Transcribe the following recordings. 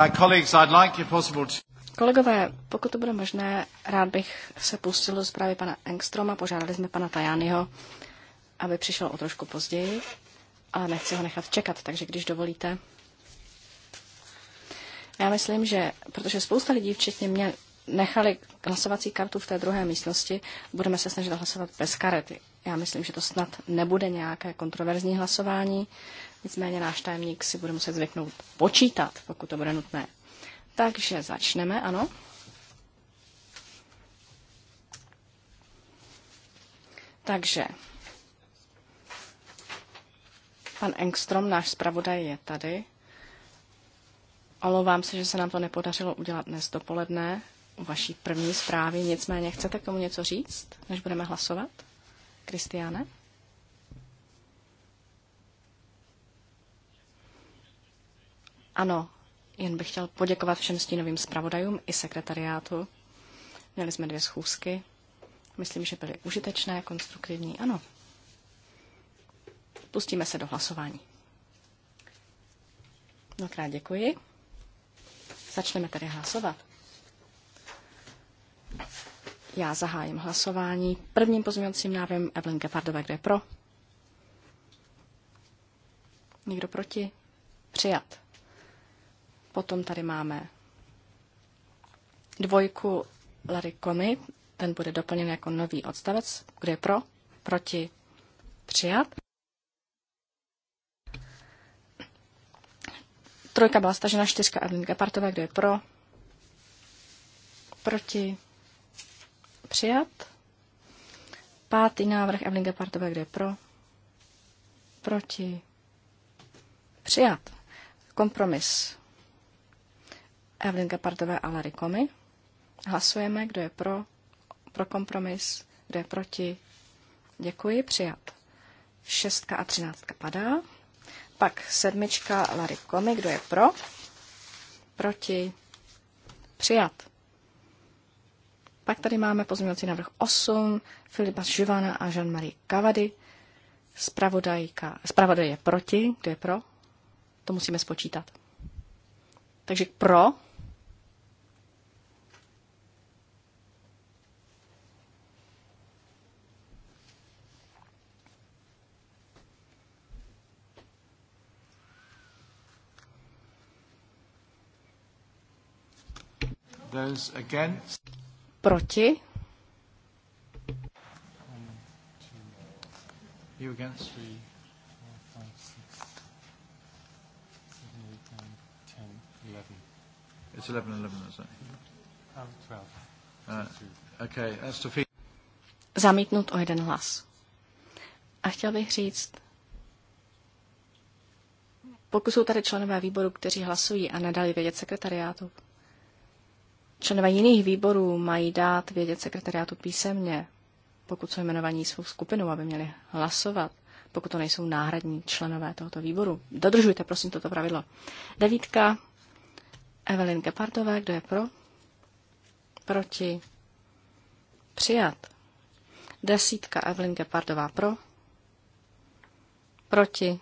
Uh, Kolegové, pokud to bude možné, rád bych se pustil do zprávy pana Engstroma. Požádali jsme pana Tajányho, aby přišel o trošku později, ale nechci ho nechat čekat, takže když dovolíte. Já myslím, že protože spousta lidí, včetně mě, nechali hlasovací kartu v té druhé místnosti, budeme se snažit hlasovat bez karety. Já myslím, že to snad nebude nějaké kontroverzní hlasování, nicméně náš tajemník si bude muset zvyknout počítat, pokud to bude nutné. Takže začneme, ano. Takže pan Engstrom, náš zpravodaj, je tady. Olovám se, že se nám to nepodařilo udělat dnes dopoledne vaší první zprávy. Nicméně chcete k tomu něco říct, než budeme hlasovat? Kristiane? Ano, jen bych chtěl poděkovat všem stínovým zpravodajům i sekretariátu. Měli jsme dvě schůzky. Myslím, že byly užitečné, konstruktivní. Ano. Pustíme se do hlasování. Mnohokrát děkuji. Začneme tedy hlasovat. Já zahájím hlasování. Prvním pozměňovacím návrhem Evelyn Gefardové, kdo je pro? Nikdo proti? Přijat. Potom tady máme dvojku Larry Komy. Ten bude doplněn jako nový odstavec. Kdo je pro? Proti? Přijat. Trojka byla stažena, čtyřka Evelyn Gepartové, kdo je pro? Proti? Přijat. Pátý návrh Evelyn Gepardové, kde je pro? Proti. Přijat. Kompromis. Evelyn Gepardové a Larry Komi. Hlasujeme, kdo je pro, pro kompromis, kdo je proti. Děkuji, přijat. Šestka a třináctka padá. Pak sedmička Larry Komi, kdo je pro, proti, přijat. Pak tady máme pozměňovací návrh 8 Filipa Živana a Jean-Marie Kavady. Spravodajka, spravodaj je proti, kdo je pro? To musíme spočítat. Takže pro Those against proti? You It's eleven, eleven, as um, uh, to Zamítnut o jeden hlas. A chtěl bych říct, pokud jsou tady členové výboru, kteří hlasují a nedali vědět sekretariátu, Členové jiných výborů mají dát vědět sekretariátu písemně, pokud jsou jmenovaní svou skupinou, aby měli hlasovat, pokud to nejsou náhradní členové tohoto výboru. Dodržujte, prosím, toto pravidlo. Devítka. Evelyn Gepardové, kdo je pro? Proti? Přijat. Desítka Evelyn Gepardová pro? Proti?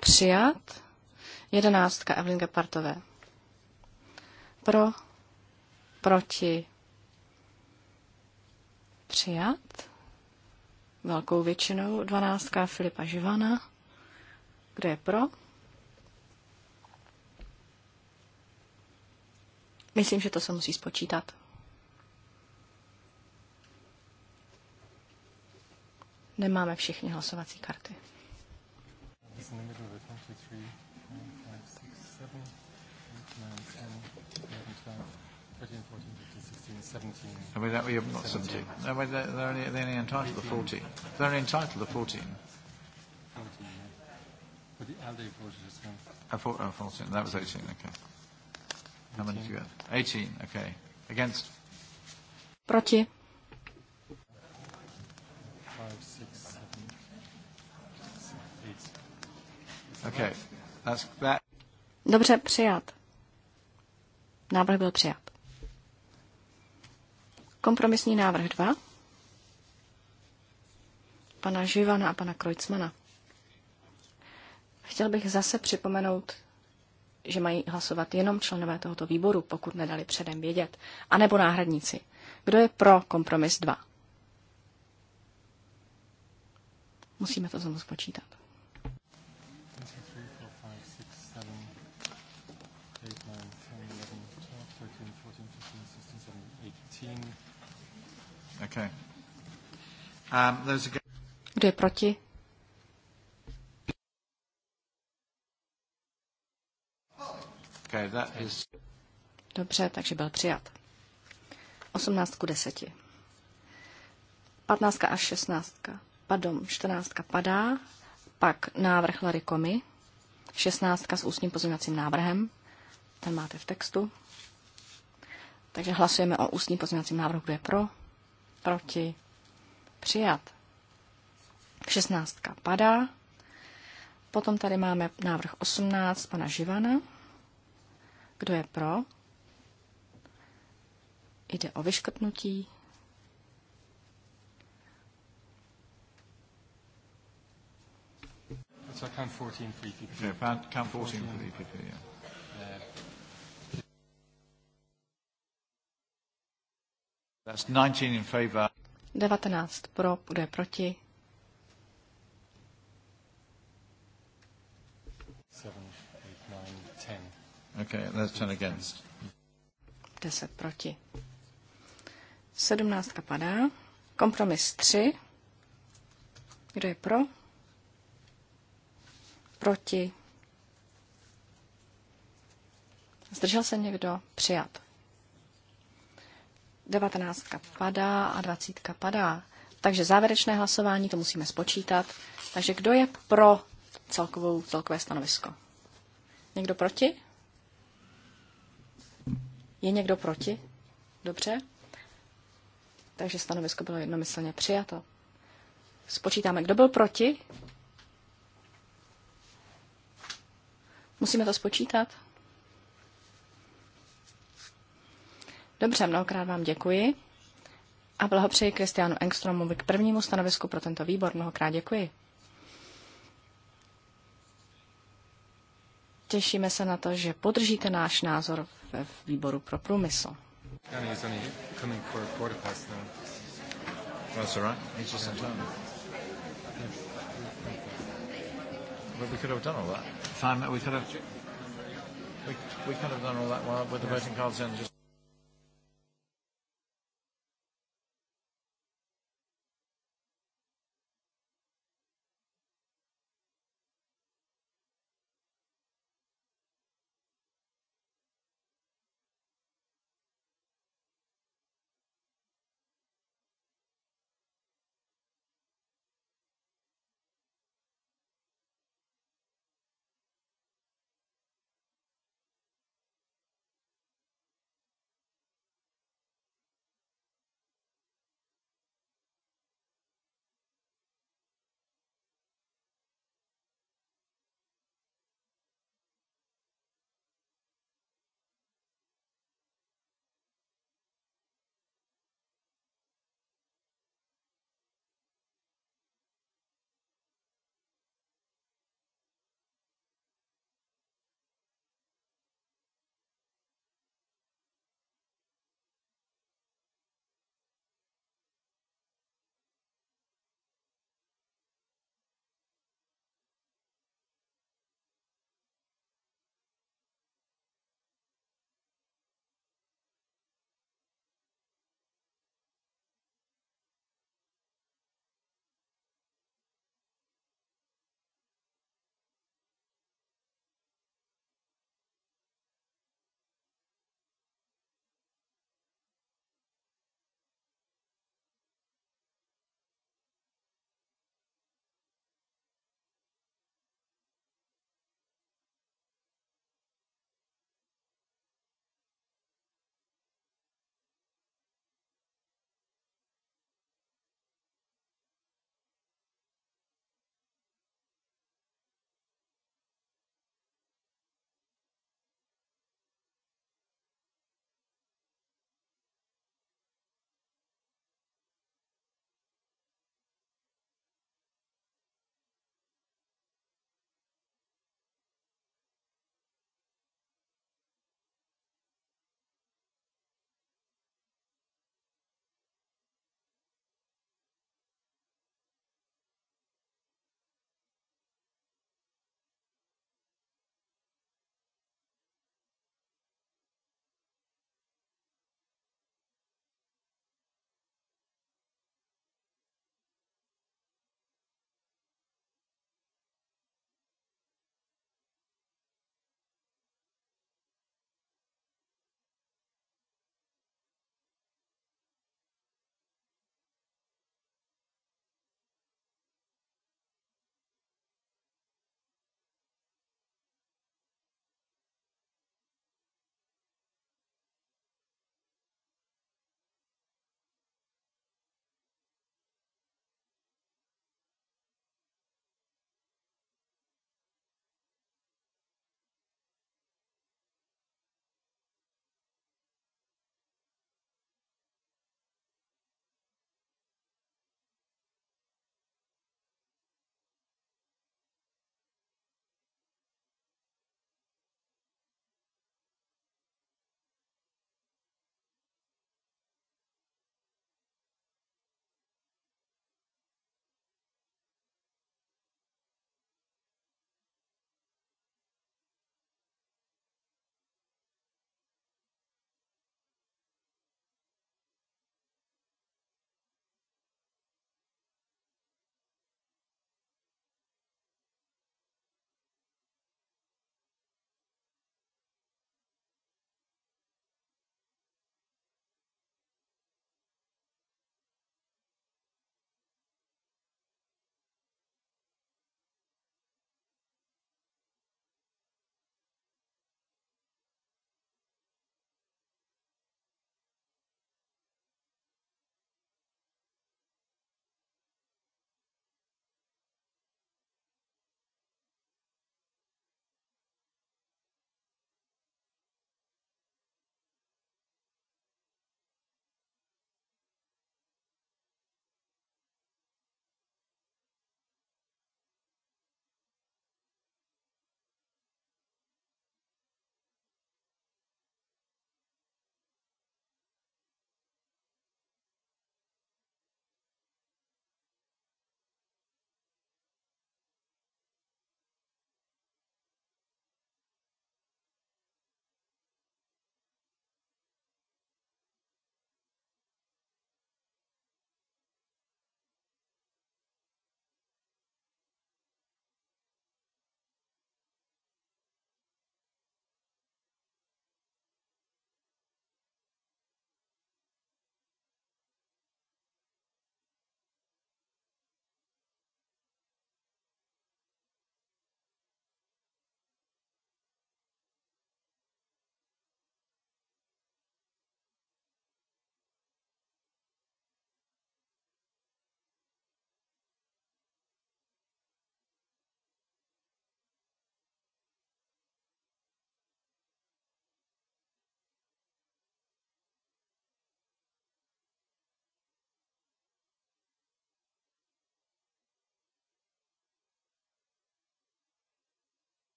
Přijat. Jedenáctka Evelyn Gepartové. Pro, proti, přijat. Velkou většinou dvanáctka Filipa Živana. Kdo je pro? Myslím, že to se musí spočítat. Nemáme všichni hlasovací karty. 17. I mean, that, we have not 17. 17. No, but they're, they're, only, they're only entitled 18. to 14. They're only entitled to 14. 14, yeah. But the Aldi voted as well. oh, 14. That was 18, okay. 18. How many did you get? 18, okay. Against? Proti. Five, six, seven, eight. Okay. That's that. Dobře, přijat. Návrh byl přijat. Kompromisní návrh 2 pana Živana a pana Krojcmana. Chtěl bych zase připomenout, že mají hlasovat jenom členové tohoto výboru, pokud nedali předem vědět, anebo náhradníci. Kdo je pro kompromis 2? Musíme to znovu spočítat. Okay. Um, those are... Kdo je proti? Okay, that is... Dobře, takže byl přijat. 18 ku 10. 15 a 16. Pardon, 14 padá. Pak návrh Larry Komy. 16 s ústním pozměňovacím návrhem. Ten máte v textu. Takže hlasujeme o ústním pozměňovacím návrhu, kdo je pro proti, přijat. Šestnáctka padá. Potom tady máme návrh 18 pana Živana. Kdo je pro? Jde o vyškrtnutí. So count 14 for EPP. Yeah, count 14 for EPP, yeah. 19 pro, bude proti. Okay, let's turn against. 10 proti. 17 padá. Kompromis 3. Kdo je pro? Proti? Zdržel se někdo? Přijat. 19 padá a 20 padá. Takže závěrečné hlasování to musíme spočítat. Takže kdo je pro celkovou, celkové stanovisko? Někdo proti? Je někdo proti? Dobře. Takže stanovisko bylo jednomyslně přijato. Spočítáme, kdo byl proti. Musíme to spočítat. Dobře, mnohokrát vám děkuji a blahopřeji Kristianu Engstromovi k prvnímu stanovisku pro tento výbor. Mnohokrát děkuji. Těšíme se na to, že podržíte náš názor ve výboru pro průmysl. we could have done all that. while with the voting cards in just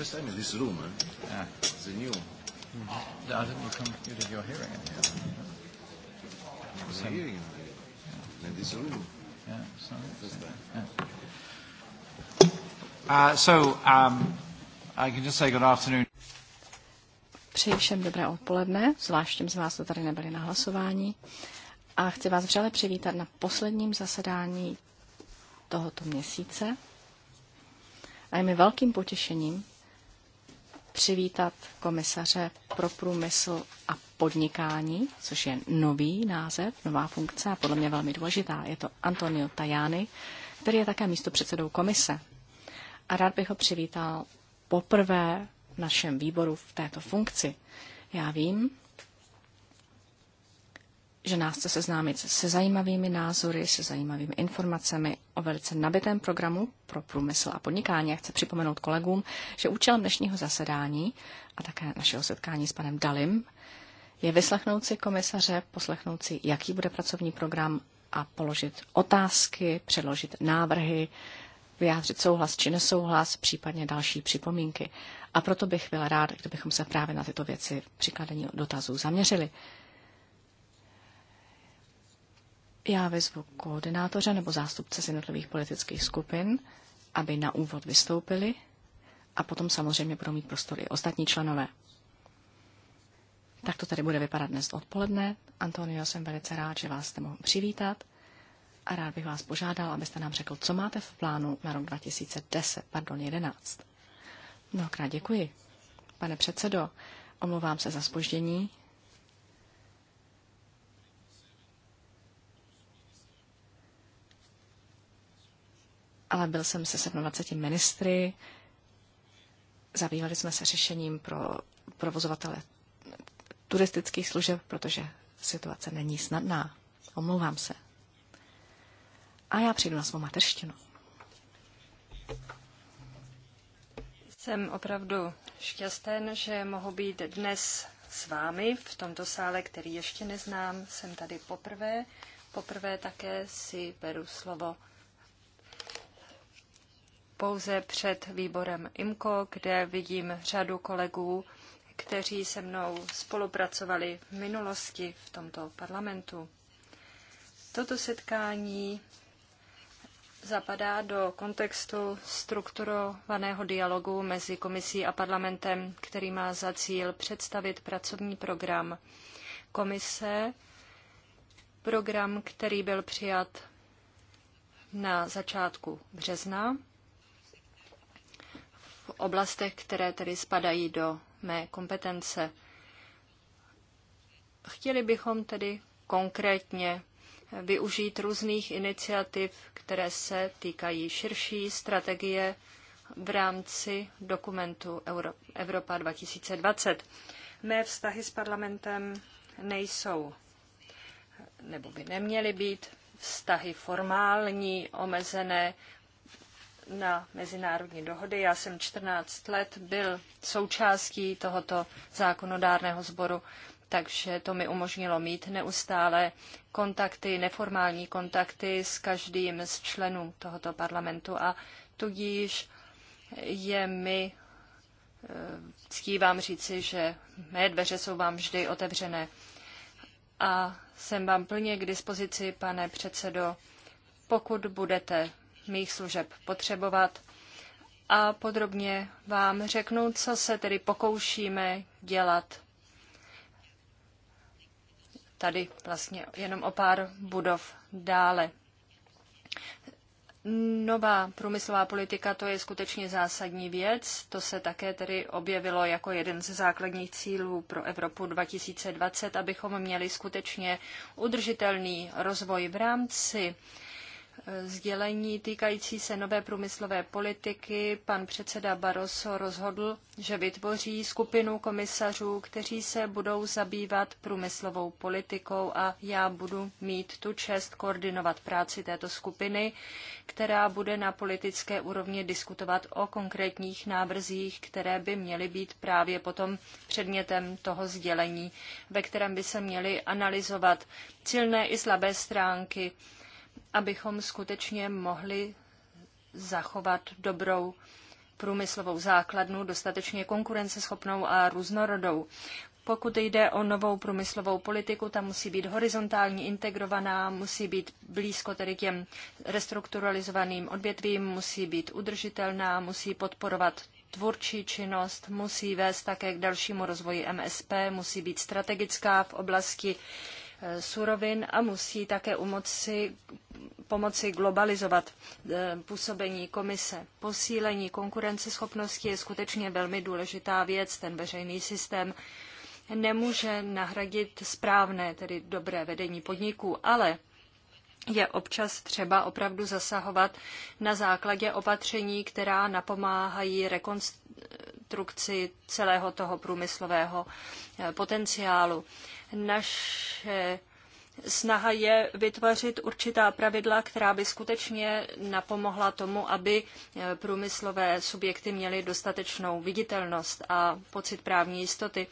First time in this room, eh? Yeah. It's a new. Mm. The didn't you, come, you did your hearing in here. It was a hearing in, the, yeah. in this room. Yeah, so. First time. Yeah. Uh, so, um, I can just say good afternoon. Přeji všem dobré odpoledne, zvlášť těm z vás, co tady nebyli na hlasování. A chci vás vřele přivítat na posledním zasedání tohoto měsíce. A je mi velkým potěšením, přivítat komisaře pro průmysl a podnikání, což je nový název, nová funkce a podle mě velmi důležitá. Je to Antonio Tajani, který je také místo předsedou komise. A rád bych ho přivítal poprvé v našem výboru v této funkci. Já vím, že nás chce seznámit se zajímavými názory, se zajímavými informacemi o velice nabitém programu pro průmysl a podnikání. A chci připomenout kolegům, že účelem dnešního zasedání a také našeho setkání s panem Dalim je vyslechnout si komisaře, poslechnout si, jaký bude pracovní program a položit otázky, předložit návrhy, vyjádřit souhlas či nesouhlas, případně další připomínky. A proto bych byla rád, kdybychom se právě na tyto věci při kladení dotazů zaměřili. Já vyzvu koordinátoře nebo zástupce z jednotlivých politických skupin, aby na úvod vystoupili a potom samozřejmě budou mít prostor i ostatní členové. Tak to tady bude vypadat dnes odpoledne. Antonio, jsem velice rád, že vás jste mohl přivítat a rád bych vás požádal, abyste nám řekl, co máte v plánu na rok 2010, pardon, 11. Mnohokrát děkuji. Pane předsedo, omlouvám se za spoždění. ale byl jsem se 27 ministry. Zabývali jsme se řešením pro provozovatele turistických služeb, protože situace není snadná. Omlouvám se. A já přijdu na svou mateřštinu. Jsem opravdu šťastný, že mohu být dnes s vámi v tomto sále, který ještě neznám. Jsem tady poprvé. Poprvé také si beru slovo pouze před výborem IMCO, kde vidím řadu kolegů, kteří se mnou spolupracovali v minulosti v tomto parlamentu. Toto setkání zapadá do kontextu strukturovaného dialogu mezi komisí a parlamentem, který má za cíl představit pracovní program komise, program, který byl přijat na začátku března oblastech, které tedy spadají do mé kompetence. Chtěli bychom tedy konkrétně využít různých iniciativ, které se týkají širší strategie v rámci dokumentu Evropa 2020. Mé vztahy s parlamentem nejsou, nebo by neměly být vztahy formální, omezené na mezinárodní dohody. Já jsem 14 let byl součástí tohoto zákonodárného sboru, takže to mi umožnilo mít neustále kontakty, neformální kontakty s každým z členů tohoto parlamentu a tudíž je mi eh, ctí vám říci, že mé dveře jsou vám vždy otevřené. A jsem vám plně k dispozici, pane předsedo, pokud budete mých služeb potřebovat a podrobně vám řeknu, co se tedy pokoušíme dělat. Tady vlastně jenom o pár budov dále. Nová průmyslová politika, to je skutečně zásadní věc. To se také tedy objevilo jako jeden ze základních cílů pro Evropu 2020, abychom měli skutečně udržitelný rozvoj v rámci sdělení týkající se nové průmyslové politiky pan předseda Barroso rozhodl, že vytvoří skupinu komisařů, kteří se budou zabývat průmyslovou politikou a já budu mít tu čest koordinovat práci této skupiny, která bude na politické úrovni diskutovat o konkrétních návrzích, které by měly být právě potom předmětem toho sdělení, ve kterém by se měly analyzovat silné i slabé stránky abychom skutečně mohli zachovat dobrou průmyslovou základnu, dostatečně konkurenceschopnou a různorodou. Pokud jde o novou průmyslovou politiku, ta musí být horizontálně integrovaná, musí být blízko tedy těm restrukturalizovaným odvětvím, musí být udržitelná, musí podporovat tvůrčí činnost, musí vést také k dalšímu rozvoji MSP, musí být strategická v oblasti surovin a musí také umoci, pomoci globalizovat eh, působení komise. Posílení konkurenceschopnosti je skutečně velmi důležitá věc. Ten veřejný systém nemůže nahradit správné, tedy dobré vedení podniků, ale je občas třeba opravdu zasahovat na základě opatření, která napomáhají rekonst- destrukci celého toho průmyslového eh, potenciálu. Naše snaha je vytvořit určitá pravidla, která by skutečně napomohla tomu, aby eh, průmyslové subjekty měly dostatečnou viditelnost a pocit právní jistoty.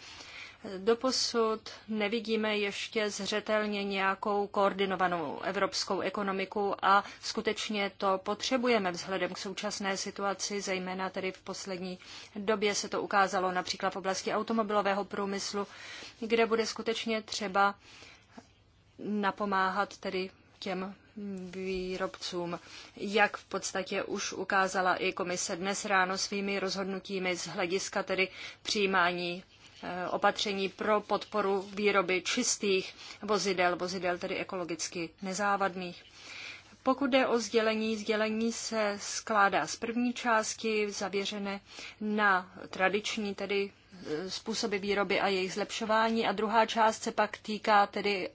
Doposud nevidíme ještě zřetelně nějakou koordinovanou evropskou ekonomiku a skutečně to potřebujeme vzhledem k současné situaci, zejména tedy v poslední době se to ukázalo například v oblasti automobilového průmyslu, kde bude skutečně třeba napomáhat tedy těm výrobcům, jak v podstatě už ukázala i komise dnes ráno svými rozhodnutími z hlediska tedy přijímání Eh, opatření pro podporu výroby čistých vozidel, vozidel tedy ekologicky nezávadných. Pokud jde o sdělení, sdělení se skládá z první části zavěřené na tradiční tedy eh, způsoby výroby a jejich zlepšování a druhá část se pak týká tedy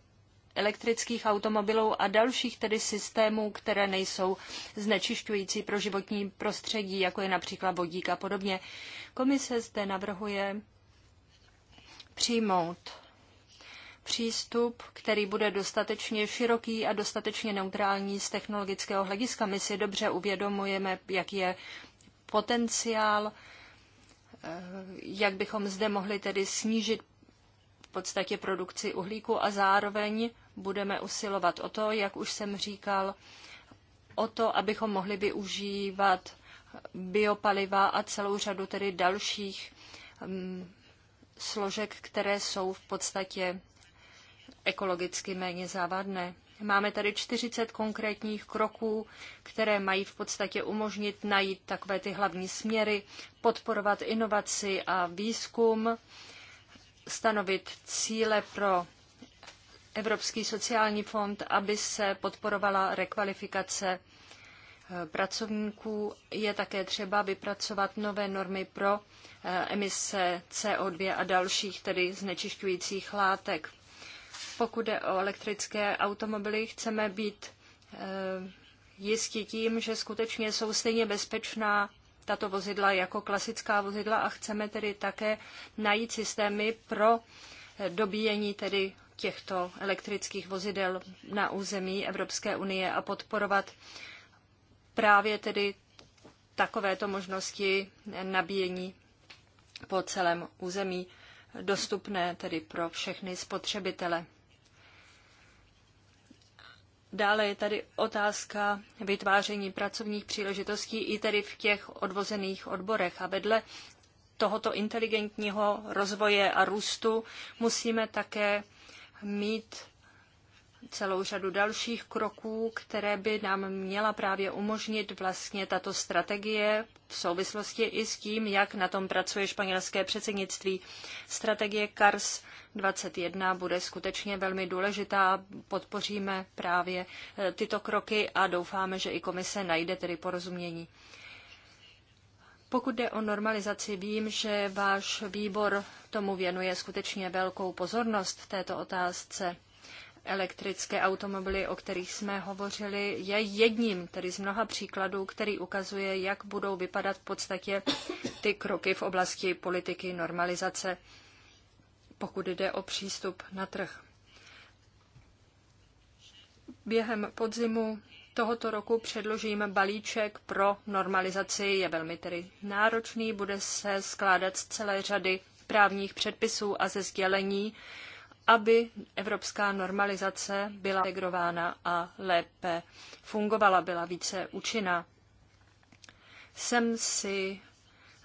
elektrických automobilů a dalších tedy systémů, které nejsou znečišťující pro životní prostředí, jako je například vodík a podobně. Komise zde navrhuje přijmout přístup, který bude dostatečně široký a dostatečně neutrální z technologického hlediska. My si dobře uvědomujeme, jak je potenciál, eh, jak bychom zde mohli tedy snížit v podstatě produkci uhlíku a zároveň budeme usilovat o to, jak už jsem říkal, o to, abychom mohli využívat biopaliva a celou řadu tedy dalších mm, složek, které jsou v podstatě ekologicky méně závadné. Máme tady 40 konkrétních kroků, které mají v podstatě umožnit najít takové ty hlavní směry, podporovat inovaci a výzkum, stanovit cíle pro Evropský sociální fond, aby se podporovala rekvalifikace pracovníků je také třeba vypracovat nové normy pro eh, emise CO2 a dalších, tedy znečišťujících látek. Pokud jde o elektrické automobily, chceme být eh, jistí tím, že skutečně jsou stejně bezpečná tato vozidla jako klasická vozidla a chceme tedy také najít systémy pro eh, dobíjení tedy těchto elektrických vozidel na území Evropské unie a podporovat právě tedy takovéto možnosti nabíjení po celém území dostupné tedy pro všechny spotřebitele. Dále je tady otázka vytváření pracovních příležitostí i tedy v těch odvozených odborech. A vedle tohoto inteligentního rozvoje a růstu musíme také mít celou řadu dalších kroků, které by nám měla právě umožnit vlastně tato strategie v souvislosti i s tím, jak na tom pracuje španělské předsednictví. Strategie CARS 21 bude skutečně velmi důležitá. Podpoříme právě eh, tyto kroky a doufáme, že i komise najde tedy porozumění. Pokud jde o normalizaci, vím, že váš výbor tomu věnuje skutečně velkou pozornost v této otázce elektrické automobily, o kterých jsme hovořili, je jedním tedy z mnoha příkladů, který ukazuje, jak budou vypadat v podstatě ty kroky v oblasti politiky normalizace, pokud jde o přístup na trh. Během podzimu tohoto roku předložím balíček pro normalizaci, je velmi tedy náročný, bude se skládat z celé řady právních předpisů a ze sdělení, aby evropská normalizace byla integrována a lépe fungovala, byla více účinná. Jsem si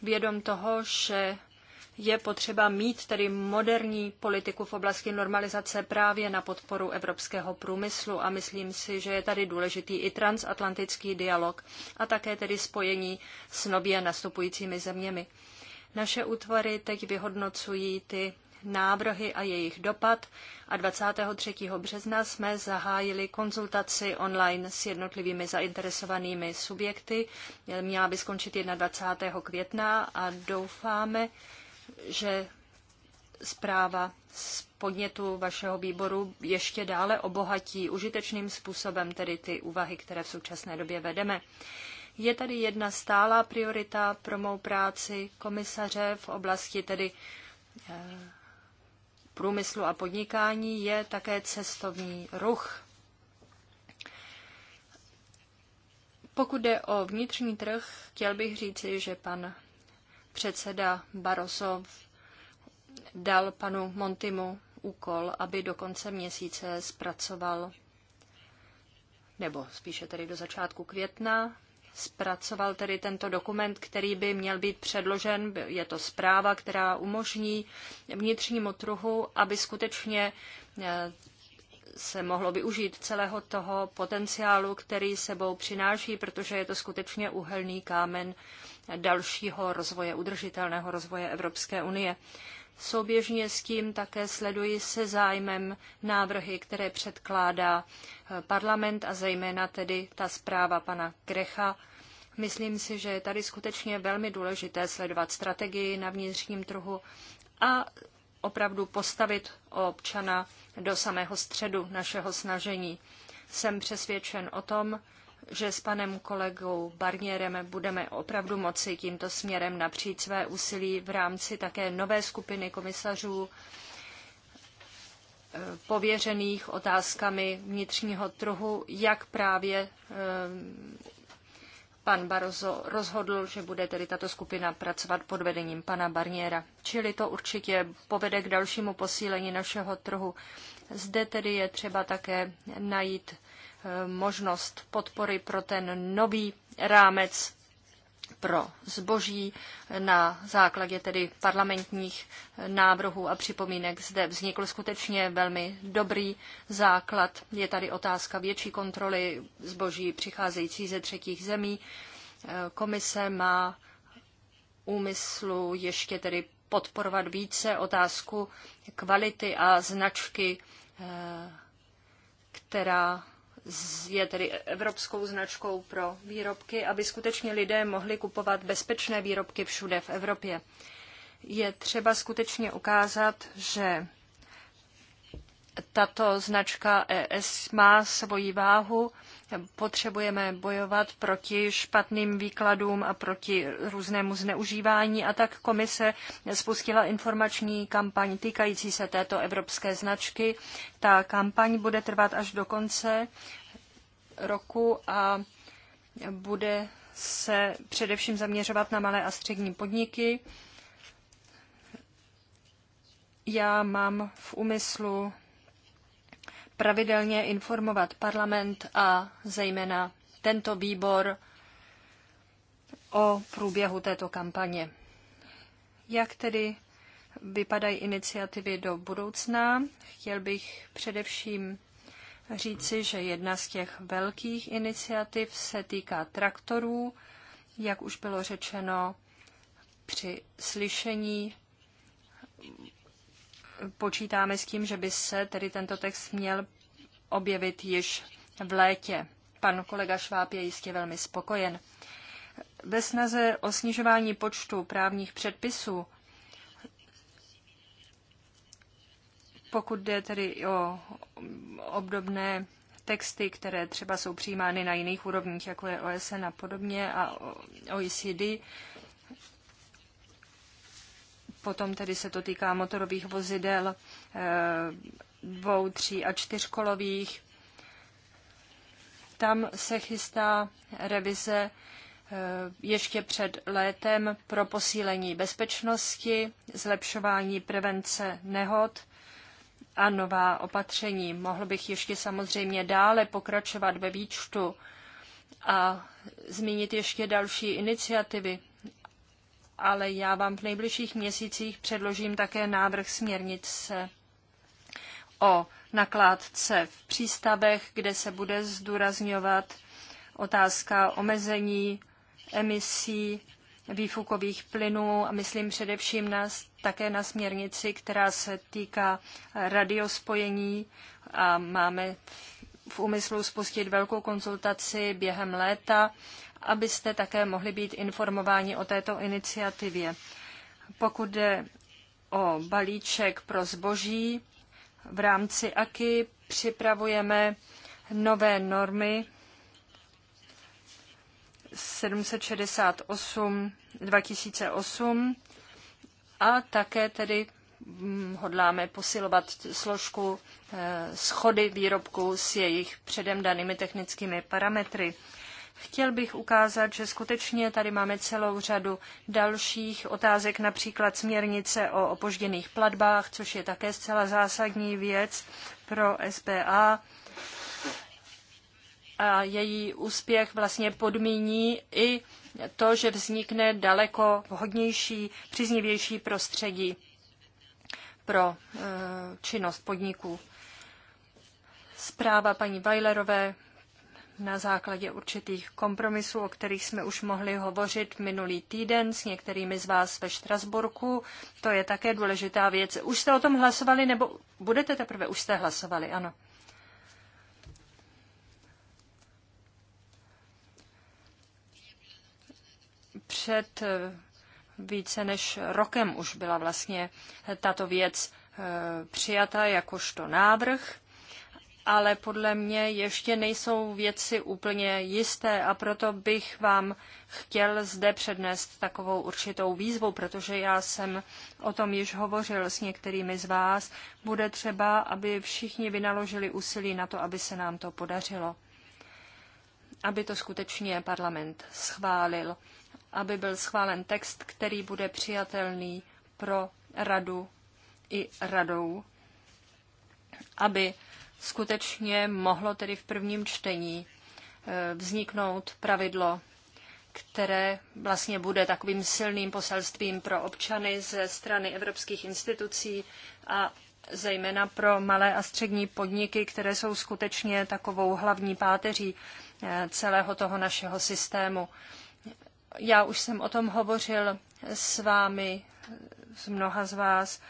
vědom toho, že je potřeba mít tedy moderní politiku v oblasti normalizace právě na podporu evropského průmyslu a myslím si, že je tady důležitý i transatlantický dialog a také tedy spojení s nově nastupujícími zeměmi. Naše útvary teď vyhodnocují ty návrhy a jejich dopad a 23. března jsme zahájili konzultaci online s jednotlivými zainteresovanými subjekty. Měla by skončit 21. května a doufáme, že zpráva z podnětu vašeho výboru ještě dále obohatí užitečným způsobem tedy ty úvahy, které v současné době vedeme. Je tady jedna stálá priorita pro mou práci komisaře v oblasti tedy eh, průmyslu a podnikání je také cestovní ruch. Pokud jde o vnitřní trh, chtěl bych říci, že pan předseda Barosov dal panu Montimu úkol, aby do konce měsíce zpracoval, nebo spíše tedy do začátku května, zpracoval tedy tento dokument, který by měl být předložen. Je to zpráva, která umožní vnitřnímu trhu, aby skutečně eh, se mohlo využít celého toho potenciálu, který sebou přináší, protože je to skutečně úhelný kámen dalšího rozvoje, udržitelného rozvoje Evropské unie. Souběžně s tím také sleduji se zájmem návrhy, které předkládá eh, parlament a zejména tedy ta zpráva pana Krecha. Myslím si, že je tady skutečně velmi důležité sledovat strategii na vnitřním trhu a opravdu postavit občana do samého středu našeho snažení. Jsem přesvědčen o tom, že s panem kolegou Barnierem budeme opravdu moci tímto směrem napřít své úsilí v rámci také nové skupiny komisařů eh, pověřených otázkami vnitřního trhu, jak právě eh, pan Barroso rozhodl, že bude tedy tato skupina pracovat pod vedením pana Barniera. Čili to určitě povede k dalšímu posílení našeho trhu. Zde tedy je třeba také najít možnost podpory pro ten nový rámec pro zboží na základě tedy parlamentních návrhů a připomínek. Zde vznikl skutečně velmi dobrý základ. Je tady otázka větší kontroly zboží přicházející ze třetích zemí. Komise má úmyslu ještě tedy podporovat více otázku kvality a značky, eh, která je tedy evropskou značkou pro výrobky, aby skutečně lidé mohli kupovat bezpečné výrobky všude v Evropě. Je třeba skutečně ukázat, že tato značka ES má svoji váhu. Potřebujeme bojovat proti špatným výkladům a proti různému zneužívání a tak komise spustila informační kampaň týkající se této evropské značky. Ta kampaň bude trvat až do konce roku a bude se především zaměřovat na malé a střední podniky. Já mám v úmyslu pravidelně informovat parlament a zejména tento výbor o průběhu této kampaně. Jak tedy vypadají iniciativy do budoucna? Chtěl bych především říci, že jedna z těch velkých iniciativ se týká traktorů, jak už bylo řečeno při slyšení počítáme s tím, že by se tedy tento text měl objevit již v létě. Pan kolega Šváb je jistě velmi spokojen. Ve snaze o snižování počtu právních předpisů pokud jde tedy o obdobné texty, které třeba jsou přijímány na jiných úrovních, jako je OSN a podobně a OECD, potom tedy se to týká motorových vozidel eh, dvou, tří a čtyřkolových. Tam se chystá revize eh, ještě před létem pro posílení bezpečnosti, zlepšování prevence nehod a nová opatření. Mohl bych ještě samozřejmě dále pokračovat ve výčtu a zmínit ještě další iniciativy, ale já vám v nejbližších měsících předložím také návrh směrnice o nakládce v přístavech, kde se bude zdůrazňovat otázka omezení emisí výfukových plynů a myslím především na, také na směrnici, která se týká radiospojení a máme v úmyslu spustit velkou konzultaci během léta, abyste také mohli být informováni o této iniciativě. Pokud jde o balíček pro zboží, v rámci AKI připravujeme nové normy 768 2008 a také tedy mm, hodláme posilovat složku eh, schody výrobků s jejich předem danými technickými parametry. Chtěl bych ukázat, že skutečně tady máme celou řadu dalších otázek, například směrnice o opožděných platbách, což je také zcela zásadní věc pro SPA a její úspěch vlastně podmíní i to, že vznikne daleko vhodnější, příznivější prostředí pro eh, činnost podniků. Zpráva paní Weilerové na základě určitých kompromisů, o kterých jsme už mohli hovořit minulý týden s některými z vás ve Štrasburku. To je také důležitá věc. Už jste o tom hlasovali, nebo budete teprve? Už jste hlasovali, ano. Před eh, více než rokem už byla vlastně tato věc eh, přijata jakožto návrh, ale podle mě ještě nejsou věci úplně jisté a proto bych vám chtěl zde přednést takovou určitou výzvu, protože já jsem o tom již hovořil s některými z vás. Bude třeba, aby všichni vynaložili úsilí na to, aby se nám to podařilo aby to skutečně parlament schválil aby byl schválen text, který bude přijatelný pro radu i radou, aby skutečně mohlo tedy v prvním čtení eh, vzniknout pravidlo, které vlastně bude takovým silným poselstvím pro občany ze strany evropských institucí a zejména pro malé a střední podniky, které jsou skutečně takovou hlavní páteří eh, celého toho našeho systému. Já už jsem o tom hovořil s vámi, s mnoha z vás.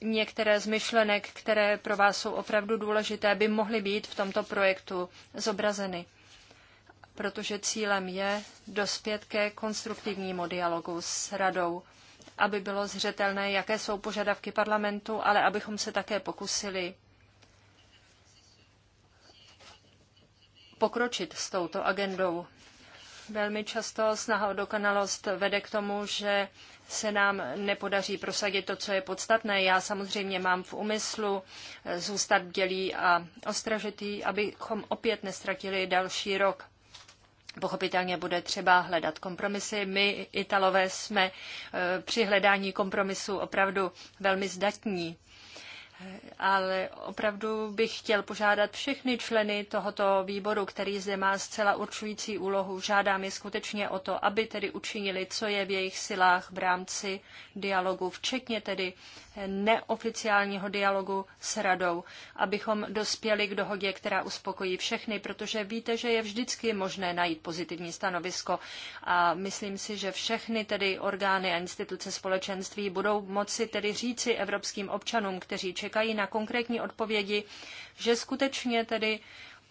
Některé z myšlenek, které pro vás jsou opravdu důležité, by mohly být v tomto projektu zobrazeny, protože cílem je dospět ke konstruktivnímu dialogu s radou, aby bylo zřetelné, jaké jsou požadavky parlamentu, ale abychom se také pokusili pokročit s touto agendou. Velmi často snaha o dokonalost vede k tomu, že se nám nepodaří prosadit to, co je podstatné. Já samozřejmě mám v úmyslu eh, zůstat bdělý a ostražitý, abychom opět nestratili další rok. Pochopitelně bude třeba hledat kompromisy. My, Italové, jsme eh, při hledání kompromisu opravdu velmi zdatní ale opravdu bych chtěl požádat všechny členy tohoto výboru, který zde má zcela určující úlohu. Žádám je skutečně o to, aby tedy učinili, co je v jejich silách v rámci dialogu, včetně tedy neoficiálního dialogu s radou, abychom dospěli k dohodě, která uspokojí všechny, protože víte, že je vždycky možné najít pozitivní stanovisko a myslím si, že všechny tedy orgány a instituce společenství budou moci tedy říci evropským občanům, kteří čekají na konkrétní odpovědi, že skutečně tedy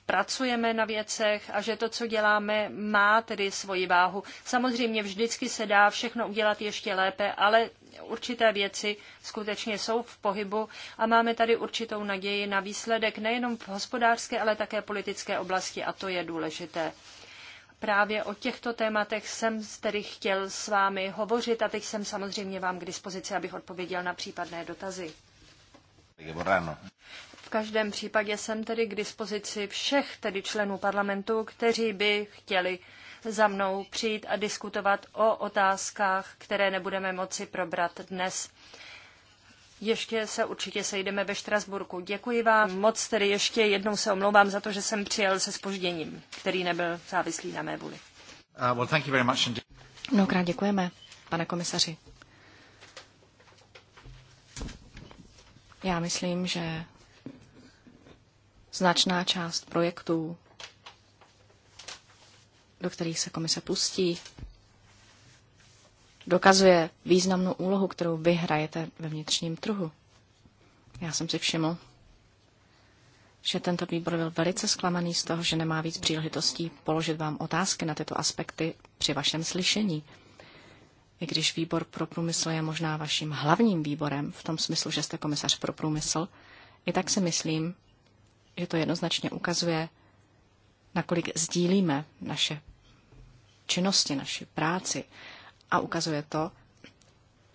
pracujeme na věcech a že to, co děláme, má tedy svoji váhu. Samozřejmě vždycky se dá všechno udělat ještě lépe, ale určité věci skutečně jsou v pohybu a máme tady určitou naději na výsledek nejenom v hospodářské, ale také politické oblasti a to je důležité. Právě o těchto tématech jsem tedy chtěl s vámi hovořit a teď jsem samozřejmě vám k dispozici, abych odpověděl na případné dotazy. V každém případě jsem tedy k dispozici všech tedy členů parlamentu, kteří by chtěli za mnou přijít a diskutovat o otázkách, které nebudeme moci probrat dnes. Ještě se určitě sejdeme ve Štrasburku. Děkuji vám moc, tedy ještě jednou se omlouvám za to, že jsem přijel se spožděním, který nebyl závislý na mé vůli. Uh, well, thank you very much indeed. Mnohokrát děkujeme, pane komisaři. Já myslím, že značná část projektů do kterých se komise pustí, dokazuje významnou úlohu, kterou vy hrajete ve vnitřním trhu. Já jsem si všiml, že tento výbor byl velice zklamaný z toho, že nemá víc příležitostí položit vám otázky na tyto aspekty při vašem slyšení. I když výbor pro průmysl je možná vaším hlavním výborem, v tom smyslu, že jste komisař pro průmysl, i tak si myslím, že to jednoznačně ukazuje, nakolik sdílíme naše činnosti, naši práci a ukazuje to,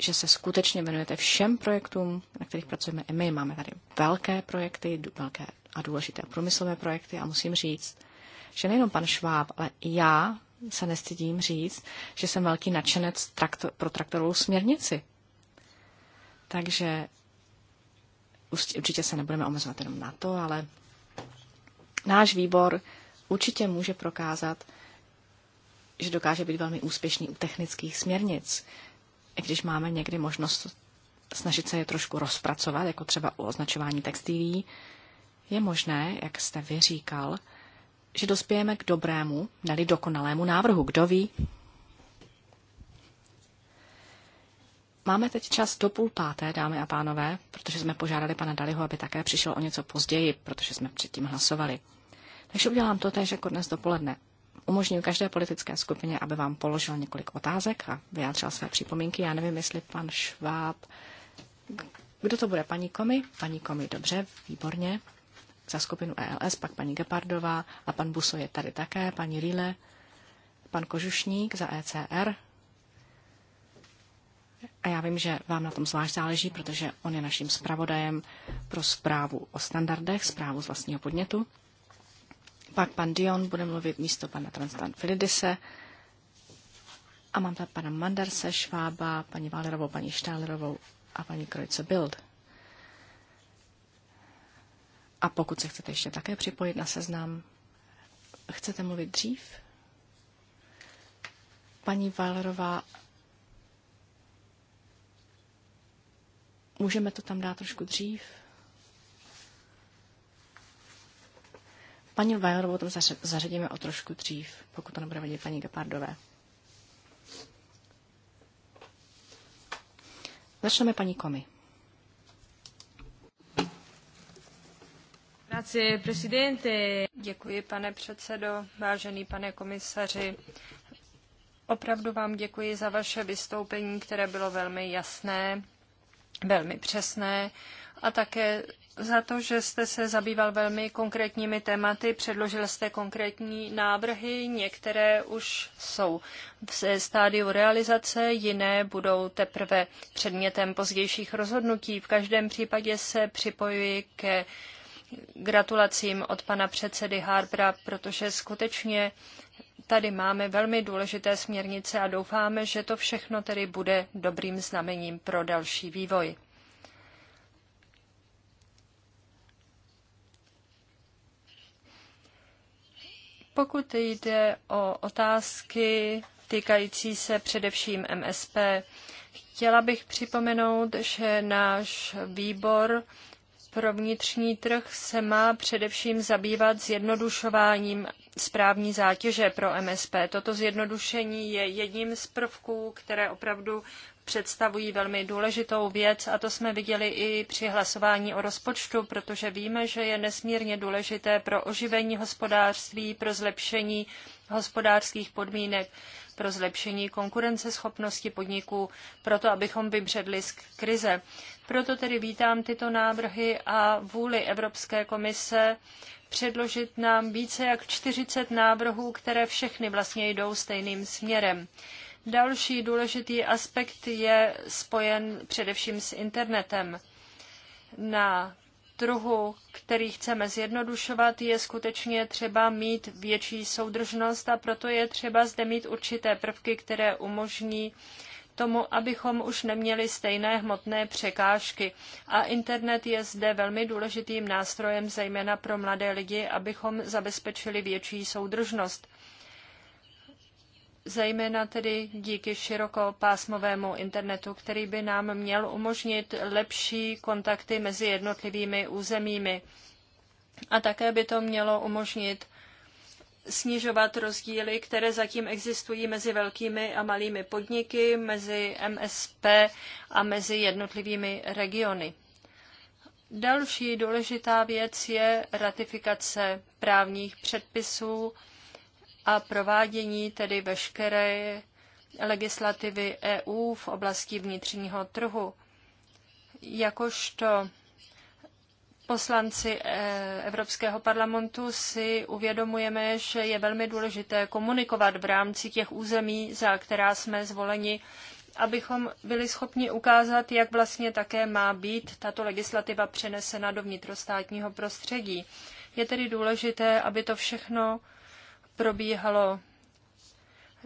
že se skutečně věnujete všem projektům, na kterých pracujeme i my. Máme tady velké projekty, velké a důležité průmyslové projekty a musím říct, že nejenom pan Šváb, ale i já se nestydím říct, že jsem velký nadšenec traktor, pro traktorovou směrnici. Takže určitě se nebudeme omezovat jenom na to, ale náš výbor určitě může prokázat, že dokáže být velmi úspěšný u technických směrnic, i když máme někdy možnost snažit se je trošku rozpracovat, jako třeba u označování textilí, je možné, jak jste vy říkal, že dospějeme k dobrému, neli dokonalému návrhu. Kdo ví? Máme teď čas do půl páté, dámy a pánové, protože jsme požádali pana Daliho, aby také přišel o něco později, protože jsme předtím hlasovali. Takže udělám to též jako dnes dopoledne umožnil každé politické skupině, aby vám položil několik otázek a vyjádřil své připomínky. Já nevím, jestli pan Šváb... Kdo to bude? Paní Komi? Paní Komi, dobře, výborně. Za skupinu ELS, pak paní Gepardová a pan Buso je tady také, paní Rile, pan Kožušník za ECR. A já vím, že vám na tom zvlášť záleží, protože on je naším zpravodajem pro zprávu o standardech, zprávu z vlastního podnětu. Pak pan Dion bude mluvit místo pana Transtan Filidise. A mám tady pana Mandarse, Švába, paní Valerovou, paní Štálerovou a paní Krojce Bild. A pokud se chcete ještě také připojit na seznam, chcete mluvit dřív? Paní Valerová, můžeme to tam dát trošku dřív? Paní Vajerovou tam zařadíme o trošku dřív, pokud to nebude vidět paní Gepardové. Začneme paní Komi. Děkuji, pane předsedo, vážený pane komisaři. Opravdu vám děkuji za vaše vystoupení, které bylo velmi jasné, velmi přesné a také za to, že jste se zabýval velmi konkrétními tématy, předložil jste konkrétní návrhy, některé už jsou v stádiu realizace, jiné budou teprve předmětem pozdějších rozhodnutí. V každém případě se připojuji ke gratulacím od pana předsedy Harbra, protože skutečně tady máme velmi důležité směrnice a doufáme, že to všechno tedy bude dobrým znamením pro další vývoj. Pokud jde o otázky týkající se především MSP, chtěla bych připomenout, že náš výbor pro vnitřní trh se má především zabývat zjednodušováním správní zátěže pro MSP. Toto zjednodušení je jedním z prvků, které opravdu představují velmi důležitou věc a to jsme viděli i při hlasování o rozpočtu, protože víme, že je nesmírně důležité pro oživení hospodářství, pro zlepšení hospodářských podmínek, pro zlepšení konkurenceschopnosti podniků, proto abychom vybředli z krize. Proto tedy vítám tyto návrhy a vůli Evropské komise předložit nám více jak 40 návrhů, které všechny vlastně jdou stejným směrem. Další důležitý aspekt je spojen především s internetem. Na trhu, který chceme zjednodušovat, je skutečně třeba mít větší soudržnost a proto je třeba zde mít určité prvky, které umožní tomu, abychom už neměli stejné hmotné překážky. A internet je zde velmi důležitým nástrojem, zejména pro mladé lidi, abychom zabezpečili větší soudržnost zejména tedy díky širokopásmovému internetu, který by nám měl umožnit lepší kontakty mezi jednotlivými územími. A také by to mělo umožnit snižovat rozdíly, které zatím existují mezi velkými a malými podniky, mezi MSP a mezi jednotlivými regiony. Další důležitá věc je ratifikace právních předpisů, a provádění tedy veškeré legislativy EU v oblasti vnitřního trhu. Jakožto poslanci eh, Evropského parlamentu si uvědomujeme, že je velmi důležité komunikovat v rámci těch území, za která jsme zvoleni, abychom byli schopni ukázat, jak vlastně také má být tato legislativa přenesena do vnitrostátního prostředí. Je tedy důležité, aby to všechno probíhalo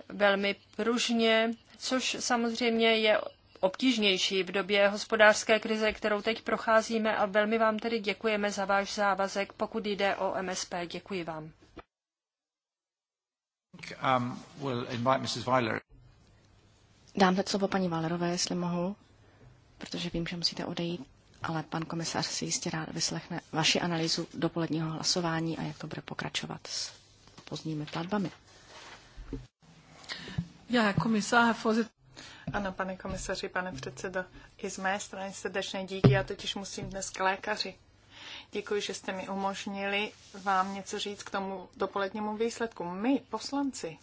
velmi pružně, což samozřejmě je obtížnější v době hospodářské krize, kterou teď procházíme a velmi vám tedy děkujeme za váš závazek, pokud jde o MSP. Děkuji vám. Um, we'll invite Mrs. Weiler. Dám teď slovo paní Valerové, jestli mohu, protože vím, že musíte odejít, ale pan komisař si jistě rád vyslechne vaši analýzu dopoledního hlasování a jak to bude pokračovat s pozdními platbami. Já, jako komisář, ano, pane komisaři, pane předsedo, i z mé strany srdečné díky, já totiž musím dnes k lékaři. Děkuji, že jste mi umožnili vám něco říct k tomu dopolednímu výsledku. My, poslanci,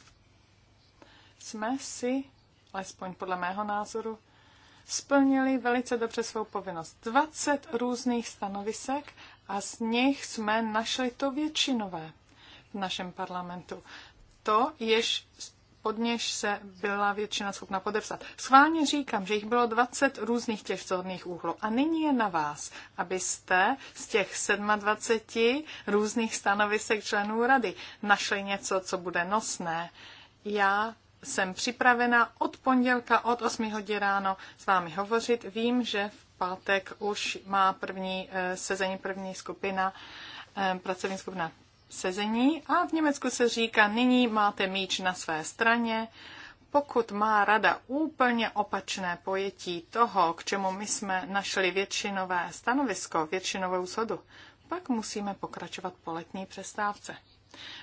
jsme si, alespoň podle mého názoru, splnili velice dobře svou povinnost. 20 různých stanovisek a z nich jsme našli to většinové našem parlamentu. To, jež pod něž se byla většina schopna podepsat. Schválně říkám, že jich bylo 20 různých těch zorných úhlů a nyní je na vás, abyste z těch 27 různých stanovisek členů rady našli něco, co bude nosné. Já jsem připravena od pondělka od 8 hodin ráno s vámi hovořit. Vím, že v pátek už má první eh, sezení první skupina, eh, pracovní skupina sezení a v Německu se říká, nyní máte míč na své straně. Pokud má rada úplně opačné pojetí toho, k čemu my jsme našli většinové stanovisko, většinovou shodu, pak musíme pokračovat po letní přestávce.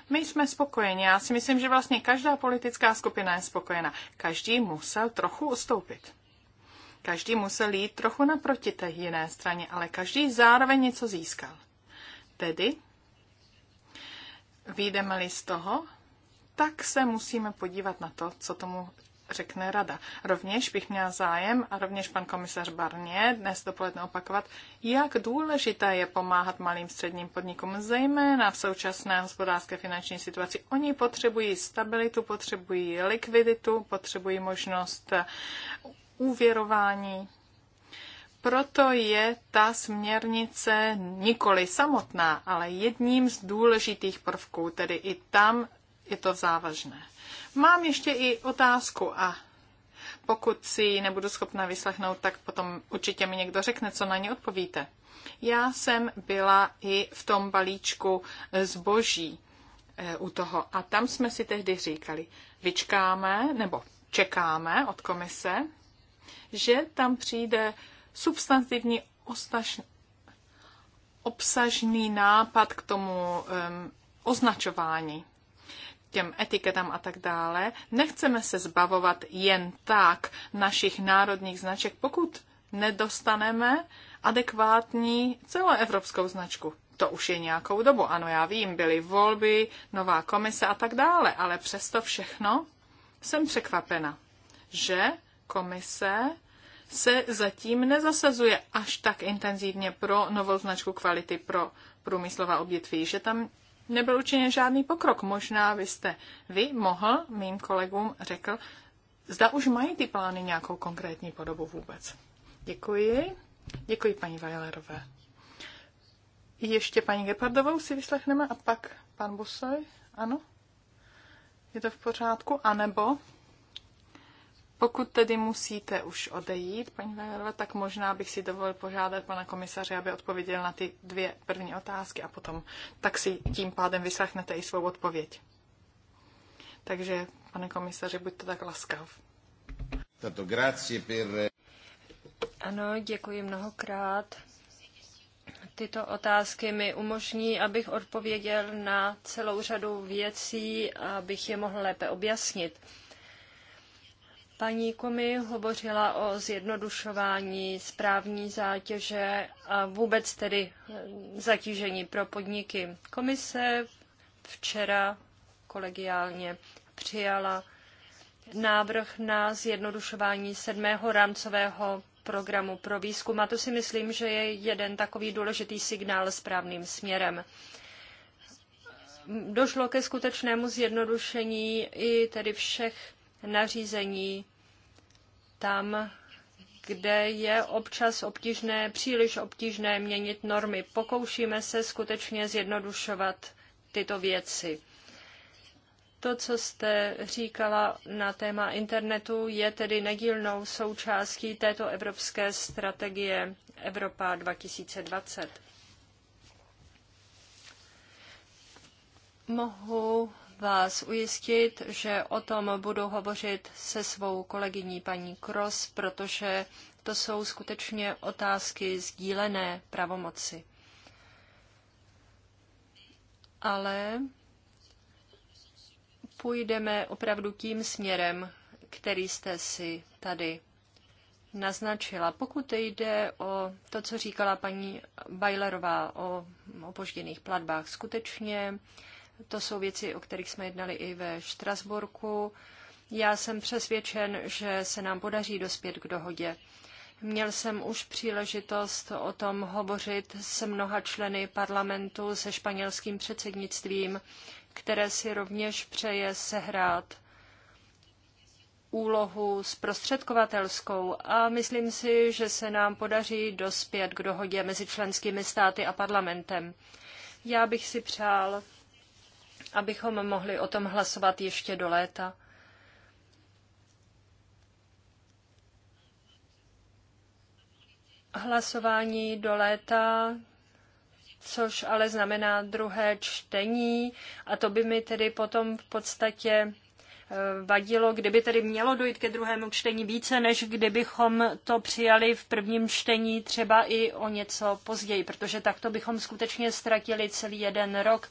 My jsme spokojeni. Já si myslím, že vlastně každá politická skupina je spokojena. Každý musel trochu ustoupit. Každý musel jít trochu naproti té jiné straně, ale každý zároveň něco získal. Tedy Výjdeme-li z toho, tak se musíme podívat na to, co tomu řekne rada. Rovněž bych měla zájem, a rovněž pan komisař Barně dnes dopoledne opakovat, jak důležité je pomáhat malým středním podnikům, zejména v současné hospodářské finanční situaci. Oni potřebují stabilitu, potřebují likviditu, potřebují možnost úvěrování proto je ta směrnice nikoli samotná, ale jedním z důležitých prvků, tedy i tam je to závažné. Mám ještě i otázku a pokud si ji nebudu schopna vyslechnout, tak potom určitě mi někdo řekne, co na ně odpovíte. Já jsem byla i v tom balíčku zboží eh, u toho a tam jsme si tehdy říkali, vyčkáme nebo čekáme od komise, že tam přijde substantivní ostaž, obsažný nápad k tomu um, označování těm etiketám a tak dále. Nechceme se zbavovat jen tak našich národních značek, pokud nedostaneme adekvátní celoevropskou značku. To už je nějakou dobu, ano, já vím, byly volby, nová komise a tak dále, ale přesto všechno jsem překvapena, že komise se zatím nezasazuje až tak intenzivně pro novou značku kvality pro průmyslová odvětví, že tam nebyl učiněn žádný pokrok. Možná byste vy mohl mým kolegům řekl, zda už mají ty plány nějakou konkrétní podobu vůbec. Děkuji. Děkuji paní Vajlerové. Ještě paní Gepardovou si vyslechneme a pak pan Busoj. Ano? Je to v pořádku? A nebo pokud tedy musíte už odejít, paní Vajerova, tak možná bych si dovolil požádat pana komisaře, aby odpověděl na ty dvě první otázky a potom tak si tím pádem vyslechnete i svou odpověď. Takže, pane komisaře, buďte tak laskav. Tato grazie per... Ano, děkuji mnohokrát. Tyto otázky mi umožní, abych odpověděl na celou řadu věcí, abych je mohl lépe objasnit. Paní Komi hovořila o zjednodušování správní zátěže a vůbec tedy eh, zatížení pro podniky. Komise včera kolegiálně přijala návrh na zjednodušování sedmého rámcového programu pro výzkum a to si myslím, že je jeden takový důležitý signál správným směrem došlo ke skutečnému zjednodušení i tedy všech nařízení tam, kde je občas obtížné, příliš obtížné měnit normy. Pokoušíme se skutečně zjednodušovat tyto věci. To, co jste říkala na téma internetu, je tedy nedílnou součástí této evropské strategie Evropa 2020. Mohu vás ujistit, že o tom budu hovořit se svou kolegyní paní Kros, protože to jsou skutečně otázky sdílené pravomoci. Ale půjdeme opravdu tím směrem, který jste si tady naznačila. Pokud jde o to, co říkala paní Bajlerová o opožděných platbách, skutečně to jsou věci, o kterých jsme jednali i ve Štrasburku. Já jsem přesvědčen, že se nám podaří dospět k dohodě. Měl jsem už příležitost o tom hovořit s mnoha členy parlamentu, se španělským předsednictvím, které si rovněž přeje sehrát úlohu zprostředkovatelskou a myslím si, že se nám podaří dospět k dohodě mezi členskými státy a parlamentem. Já bych si přál, abychom mohli o tom hlasovat ještě do léta. Hlasování do léta, což ale znamená druhé čtení, a to by mi tedy potom v podstatě eh, vadilo, kdyby tedy mělo dojít ke druhému čtení více, než kdybychom to přijali v prvním čtení třeba i o něco později, protože takto bychom skutečně ztratili celý jeden rok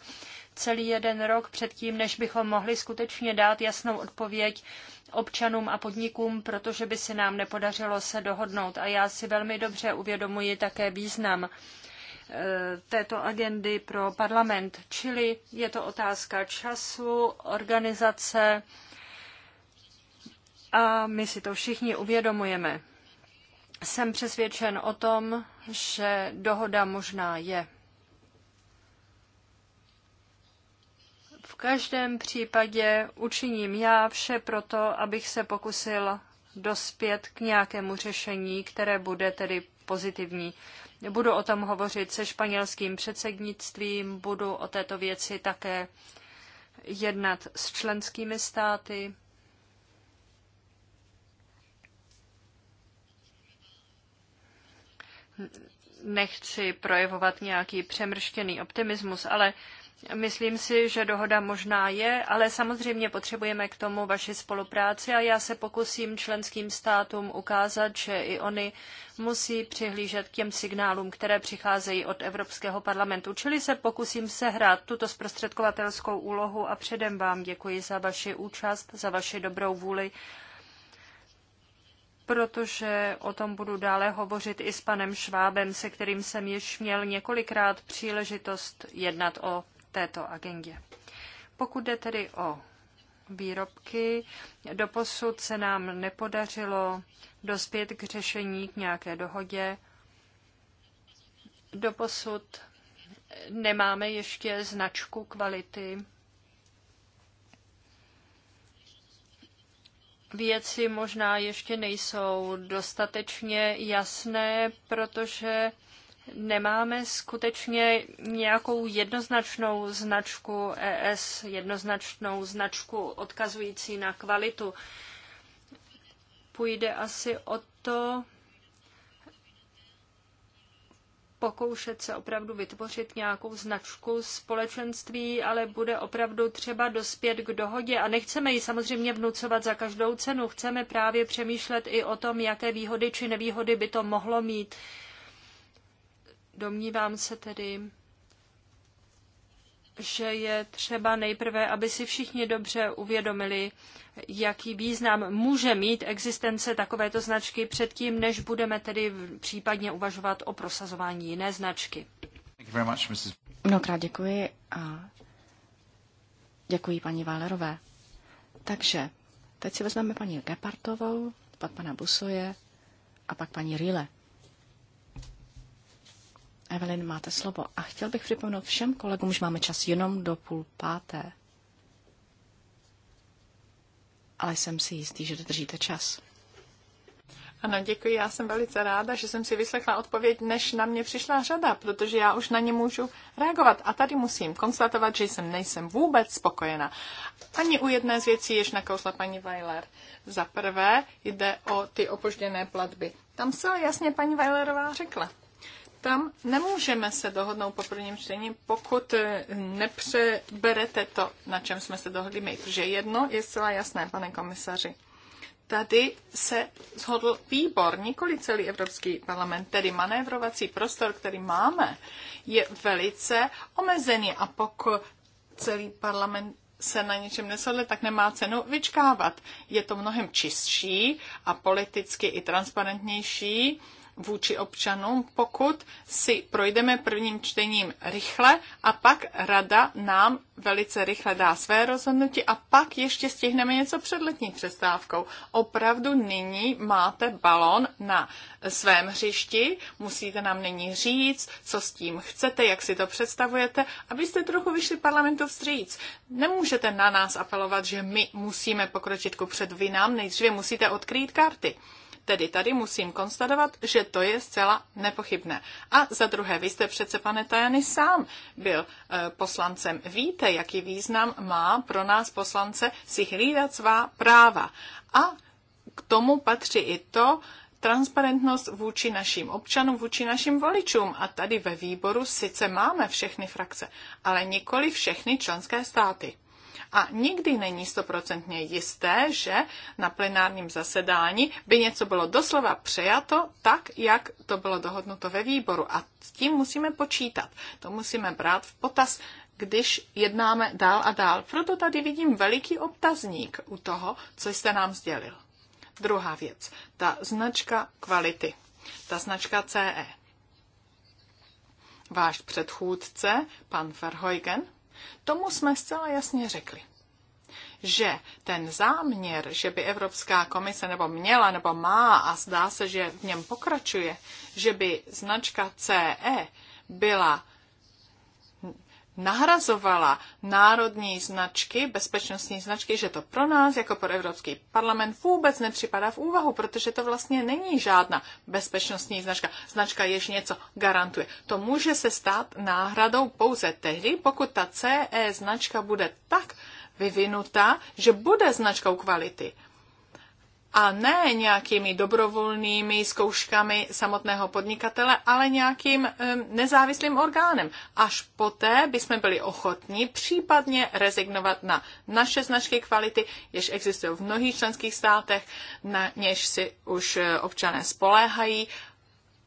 celý jeden rok předtím, než bychom mohli skutečně dát jasnou odpověď občanům a podnikům, protože by se nám nepodařilo se dohodnout. A já si velmi dobře uvědomuji také význam e, této agendy pro parlament. Čili je to otázka času, organizace a my si to všichni uvědomujeme. Jsem přesvědčen o tom, že dohoda možná je. V každém případě učiním já vše proto, abych se pokusil dospět k nějakému řešení, které bude tedy pozitivní. Budu o tom hovořit se španělským předsednictvím, budu o této věci také jednat s členskými státy. Nechci projevovat nějaký přemrštěný optimismus, ale Myslím si, že dohoda možná je, ale samozřejmě potřebujeme k tomu vaši spolupráci a já se pokusím členským státům ukázat, že i oni musí přihlížet k těm signálům, které přicházejí od Evropského parlamentu. Čili se pokusím sehrát tuto zprostředkovatelskou úlohu a předem vám děkuji za vaši účast, za vaši dobrou vůli protože o tom budu dále hovořit i s panem Švábem, se kterým jsem již měl několikrát příležitost jednat o této agendě. Pokud jde tedy o výrobky, doposud se nám nepodařilo dospět k řešení, k nějaké dohodě. Doposud nemáme ještě značku kvality. Věci možná ještě nejsou dostatečně jasné, protože nemáme skutečně nějakou jednoznačnou značku ES, jednoznačnou značku odkazující na kvalitu. Půjde asi o to pokoušet se opravdu vytvořit nějakou značku společenství, ale bude opravdu třeba dospět k dohodě. A nechceme ji samozřejmě vnucovat za každou cenu. Chceme právě přemýšlet i o tom, jaké výhody či nevýhody by to mohlo mít Domnívám se tedy, že je třeba nejprve, aby si všichni dobře uvědomili, jaký význam může mít existence takovéto značky předtím, než budeme tedy případně uvažovat o prosazování jiné značky. Mnohokrát děkuji a děkuji paní Válerové. Takže teď si vezmeme paní Gepartovou, pak pana Busoje a pak paní Rile. Evelyn, máte slovo. A chtěl bych připomenout všem kolegům, že máme čas jenom do půl páté. Ale jsem si jistý, že dodržíte čas. Ano, děkuji. Já jsem velice ráda, že jsem si vyslechla odpověď, než na mě přišla řada, protože já už na ně můžu reagovat. A tady musím konstatovat, že jsem nejsem vůbec spokojena. Ani u jedné z věcí, jež nakousla paní Weiler. Za prvé jde o ty opožděné platby. Tam se jasně paní Weilerová řekla tam nemůžeme se dohodnout po prvním čtení, pokud eh, nepřeberete to, na čem jsme se dohodli my. Protože jedno je zcela jasné, pane komisaři. Tady se zhodl výbor, nikoli celý Evropský parlament, tedy manévrovací prostor, který máme, je velice omezený a pokud celý parlament se na něčem neshodli, tak nemá cenu vyčkávat. Je to mnohem čistší a politicky i transparentnější vůči občanům, pokud si projdeme prvním čtením rychle a pak rada nám velice rychle dá své rozhodnutí a pak ještě stihneme něco před letní přestávkou. Opravdu nyní máte balon na svém hřišti, musíte nám nyní říct, co s tím chcete, jak si to představujete, abyste trochu vyšli parlamentu vstříc. Nemůžete na nás apelovat, že my musíme pokročit ku před vy nám nejdříve musíte odkrýt karty. Tedy tady musím konstatovat, že to je zcela nepochybné. A za druhé, vy jste přece, pane Tajany, sám byl e, poslancem. Víte, jaký význam má pro nás poslance si hlídat svá práva. A k tomu patří i to, transparentnost vůči našim občanům, vůči našim voličům. A tady ve výboru sice máme všechny frakce, ale nikoli všechny členské státy. A nikdy není stoprocentně jisté, že na plenárním zasedání by něco bylo doslova přejato tak, jak to bylo dohodnuto ve výboru. A s tím musíme počítat. To musíme brát v potaz, když jednáme dál a dál. Proto tady vidím veliký obtazník u toho, co jste nám sdělil. Druhá věc, ta značka kvality, ta značka CE. Váš předchůdce, pan Verheugen, Tomu jsme zcela jasně řekli že ten záměr, že by Evropská komise nebo měla nebo má a zdá se, že v něm pokračuje, že by značka CE byla nahrazovala národní značky, bezpečnostní značky, že to pro nás, jako pro Evropský parlament, vůbec nepřipadá v úvahu, protože to vlastně není žádná bezpečnostní značka. Značka jež něco garantuje. To může se stát náhradou pouze tehdy, pokud ta CE značka bude tak vyvinuta, že bude značkou kvality a ne nějakými dobrovolnými zkouškami samotného podnikatele, ale nějakým nezávislým orgánem. Až poté bychom byli ochotni případně rezignovat na naše značky kvality, jež existují v mnohých členských státech, na něž si už eh, občané spoléhají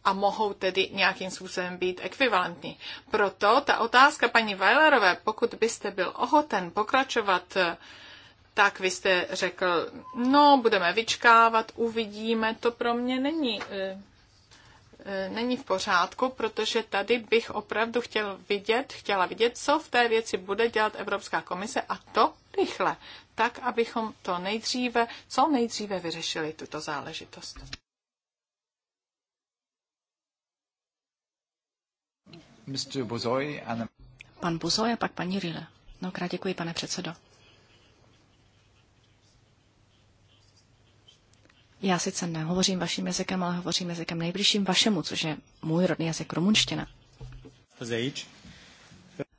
a mohou tedy nějakým způsobem být ekvivalentní. Proto ta otázka paní Weilerové, pokud byste byl ochoten pokračovat eh, tak vy jste řekl, no, budeme vyčkávat, uvidíme, to pro mě není, eh, eh, není v pořádku, protože tady bych opravdu chtěl vidět, chtěla vidět, co v té věci bude dělat Evropská komise a to rychle, tak, abychom to nejdříve, co nejdříve vyřešili tuto záležitost. Pan Buzoj a pak paní Rile. krát děkuji, pane předsedo. Já sice nehovořím vaším jazykem, ale hovořím jazykem nejbližším vašemu, což je můj rodný jazyk rumunština.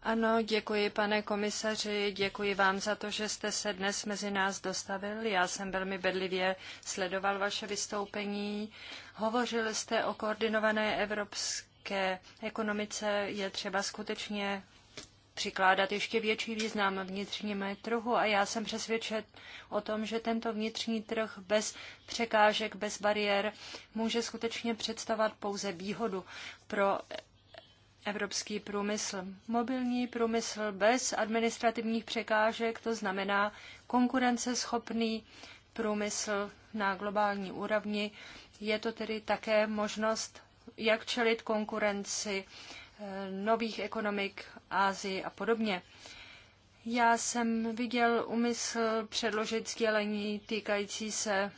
Ano, děkuji pane komisaři, děkuji vám za to, že jste se dnes mezi nás dostavil. Já jsem velmi bedlivě sledoval vaše vystoupení. Hovořil jste o koordinované evropské ekonomice. Je třeba skutečně přikládat ještě větší význam vnitřnímu trhu a já jsem přesvědčen o tom, že tento vnitřní trh bez překážek, bez bariér může skutečně představovat pouze výhodu pro evropský průmysl. Mobilní průmysl bez administrativních překážek, to znamená konkurenceschopný průmysl na globální úrovni. Je to tedy také možnost, jak čelit konkurenci Eh, nových ekonomik Ázii a podobně. Já jsem viděl úmysl předložit sdělení týkající se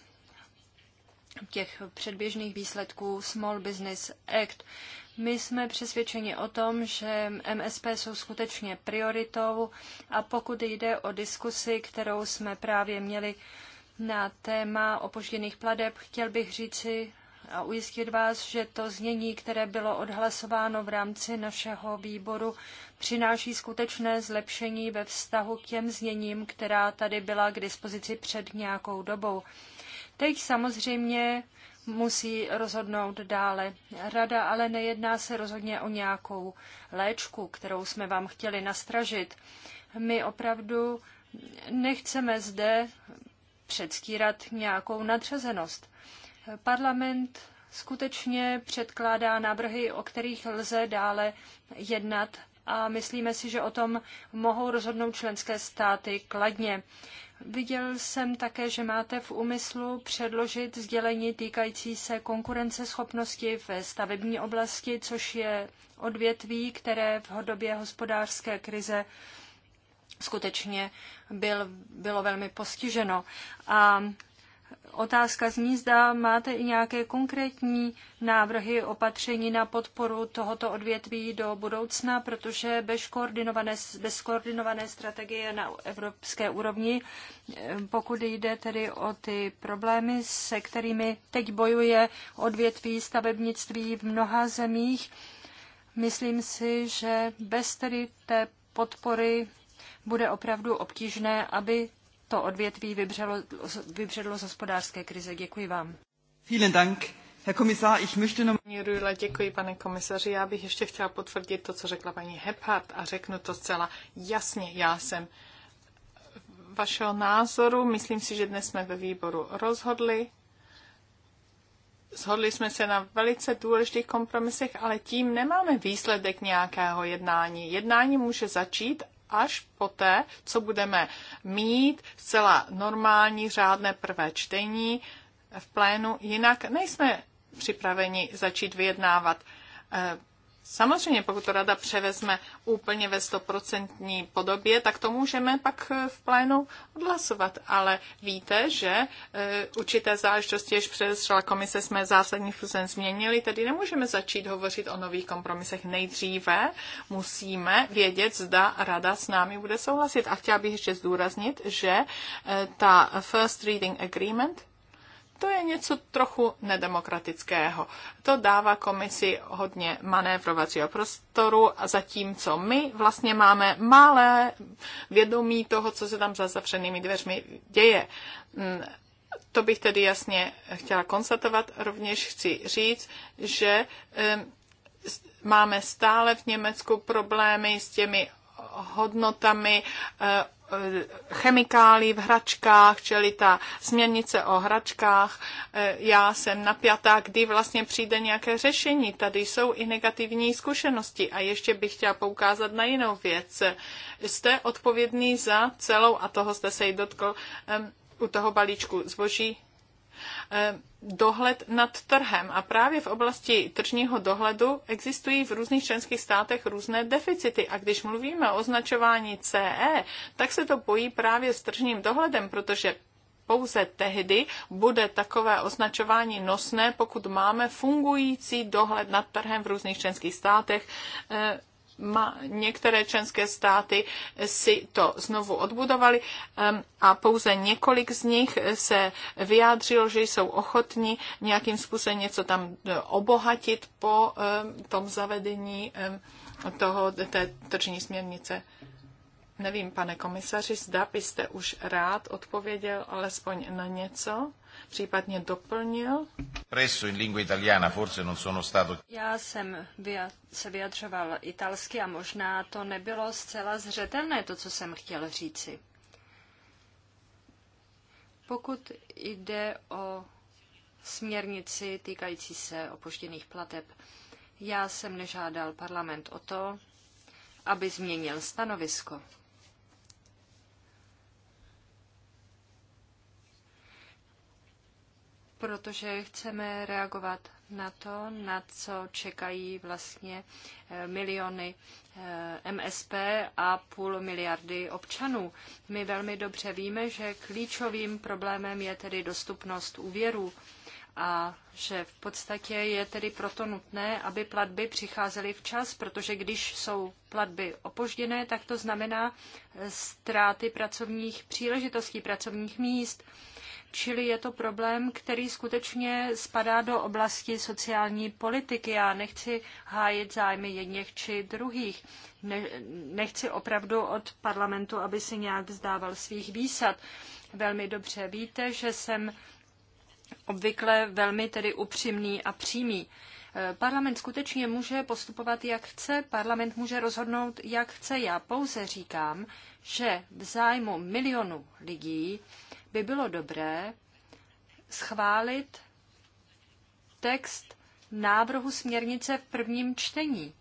těch předběžných výsledků Small Business Act. My jsme přesvědčeni o tom, že MSP jsou skutečně prioritou a pokud jde o diskusi, kterou jsme právě měli na téma opožděných pladeb, chtěl bych říci, a ujistit vás, že to znění, které bylo odhlasováno v rámci našeho výboru, přináší skutečné zlepšení ve vztahu k těm zněním, která tady byla k dispozici před nějakou dobou. Teď samozřejmě musí rozhodnout dále rada, ale nejedná se rozhodně o nějakou léčku, kterou jsme vám chtěli nastražit. My opravdu nechceme zde předstírat nějakou nadřazenost. Parlament skutečně předkládá návrhy, o kterých lze dále jednat a myslíme si, že o tom mohou rozhodnout členské státy kladně. Viděl jsem také, že máte v úmyslu předložit sdělení týkající se konkurenceschopnosti ve stavební oblasti, což je odvětví, které v době hospodářské krize skutečně byl, bylo velmi postiženo. A Otázka zní, zda máte i nějaké konkrétní návrhy opatření na podporu tohoto odvětví do budoucna, protože bez koordinované, bez koordinované strategie na evropské úrovni, pokud jde tedy o ty problémy, se kterými teď bojuje odvětví stavebnictví v mnoha zemích, myslím si, že bez tedy té podpory bude opravdu obtížné, aby to odvětví vybředlo, vybředlo z hospodářské krize. Děkuji vám. Vielen Dank. Herr Kommissar, ich möchte noch... Rühle, děkuji, pane komisaři. Já bych ještě chtěla potvrdit to, co řekla paní Hephardt a řeknu to zcela jasně. Já jsem vašeho názoru. Myslím si, že dnes jsme ve výboru rozhodli. zhodli jsme se na velice důležitých kompromisech, ale tím nemáme výsledek nějakého jednání. Jednání může začít až poté, co budeme mít zcela normální řádné prvé čtení v plénu, jinak nejsme připraveni začít vyjednávat eh, Samozřejmě, pokud to rada převezme úplně ve stoprocentní podobě, tak to můžeme pak eh, v plénu odhlasovat. Ale víte, že eh, určité záležitosti, jež předestřela komise, jsme zásadním způsobem změnili, tedy nemůžeme začít hovořit o nových kompromisech nejdříve. Musíme vědět, zda rada s námi bude souhlasit. A chtěla bych ještě zdůraznit, že eh, ta First Reading Agreement to je něco trochu nedemokratického. To dává komisi hodně manévrovacího prostoru, a zatímco my vlastně máme malé vědomí toho, co se tam za zavřenými dveřmi děje. Mm, to bych tedy jasně chtěla konstatovat. Rovněž chci říct, že máme stále v Německu problémy s těmi hodnotami eh, Eh, chemikálí v hračkách, čili ta směrnice o hračkách. Eh, já jsem napjatá, kdy vlastně přijde nějaké řešení. Tady jsou i negativní zkušenosti. A ještě bych chtěla poukázat na jinou věc. Jste odpovědný za celou, a toho jste se i dotkl, u toho balíčku zboží Eh, dohled nad trhem. A právě v oblasti tržního dohledu existují v různých členských státech různé deficity. A když mluvíme o označování CE, tak se to pojí právě s tržním dohledem, protože pouze tehdy bude takové označování nosné, pokud máme fungující dohled nad trhem v různých členských státech eh, ma, některé členské státy si to znovu odbudovali a pouze několik z nich se vyjádřilo, že jsou ochotni nějakým způsobem něco tam e, obohatit po tom zavedení toho, té tržní směrnice. Nevím, pane komisaři, zda byste už rád odpověděl alespoň na něco případně doplnil. Presso in lingua italiana forse non sono stato... Já jsem se vyjadřoval italsky a možná to nebylo zcela zřetelné, to, co jsem chtěl říci. Pokud jde o směrnici týkající se opožděných plateb, já jsem nežádal parlament o to, aby změnil stanovisko. protože chceme reagovat na to, na co čekají vlastně eh, miliony eh, MSP a půl miliardy občanů. My velmi dobře víme, že klíčovým problémem je tedy dostupnost úvěru a že v podstatě je tedy proto nutné, aby platby přicházely včas, protože když jsou platby opožděné, tak to znamená eh, ztráty pracovních příležitostí, pracovních míst. Čili je to problém, který skutečně spadá do oblasti sociální politiky. Já nechci hájit zájmy jedněch či druhých. Ne, nechci opravdu od parlamentu, aby si nějak vzdával svých výsad. Velmi dobře víte, že jsem obvykle velmi tedy upřímný a přímý. Parlament skutečně může postupovat, jak chce, parlament může rozhodnout, jak chce. Já pouze říkám, že v zájmu milionu lidí by bylo dobré schválit text návrhu směrnice v prvním čtení.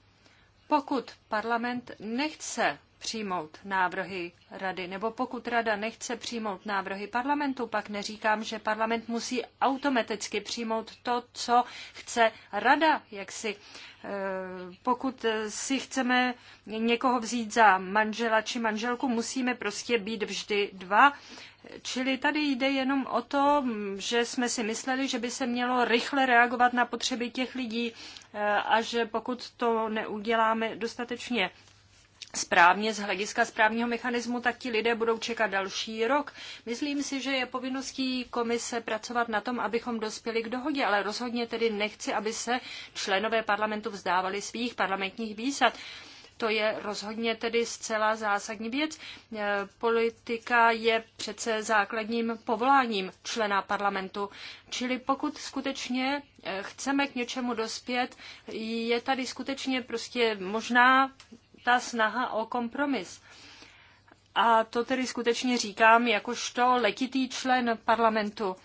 Pokud parlament nechce přijmout návrhy rady, nebo pokud rada nechce přijmout návrhy parlamentu, pak neříkám, že parlament musí automaticky přijmout to, co chce rada. Jak si, e, pokud si chceme někoho vzít za manžela či manželku, musíme prostě být vždy dva Čili tady jde jenom o to, že jsme si mysleli, že by se mělo rychle reagovat na potřeby těch lidí eh, a že pokud to neuděláme dostatečně správně, z hlediska správního mechanismu, tak ti lidé budou čekat další rok. Myslím si, že je povinností komise pracovat na tom, abychom dospěli k dohodě, ale rozhodně tedy nechci, aby se členové parlamentu vzdávali svých parlamentních výsad. To je rozhodně tedy zcela zásadní věc. E, politika je přece základním povoláním člena parlamentu. Čili pokud skutečně e, chceme k něčemu dospět, je tady skutečně prostě možná ta snaha o kompromis. A to tedy skutečně říkám jakožto letitý člen parlamentu.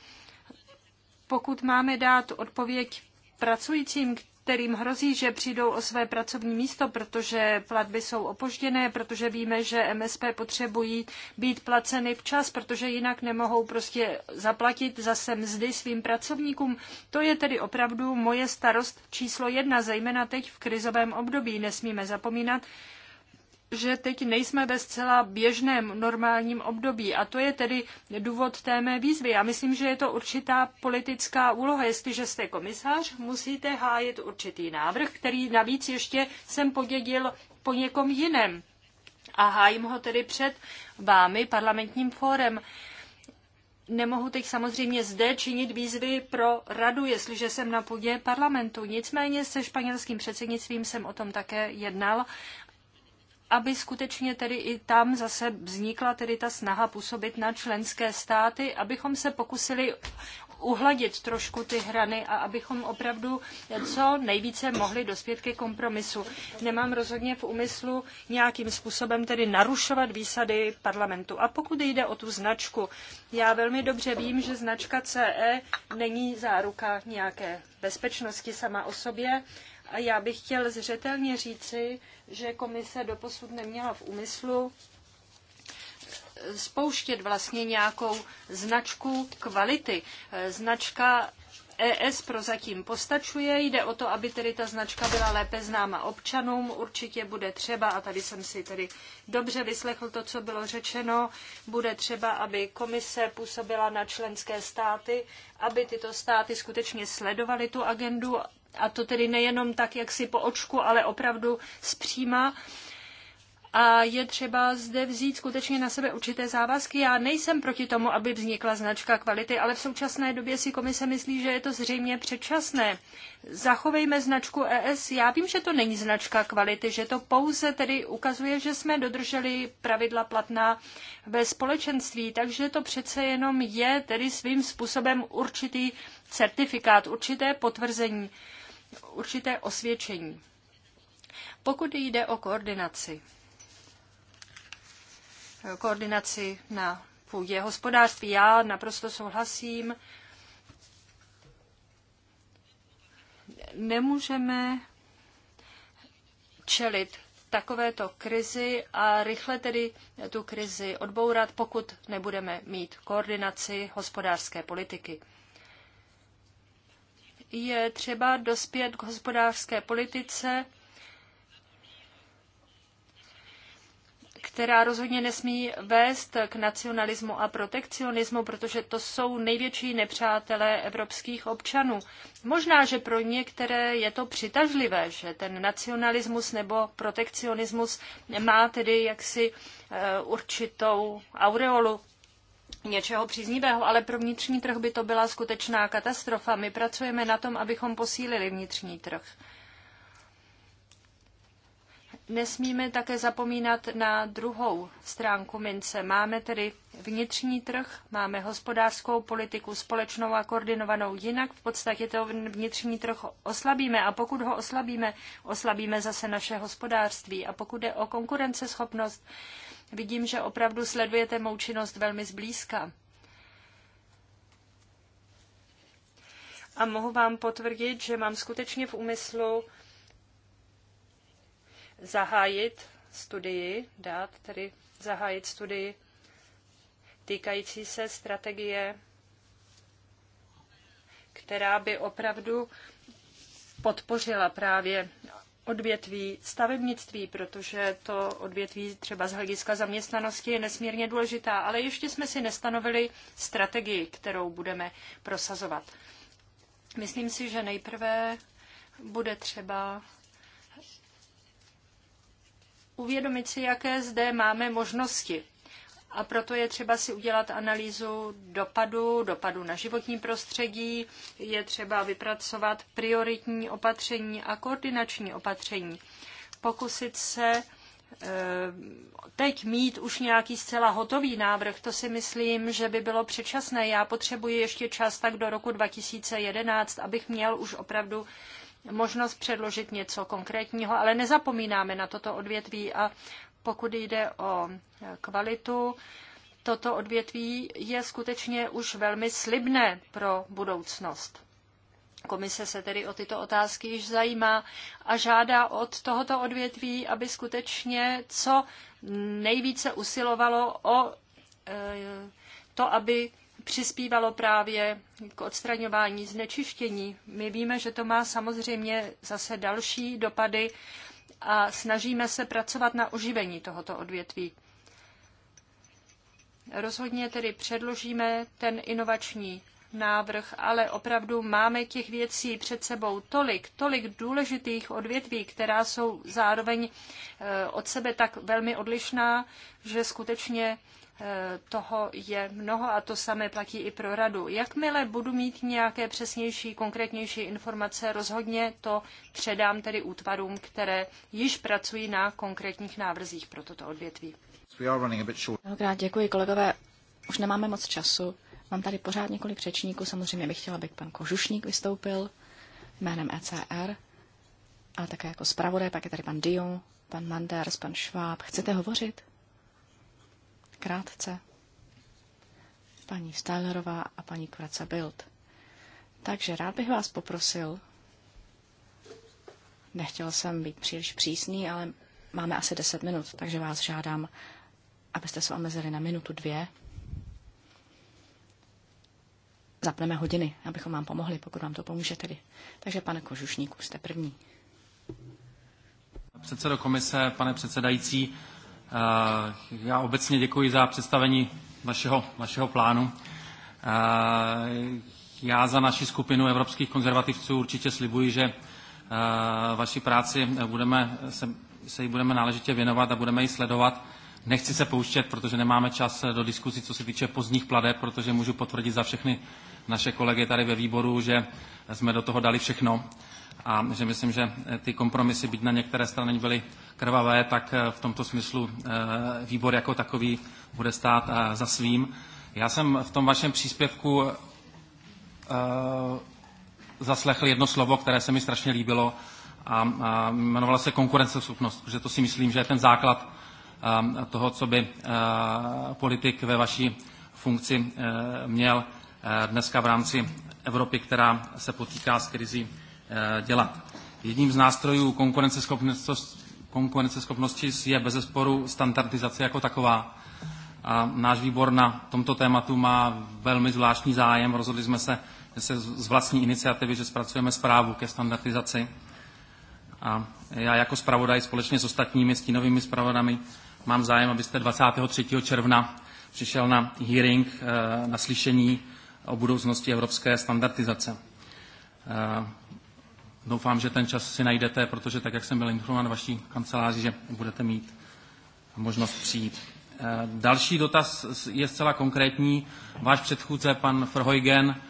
Pokud máme dát odpověď pracujícím, kterým hrozí, že přijdou o své pracovní místo, protože platby jsou opožděné, protože víme, že MSP potřebují být placeny včas, protože jinak nemohou prostě zaplatit zase mzdy svým pracovníkům. To je tedy opravdu moje starost číslo jedna, zejména teď v krizovém období. Nesmíme zapomínat, že teď nejsme ve zcela běžném normálním období. A to je tedy důvod té mé výzvy. Já myslím, že je to určitá politická úloha. Jestliže jste komisář, musíte hájit určitý návrh, který navíc ještě jsem podědil po někom jiném. A hájím ho tedy před vámi, parlamentním fórem. Nemohu teď samozřejmě zde činit výzvy pro radu, jestliže jsem na půdě parlamentu. Nicméně se španělským předsednictvím jsem o tom také jednal aby skutečně tedy i tam zase vznikla tedy ta snaha působit na členské státy, abychom se pokusili uhladit trošku ty hrany a abychom opravdu co nejvíce mohli dospět ke kompromisu. Nemám rozhodně v úmyslu nějakým způsobem tedy narušovat výsady parlamentu. A pokud jde o tu značku, já velmi dobře vím, že značka CE není záruka nějaké bezpečnosti sama o sobě, já bych chtěl zřetelně říci, že komise doposud neměla v úmyslu spouštět vlastně nějakou značku kvality. Značka ES prozatím postačuje, jde o to, aby tedy ta značka byla lépe známa občanům, určitě bude třeba, a tady jsem si tedy dobře vyslechl to, co bylo řečeno, bude třeba, aby komise působila na členské státy, aby tyto státy skutečně sledovaly tu agendu a to tedy nejenom tak, jak si po očku, ale opravdu zpříma. A je třeba zde vzít skutečně na sebe určité závazky. Já nejsem proti tomu, aby vznikla značka kvality, ale v současné době si komise myslí, že je to zřejmě předčasné. Zachovejme značku ES. Já vím, že to není značka kvality, že to pouze tedy ukazuje, že jsme dodrželi pravidla platná ve společenství, takže to přece jenom je tedy svým způsobem určitý certifikát, určité potvrzení určité osvědčení. Pokud jde o koordinaci, koordinaci na půdě hospodářství, já naprosto souhlasím. Nemůžeme čelit takovéto krizi a rychle tedy tu krizi odbourat, pokud nebudeme mít koordinaci hospodářské politiky je třeba dospět k hospodářské politice, která rozhodně nesmí vést k nacionalismu a protekcionismu, protože to jsou největší nepřátelé evropských občanů. Možná, že pro některé je to přitažlivé, že ten nacionalismus nebo protekcionismus má tedy jaksi eh, určitou aureolu něčeho příznivého, ale pro vnitřní trh by to byla skutečná katastrofa. My pracujeme na tom, abychom posílili vnitřní trh. Nesmíme také zapomínat na druhou stránku mince. Máme tedy vnitřní trh, máme hospodářskou politiku společnou a koordinovanou jinak. V podstatě to vnitřní trh oslabíme a pokud ho oslabíme, oslabíme zase naše hospodářství. A pokud je o konkurenceschopnost, Vidím, že opravdu sledujete mou činnost velmi zblízka. A mohu vám potvrdit, že mám skutečně v úmyslu zahájit studii, dát tedy zahájit studii týkající se strategie, která by opravdu podpořila právě odvětví stavebnictví, protože to odvětví třeba z hlediska zaměstnanosti je nesmírně důležitá, ale ještě jsme si nestanovili strategii, kterou budeme prosazovat. Myslím si, že nejprve bude třeba uvědomit si, jaké zde máme možnosti a proto je třeba si udělat analýzu dopadu, dopadu na životní prostředí, je třeba vypracovat prioritní opatření a koordinační opatření. Pokusit se eh, teď mít už nějaký zcela hotový návrh, to si myslím, že by bylo předčasné. Já potřebuji ještě čas tak do roku 2011, abych měl už opravdu možnost předložit něco konkrétního, ale nezapomínáme na toto odvětví a pokud jde o e, kvalitu, toto odvětví je skutečně už velmi slibné pro budoucnost. Komise se tedy o tyto otázky již zajímá a žádá od tohoto odvětví, aby skutečně co nejvíce usilovalo o e, to, aby přispívalo právě k odstraňování znečištění. My víme, že to má samozřejmě zase další dopady a snažíme se pracovat na oživení tohoto odvětví. Rozhodně tedy předložíme ten inovační návrh, ale opravdu máme těch věcí před sebou tolik, tolik důležitých odvětví, která jsou zároveň eh, od sebe tak velmi odlišná, že skutečně Eh, toho je mnoho a to samé platí i pro radu. Jakmile budu mít nějaké přesnější, konkrétnější informace, rozhodně to předám tedy útvarům, které již pracují na konkrétních návrzích pro toto odvětví. Mnohokrát děkuji, kolegové. Už nemáme moc času. Mám tady pořád několik řečníků. Samozřejmě bych chtěla, aby pan Kožušník vystoupil jménem ECR a také jako zpravodaj. Pak je tady pan Dion, pan Manders, pan Schwab. Chcete hovořit? krátce. Paní Stylerová a paní Kvraca Bild. Takže rád bych vás poprosil, nechtěl jsem být příliš přísný, ale máme asi 10 minut, takže vás žádám, abyste se omezili na minutu dvě. Zapneme hodiny, abychom vám pomohli, pokud vám to pomůže tedy. Takže pane Kožušníku, jste první. Předsedo komise, pane předsedající, Eh, já obecně děkuji za představení vašeho, vašeho plánu. Eh, já za naši skupinu evropských konzervativců určitě slibuji, že eh, vaši práci budeme, se, se jí budeme náležitě věnovat a budeme ji sledovat. Nechci se pouštět, protože nemáme čas do diskuzí, co se týče pozdních pladeb, protože můžu potvrdit za všechny naše kolegy tady ve výboru, že jsme do toho dali všechno a že myslím, že eh, ty kompromisy, byť na některé strany byly krvavé, tak eh, v tomto smyslu eh, výbor jako takový bude stát za svým. Já jsem v tom vašem příspěvku zaslechl jedno slovo, které se mi strašně líbilo a jmenovala se konkurenceschopnost, protože to si myslím, že je ten základ toho, co by politik ve vaší funkci měl dneska v rámci Evropy, která se potýká s krizí Eh, dělat. Jedním z nástrojů konkurenceschopnosti, konkurenceschopnosti je bezesporu standardizace jako taková. A náš výbor na tomto tématu má velmi zvláštní zájem. Rozhodli jsme se, že se z vlastní iniciativy, že zpracujeme zprávu ke standardizaci. A já jako zpravodaj společně s ostatními stínovými zpravodami mám zájem, abyste 23. června přišel na hearing, eh, na slyšení o budoucnosti evropské standardizace. Eh, Doufám, že ten čas si najdete, protože tak, jak jsem byl informován vaší kanceláři, že budete mít možnost přijít. Eh, další dotaz je zcela konkrétní. Váš předchůdce, pan Frhojgen, eh,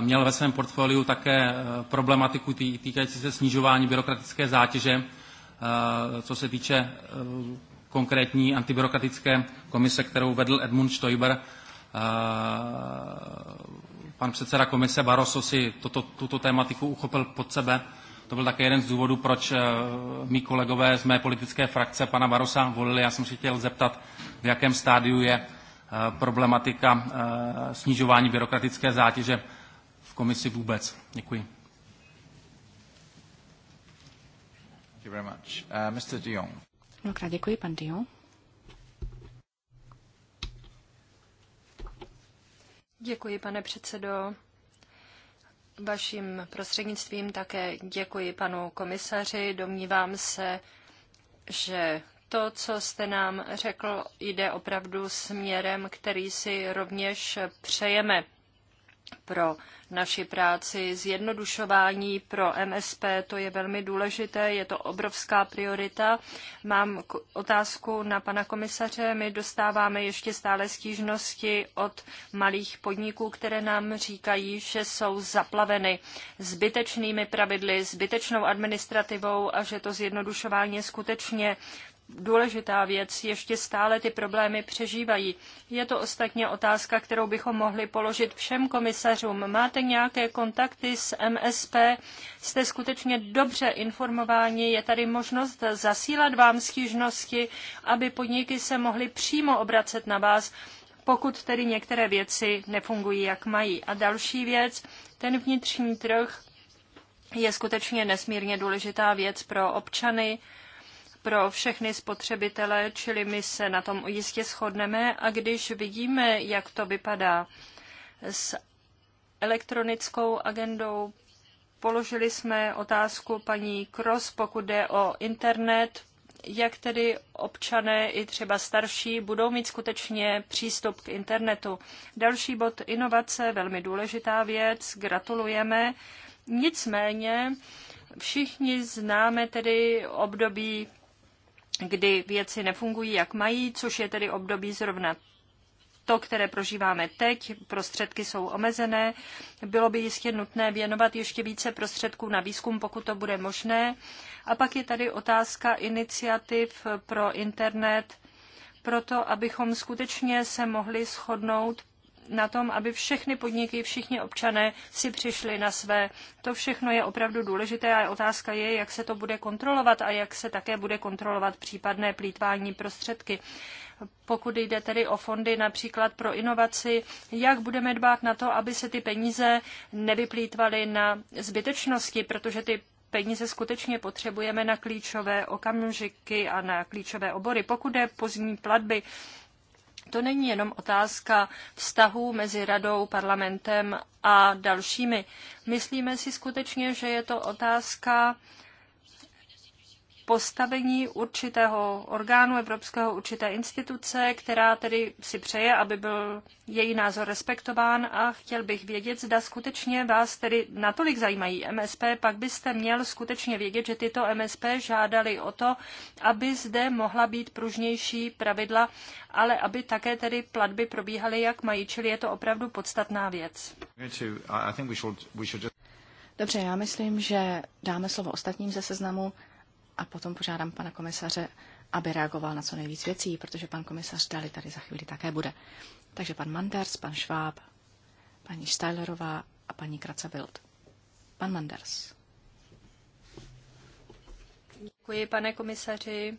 měl ve svém portfoliu také eh, problematiku týkající se snižování byrokratické zátěže, co se týče konkrétní antibyrokratické komise, kterou vedl Edmund Stoiber pan předseda komise Barroso si toto, tuto tématiku uchopil pod sebe. To byl také jeden z důvodů, proč eh, mý kolegové z mé politické frakce pana Barosa volili. Já jsem si chtěl zeptat, v jakém stádiu je eh, problematika eh, snižování byrokratické zátěže v komisi vůbec. Děkuji. Uh, Dion. děkuji, pan Dion. Děkuji, pane předsedo. Vaším prostřednictvím také děkuji panu komisaři. Domnívám se, že to, co jste nám řekl, jde opravdu směrem, který si rovněž přejeme pro naši práci. Zjednodušování pro MSP, to je velmi důležité, je to obrovská priorita. Mám otázku na pana komisaře. My dostáváme ještě stále stížnosti od malých podniků, které nám říkají, že jsou zaplaveny zbytečnými pravidly, zbytečnou administrativou a že to zjednodušování je skutečně důležitá věc, ještě stále ty problémy přežívají. Je to ostatně otázka, kterou bychom mohli položit všem komisařům. Máte nějaké kontakty s MSP? Jste skutečně dobře informováni? Je tady možnost zasílat vám stížnosti, aby podniky se mohly přímo obracet na vás, pokud tedy některé věci nefungují, jak mají. A další věc, ten vnitřní trh je skutečně nesmírně důležitá věc pro občany pro všechny spotřebitele, čili my se na tom jistě shodneme. A když vidíme, jak to vypadá s elektronickou agendou, položili jsme otázku paní Kros, pokud jde o internet, jak tedy občané i třeba starší budou mít skutečně přístup k internetu. Další bod inovace, velmi důležitá věc, gratulujeme. Nicméně všichni známe tedy období kdy věci nefungují, jak mají, což je tedy období zrovna to, které prožíváme teď, prostředky jsou omezené. Bylo by jistě nutné věnovat ještě více prostředků na výzkum, pokud to bude možné. A pak je tady otázka iniciativ pro internet, proto abychom skutečně se mohli shodnout na tom, aby všechny podniky, všichni občané si přišli na své. To všechno je opravdu důležité a otázka je, jak se to bude kontrolovat a jak se také bude kontrolovat případné plítvání prostředky. Pokud jde tedy o fondy například pro inovaci, jak budeme dbát na to, aby se ty peníze nevyplýtvaly na zbytečnosti, protože ty peníze skutečně potřebujeme na klíčové okamžiky a na klíčové obory. Pokud je pozdní platby, to není jenom otázka vztahů mezi radou, parlamentem a dalšími. Myslíme si skutečně, že je to otázka postavení určitého orgánu evropského, určité instituce, která tedy si přeje, aby byl její názor respektován a chtěl bych vědět, zda skutečně vás tedy natolik zajímají MSP, pak byste měl skutečně vědět, že tyto MSP žádali o to, aby zde mohla být pružnější pravidla, ale aby také tedy platby probíhaly, jak mají, čili je to opravdu podstatná věc. Dobře, já myslím, že dáme slovo ostatním ze seznamu a potom požádám pana komisaře, aby reagoval na co nejvíc věcí, protože pan komisař Dali tady za chvíli také bude. Takže pan Manders, pan Schwab, paní Steilerová a paní Kracabild. Pan Manders. Děkuji, pane komisaři.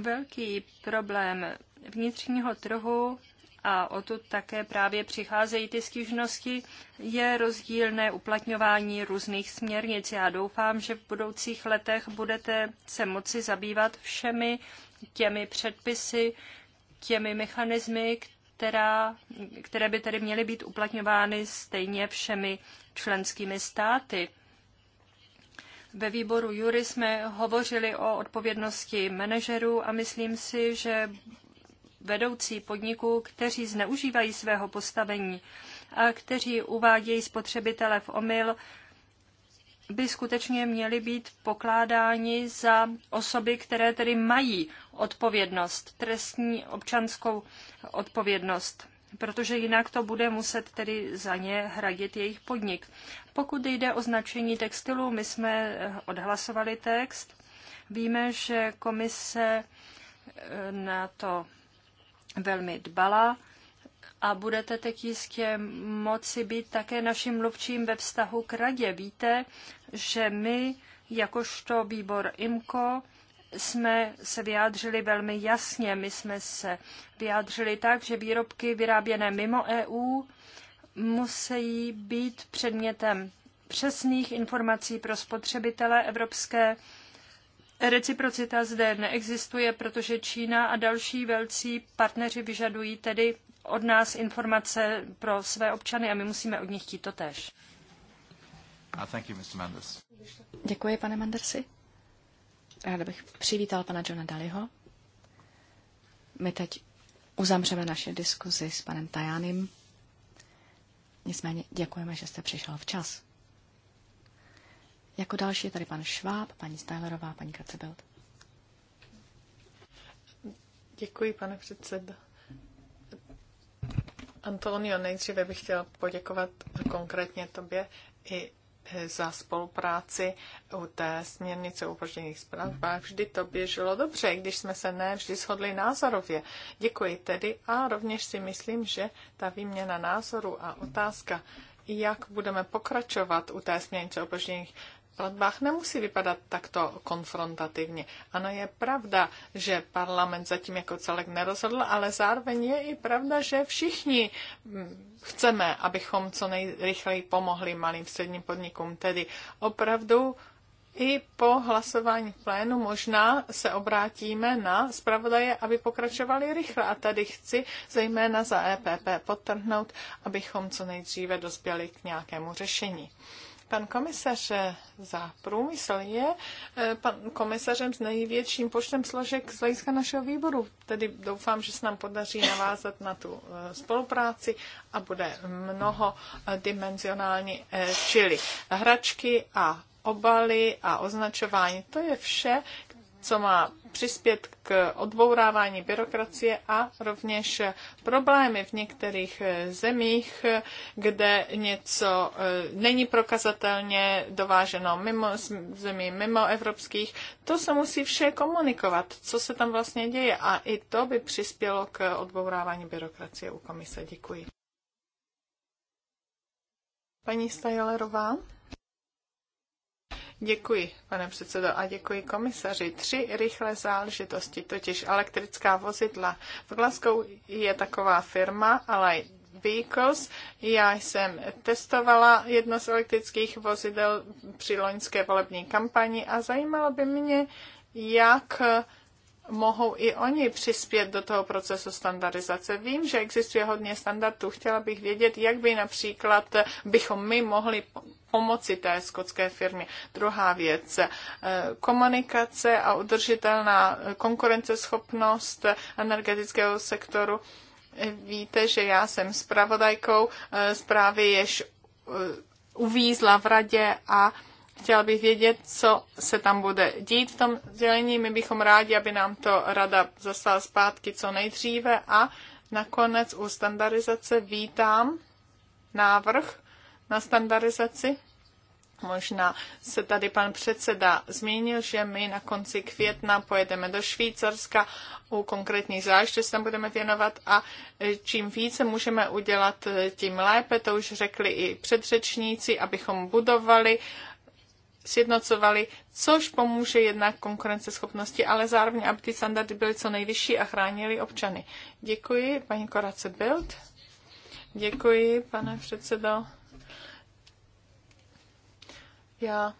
Velký problém vnitřního trhu a o to také právě přicházejí ty stížnosti, je rozdílné uplatňování různých směrnic. Já doufám, že v budoucích letech budete se moci zabývat všemi těmi předpisy, těmi mechanismy, která, které by tedy měly být uplatňovány stejně všemi členskými státy. Ve výboru Jury jsme hovořili o odpovědnosti manažerů a myslím si, že vedoucí podniků, kteří zneužívají svého postavení a kteří uvádějí spotřebitele v omyl, by skutečně měli být pokládáni za osoby, které tedy mají odpovědnost, trestní občanskou odpovědnost, protože jinak to bude muset tedy za ně hradit jejich podnik. Pokud jde o značení textilu, my jsme odhlasovali text. Víme, že komise eh, na to velmi dbala a budete teď jistě moci být také naším mluvčím ve vztahu k radě. Víte, že my, jakožto výbor IMCO, jsme se vyjádřili velmi jasně. My jsme se vyjádřili tak, že výrobky vyráběné mimo EU musí být předmětem přesných informací pro spotřebitele Evropské Reciprocita zde neexistuje, protože Čína a další velcí partneři vyžadují tedy od nás informace pro své občany a my musíme od nich chtít to tež. Děkuji, pane Mandersi. Ráda bych přivítal pana Johna Daliho. My teď uzamřeme naše diskuzi s panem Tajanem. Nicméně děkujeme, že jste přišel včas. Jako další je tady pan Šváb, paní Stylerová, paní Kacebelt. Děkuji, pane předsedo. Antonio, nejdříve bych chtěla poděkovat konkrétně tobě i eh, za spolupráci u té směrnice o požděných zprávách. Vždy to běželo dobře, když jsme se ne vždy shodli názorově. Děkuji tedy a rovněž si myslím, že ta výměna názoru a otázka, jak budeme pokračovat u té směrnice o požděných platbách nemusí vypadat takto konfrontativně. Ano, je pravda, že parlament zatím jako celek nerozhodl, ale zároveň je i pravda, že všichni mm, chceme, abychom co nejrychleji pomohli malým středním podnikům. Tedy opravdu i po hlasování v plénu možná se obrátíme na zpravodaje, aby pokračovali rychle. A tady chci zejména za EPP potrhnout, abychom co nejdříve dospěli k nějakému řešení. Pan komisař eh, za průmysl je eh, pan komisařem s největším počtem složek z hlediska našeho výboru. Tedy doufám, že se nám podaří navázat na tu eh, spolupráci a bude mnoho dimenzionální, čili hračky a obaly a označování. To je vše, co má přispět k odbourávání byrokracie a rovněž problémy v některých eh, zemích, kde něco eh, není prokazatelně dováženo mimo zemí, mimo evropských. To se musí vše komunikovat, co se tam vlastně děje a i to by přispělo k odbourávání byrokracie u komise. Děkuji. Paní Stajlerová. Děkuji, pane předsedo, a děkuji komisaři. Tři rychlé záležitosti, totiž elektrická vozidla. V Glasgow je taková firma, ale Vehicles. Já jsem testovala jedno z elektrických vozidel při loňské volební kampani a zajímalo by mě, jak mohou i oni přispět do toho procesu standardizace. Vím, že existuje hodně standardů. Chtěla bych vědět, jak by například bychom my mohli pomoci té skotské firmě. Druhá věc, eh, komunikace a udržitelná eh, konkurenceschopnost energetického sektoru. Eh, víte, že já jsem zpravodajkou zprávy, jež uvízla v radě a chtěl bych vědět, co se tam bude dít v tom dělení. My bychom rádi, aby nám to rada zaslala zpátky co nejdříve a nakonec u standardizace vítám návrh na standardizaci. Možná se tady pan předseda zmínil, že my na konci května pojedeme do Švýcarska, u konkrétních se tam budeme věnovat a čím více můžeme udělat, tím lépe, to už řekli i předřečníci, abychom budovali, sjednocovali, což pomůže jednak konkurenceschopnosti, ale zároveň, aby ty standardy byly co nejvyšší a chránili občany. Děkuji, paní Korace Bild. Děkuji, pane předsedo. Já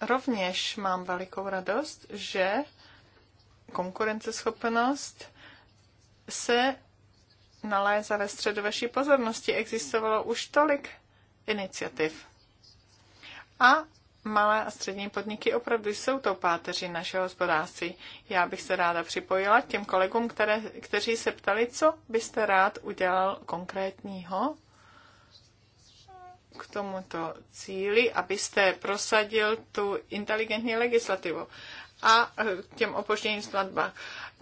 rovněž mám velikou radost, že konkurenceschopnost se nalézá ve středu vaší pozornosti. Existovalo už tolik iniciativ. A malé a střední podniky opravdu jsou tou páteří našeho hospodářství. Já bych se ráda připojila k těm kolegům, které, kteří se ptali, co byste rád udělal konkrétního k tomuto cíli, abyste prosadil tu inteligentní legislativu a eh, těm opožděním snadbách.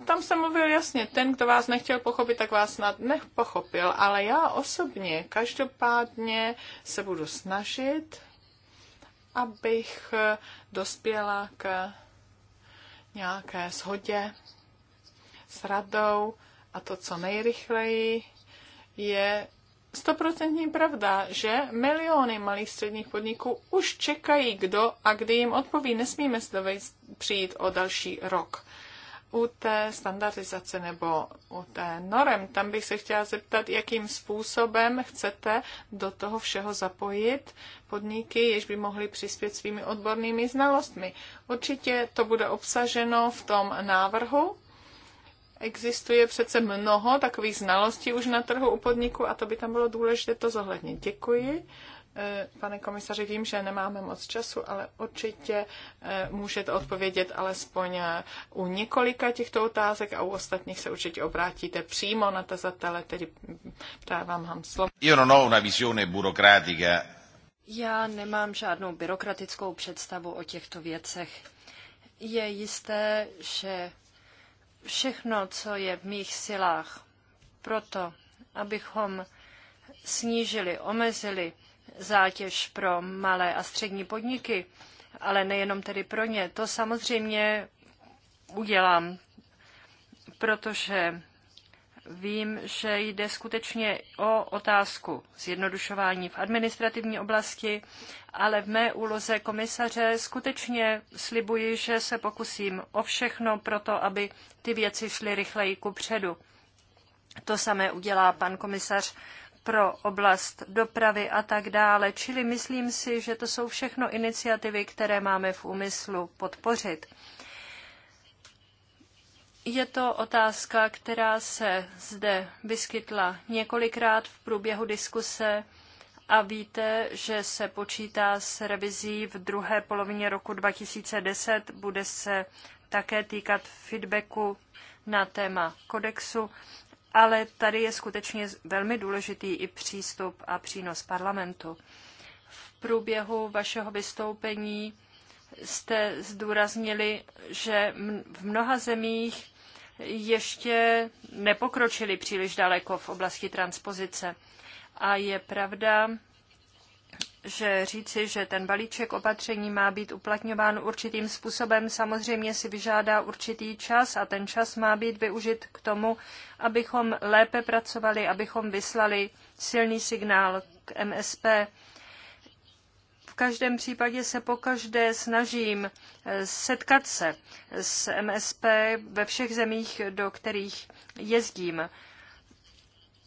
Tam jsem mluvil jasně, ten, kdo vás nechtěl pochopit, tak vás snad nepochopil, ale já osobně každopádně se budu snažit, abych eh, dospěla k nějaké shodě s radou a to, co nejrychleji je stoprocentní pravda, že miliony malých středních podniků už čekají, kdo a kdy jim odpoví. Nesmíme se přijít o další rok. U té standardizace nebo u té norem, tam bych se chtěla zeptat, jakým způsobem chcete do toho všeho zapojit podniky, jež by mohly přispět svými odbornými znalostmi. Určitě to bude obsaženo v tom návrhu, Existuje přece mnoho takových znalostí už na trhu u podniku a to by tam bylo důležité to zohlednit. Děkuji. Eh, pane komisaři, vím, že nemáme moc času, ale určitě eh, můžete odpovědět alespoň eh, u několika těchto otázek a u ostatních se určitě obrátíte přímo na tazatele, tedy dávám vám slovo. Io non ho una visione burocratica. Já nemám žádnou byrokratickou představu o těchto věcech. Je jisté, že všechno, co je v mých silách, proto, abychom snížili, omezili zátěž pro malé a střední podniky, ale nejenom tedy pro ně. To samozřejmě udělám, protože Vím, že jde skutečně o otázku zjednodušování v administrativní oblasti, ale v mé úloze komisaře skutečně slibuji, že se pokusím o všechno pro to, aby ty věci šly rychleji ku předu. To samé udělá pan komisař pro oblast dopravy a tak dále. Čili myslím si, že to jsou všechno iniciativy, které máme v úmyslu podpořit. Je to otázka, která se zde vyskytla několikrát v průběhu diskuse a víte, že se počítá s revizí v druhé polovině roku 2010. Bude se také týkat feedbacku na téma kodexu, ale tady je skutečně velmi důležitý i přístup a přínos parlamentu. V průběhu vašeho vystoupení jste zdůraznili, že v mnoha zemích ještě nepokročili příliš daleko v oblasti transpozice. A je pravda, že říci, že ten balíček opatření má být uplatňován určitým způsobem, samozřejmě si vyžádá určitý čas a ten čas má být využit k tomu, abychom lépe pracovali, abychom vyslali silný signál k MSP každém případě se pokaždé snažím eh, setkat se s MSP ve všech zemích, do kterých jezdím.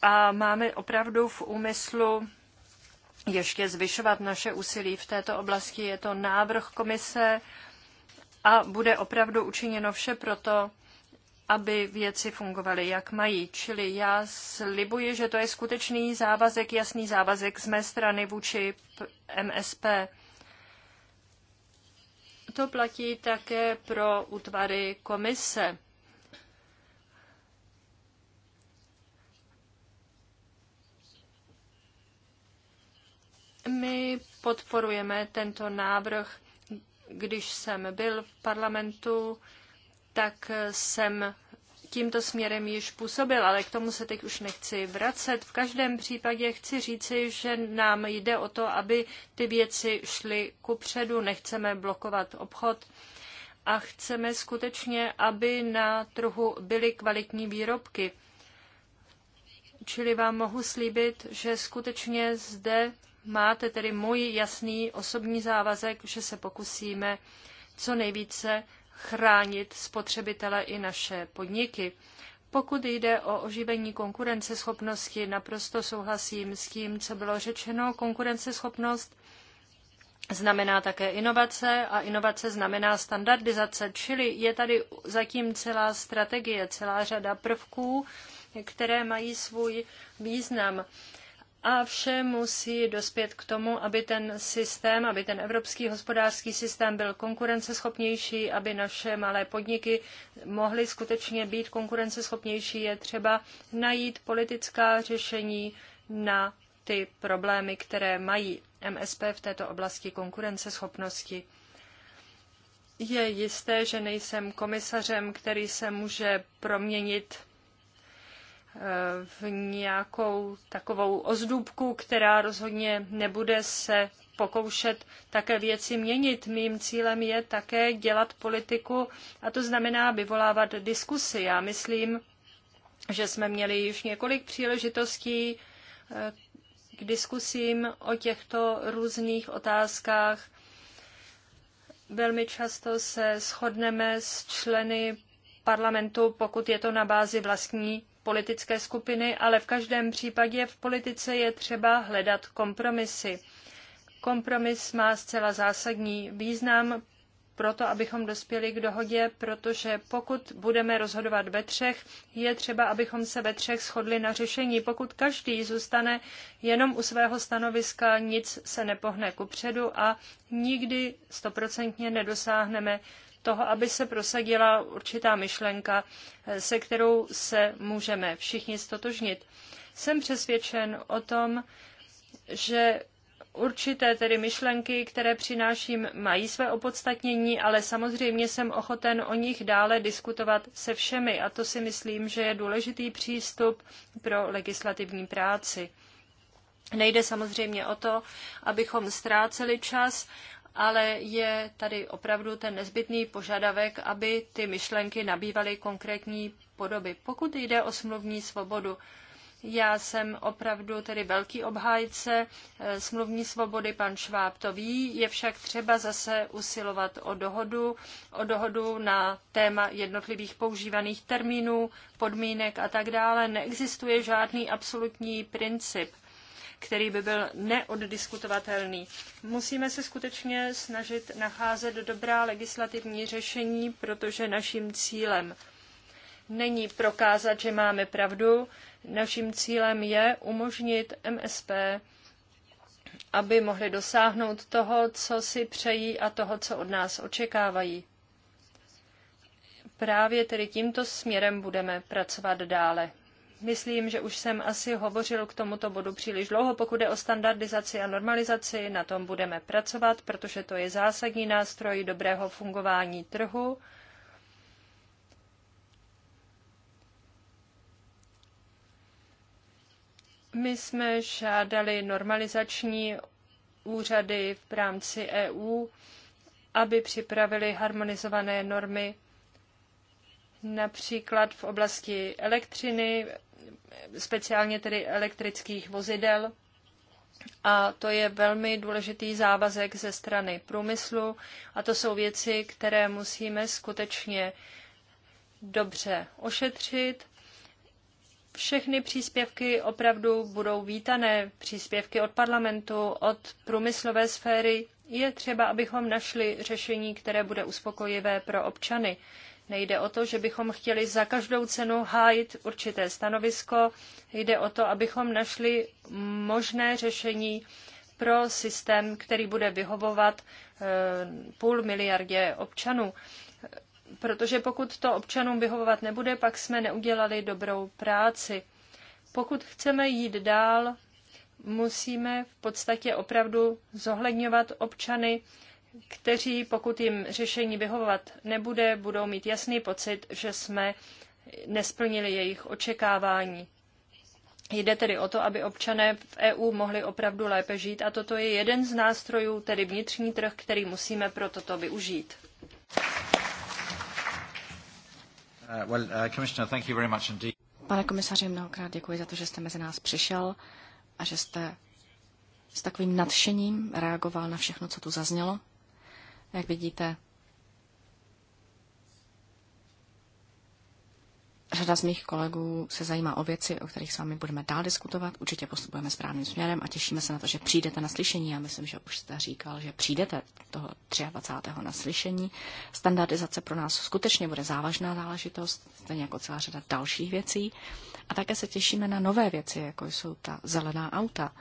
A máme opravdu v úmyslu ještě zvyšovat naše úsilí v této oblasti. Je to návrh komise a bude opravdu učiněno vše proto, aby věci fungovaly, jak mají. Čili já slibuji, že to je skutečný závazek, jasný závazek z mé strany vůči MSP. To platí také pro útvary komise. My podporujeme tento návrh. Když jsem byl v parlamentu, tak jsem tímto směrem již působil, ale k tomu se teď už nechci vracet. V každém případě chci říci, že nám jde o to, aby ty věci šly kupředu, nechceme blokovat obchod a chceme skutečně, aby na trhu byly kvalitní výrobky. Čili vám mohu slíbit, že skutečně zde máte tedy můj jasný osobní závazek, že se pokusíme co nejvíce chránit spotřebitele i naše podniky. Pokud jde o oživení konkurenceschopnosti, naprosto souhlasím s tím, co bylo řečeno. Konkurenceschopnost znamená také inovace a inovace znamená standardizace, čili je tady zatím celá strategie, celá řada prvků, které mají svůj význam a vše musí dospět k tomu, aby ten systém, aby ten evropský hospodářský systém byl konkurenceschopnější, aby naše malé podniky mohly skutečně být konkurenceschopnější. Je třeba najít politická řešení na ty problémy, které mají MSP v této oblasti konkurenceschopnosti. Je jisté, že nejsem komisařem, který se může proměnit v nějakou takovou ozdůbku, která rozhodně nebude se pokoušet také věci měnit. Mým cílem je také dělat politiku a to znamená vyvolávat diskusy. Já myslím, že jsme měli již několik příležitostí eh, k diskusím o těchto různých otázkách. Velmi často se shodneme s členy parlamentu, pokud je to na bázi vlastní politické skupiny, ale v každém případě v politice je třeba hledat kompromisy. Kompromis má zcela zásadní význam pro to, abychom dospěli k dohodě, protože pokud budeme rozhodovat ve třech, je třeba, abychom se ve třech shodli na řešení. Pokud každý zůstane jenom u svého stanoviska, nic se nepohne kupředu a nikdy stoprocentně nedosáhneme toho, aby se prosadila určitá myšlenka, eh, se kterou se můžeme všichni stotožnit. Jsem přesvědčen o tom, že určité tedy myšlenky, které přináším, mají své opodstatnění, ale samozřejmě jsem ochoten o nich dále diskutovat se všemi a to si myslím, že je důležitý přístup pro legislativní práci. Nejde samozřejmě o to, abychom ztráceli čas, ale je tady opravdu ten nezbytný požadavek, aby ty myšlenky nabývaly konkrétní podoby. Pokud jde o smluvní svobodu, já jsem opravdu tedy velký obhájce eh, smluvní svobody, pan Šváb to ví, je však třeba zase usilovat o dohodu, o dohodu na téma jednotlivých používaných termínů, podmínek a tak dále. Neexistuje žádný absolutní princip který by byl neoddiskutovatelný. Musíme se skutečně snažit nacházet dobrá legislativní řešení, protože naším cílem není prokázat, že máme pravdu. Naším cílem je umožnit MSP, aby mohli dosáhnout toho, co si přejí a toho, co od nás očekávají. Právě tedy tímto směrem budeme pracovat dále. Myslím, že už jsem asi hovořil k tomuto bodu příliš dlouho. Pokud jde o standardizaci a normalizaci, na tom budeme pracovat, protože to je zásadní nástroj dobrého fungování trhu. My jsme žádali normalizační úřady v rámci EU, aby připravili harmonizované normy například v oblasti elektřiny, speciálně tedy elektrických vozidel. A to je velmi důležitý závazek ze strany průmyslu a to jsou věci, které musíme skutečně dobře ošetřit. Všechny příspěvky opravdu budou vítané, příspěvky od parlamentu, od průmyslové sféry. Je třeba, abychom našli řešení, které bude uspokojivé pro občany. Nejde o to, že bychom chtěli za každou cenu hájit určité stanovisko, jde o to, abychom našli možné řešení pro systém, který bude vyhovovat eh, půl miliardě občanů. Protože pokud to občanům vyhovovat nebude, pak jsme neudělali dobrou práci. Pokud chceme jít dál, musíme v podstatě opravdu zohledňovat občany, kteří, pokud jim řešení vyhovovat nebude, budou mít jasný pocit, že jsme nesplnili jejich očekávání. Jde tedy o to, aby občané v EU mohli opravdu lépe žít a toto je jeden z nástrojů, tedy vnitřní trh, který musíme pro toto využít. Uh, uh, Pane komisaři, mnohokrát děkuji za to, že jste mezi nás přišel a že jste s takovým nadšením reagoval na všechno, co tu zaznělo. Jak vidíte, Řada z mých kolegů se zajímá o věci, o kterých s vámi budeme dál diskutovat. Určitě postupujeme správným směrem a těšíme se na to, že přijdete na slyšení. Já myslím, že už jste říkal, že přijdete toho 23. na slyšení. Standardizace pro nás skutečně bude závažná záležitost, stejně jako celá řada dalších věcí. A také se těšíme na nové věci, jako jsou ta zelená auta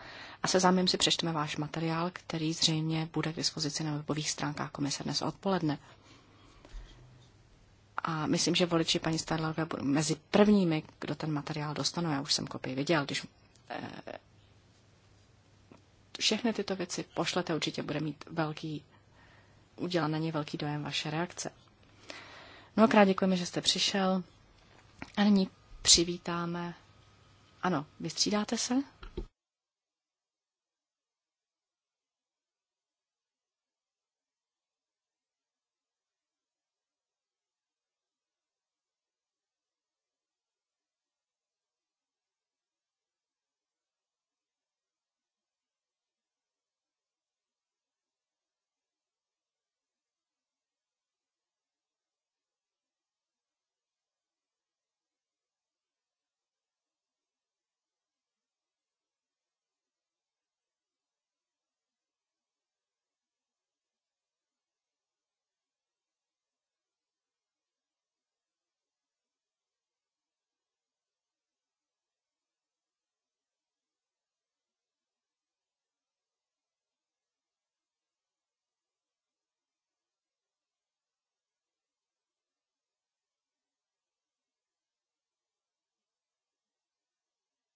a se zájmem si přečteme váš materiál, který zřejmě bude k dispozici na webových stránkách komise dnes odpoledne. A myslím, že voliči paní Stadlerové budou mezi prvními, kdo ten materiál dostanou. Já už jsem kopii viděl, když eh, všechny tyto věci pošlete, určitě bude mít velký, udělá na ně velký dojem vaše reakce. Mnohokrát děkujeme, že jste přišel. A nyní přivítáme. Ano, vystřídáte se?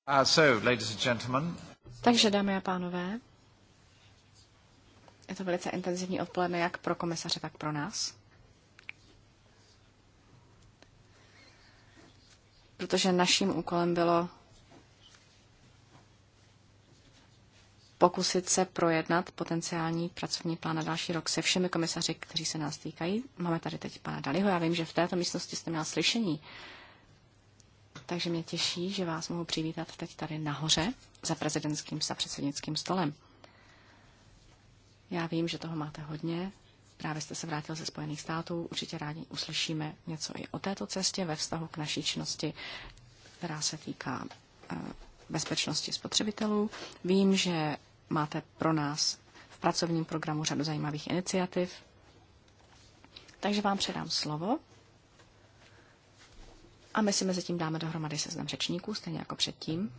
Uh, so, ladies and gentlemen. Takže, dámy a pánové, je to velice intenzivní odpoledne jak pro komisaře, tak pro nás. Protože naším úkolem bylo pokusit se projednat potenciální pracovní plán na další rok se všemi komisaři, kteří se nás týkají. Máme tady teď pana Daliho. Já vím, že v této místnosti jste měl slyšení takže mě těší, že vás mohu přivítat teď tady nahoře za prezidentským, za předsednickým stolem. Já vím, že toho máte hodně. Právě jste se vrátil ze Spojených států. Určitě rádi uslyšíme něco i o této cestě ve vztahu k naší činnosti, která se týká eh, bezpečnosti spotřebitelů. Vím, že máte pro nás v pracovním programu řadu zajímavých iniciativ. Takže vám předám slovo a my si mezi tím dáme dohromady seznam řečníků, stejně jako předtím.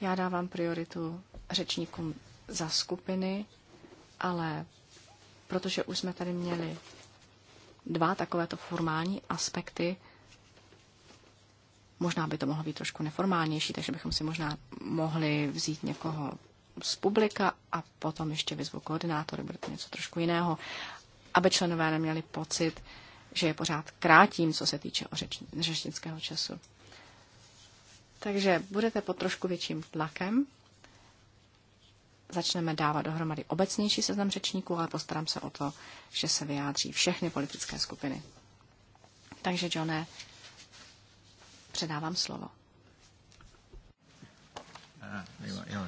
Já dávám prioritu řečníkům za skupiny, ale protože už jsme tady měli dva takovéto formální aspekty, možná by to mohlo být trošku neformálnější, takže bychom si možná mohli vzít někoho z publika a potom ještě vyzvu koordinátory, bude to něco trošku jiného, aby členové neměli pocit, že je pořád krátím, co se týče řečnického času. Takže budete pod trošku větším tlakem. Začneme dávat dohromady obecnější seznam řečníků, ale postarám se o to, že se vyjádří všechny politické skupiny. Takže, Johne, předávám slovo. Uh,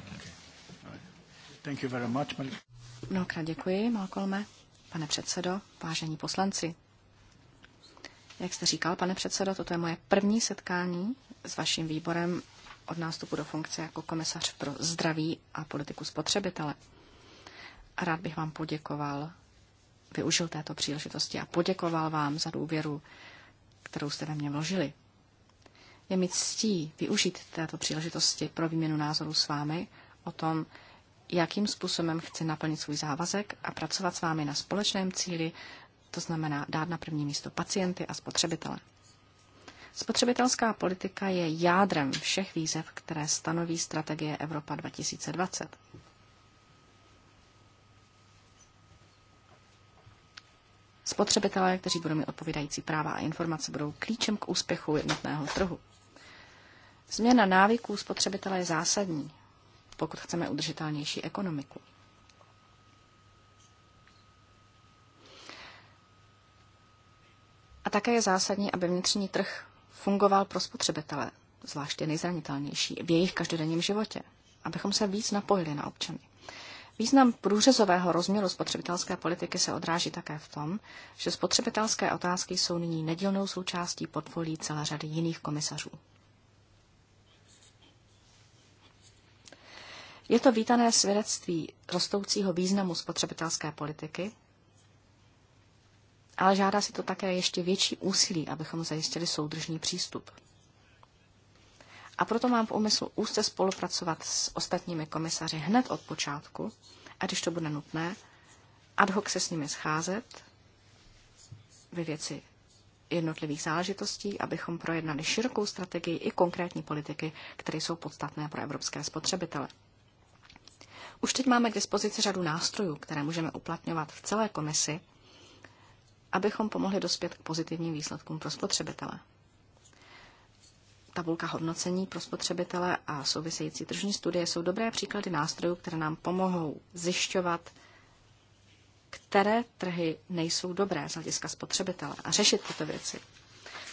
Mnohokrát děkuji, Malcolme, pane předsedo, vážení poslanci. Jak jste říkal, pane předsedo, toto je moje první setkání s vaším výborem od nástupu do funkce jako komisař pro zdraví a politiku spotřebitele. A rád bych vám poděkoval, využil této příležitosti a poděkoval vám za důvěru, kterou jste ve mně vložili. Je mi ctí využít této příležitosti pro výměnu názorů s vámi o tom, jakým způsobem chci naplnit svůj závazek a pracovat s vámi na společném cíli to znamená dát na první místo pacienty a spotřebitele. Spotřebitelská politika je jádrem všech výzev, které stanoví strategie Evropa 2020. Spotřebitelé, kteří budou mít odpovídající práva a informace, budou klíčem k úspěchu jednotného trhu. Změna návyků spotřebitele je zásadní, pokud chceme udržitelnější ekonomiku. A také je zásadní, aby vnitřní trh fungoval pro spotřebitele, zvláště nejzranitelnější, v jejich každodenním životě, abychom se víc napojili na občany. Význam průřezového rozměru spotřebitelské politiky se odráží také v tom, že spotřebitelské otázky jsou nyní nedílnou součástí podvolí celé řady jiných komisařů. Je to vítané svědectví rostoucího významu spotřebitelské politiky ale žádá si to také ještě větší úsilí, abychom zajistili soudržný přístup. A proto mám v úmyslu úzce spolupracovat s ostatními komisaři hned od počátku, a když to bude nutné, ad hoc se s nimi scházet ve věci jednotlivých záležitostí, abychom projednali širokou strategii i konkrétní politiky, které jsou podstatné pro evropské spotřebitele. Už teď máme k dispozici řadu nástrojů, které můžeme uplatňovat v celé komisi abychom pomohli dospět k pozitivním výsledkům pro spotřebitele. Tabulka hodnocení pro spotřebitele a související tržní studie jsou dobré příklady nástrojů, které nám pomohou zjišťovat, které trhy nejsou dobré z hlediska spotřebitele a řešit tyto věci.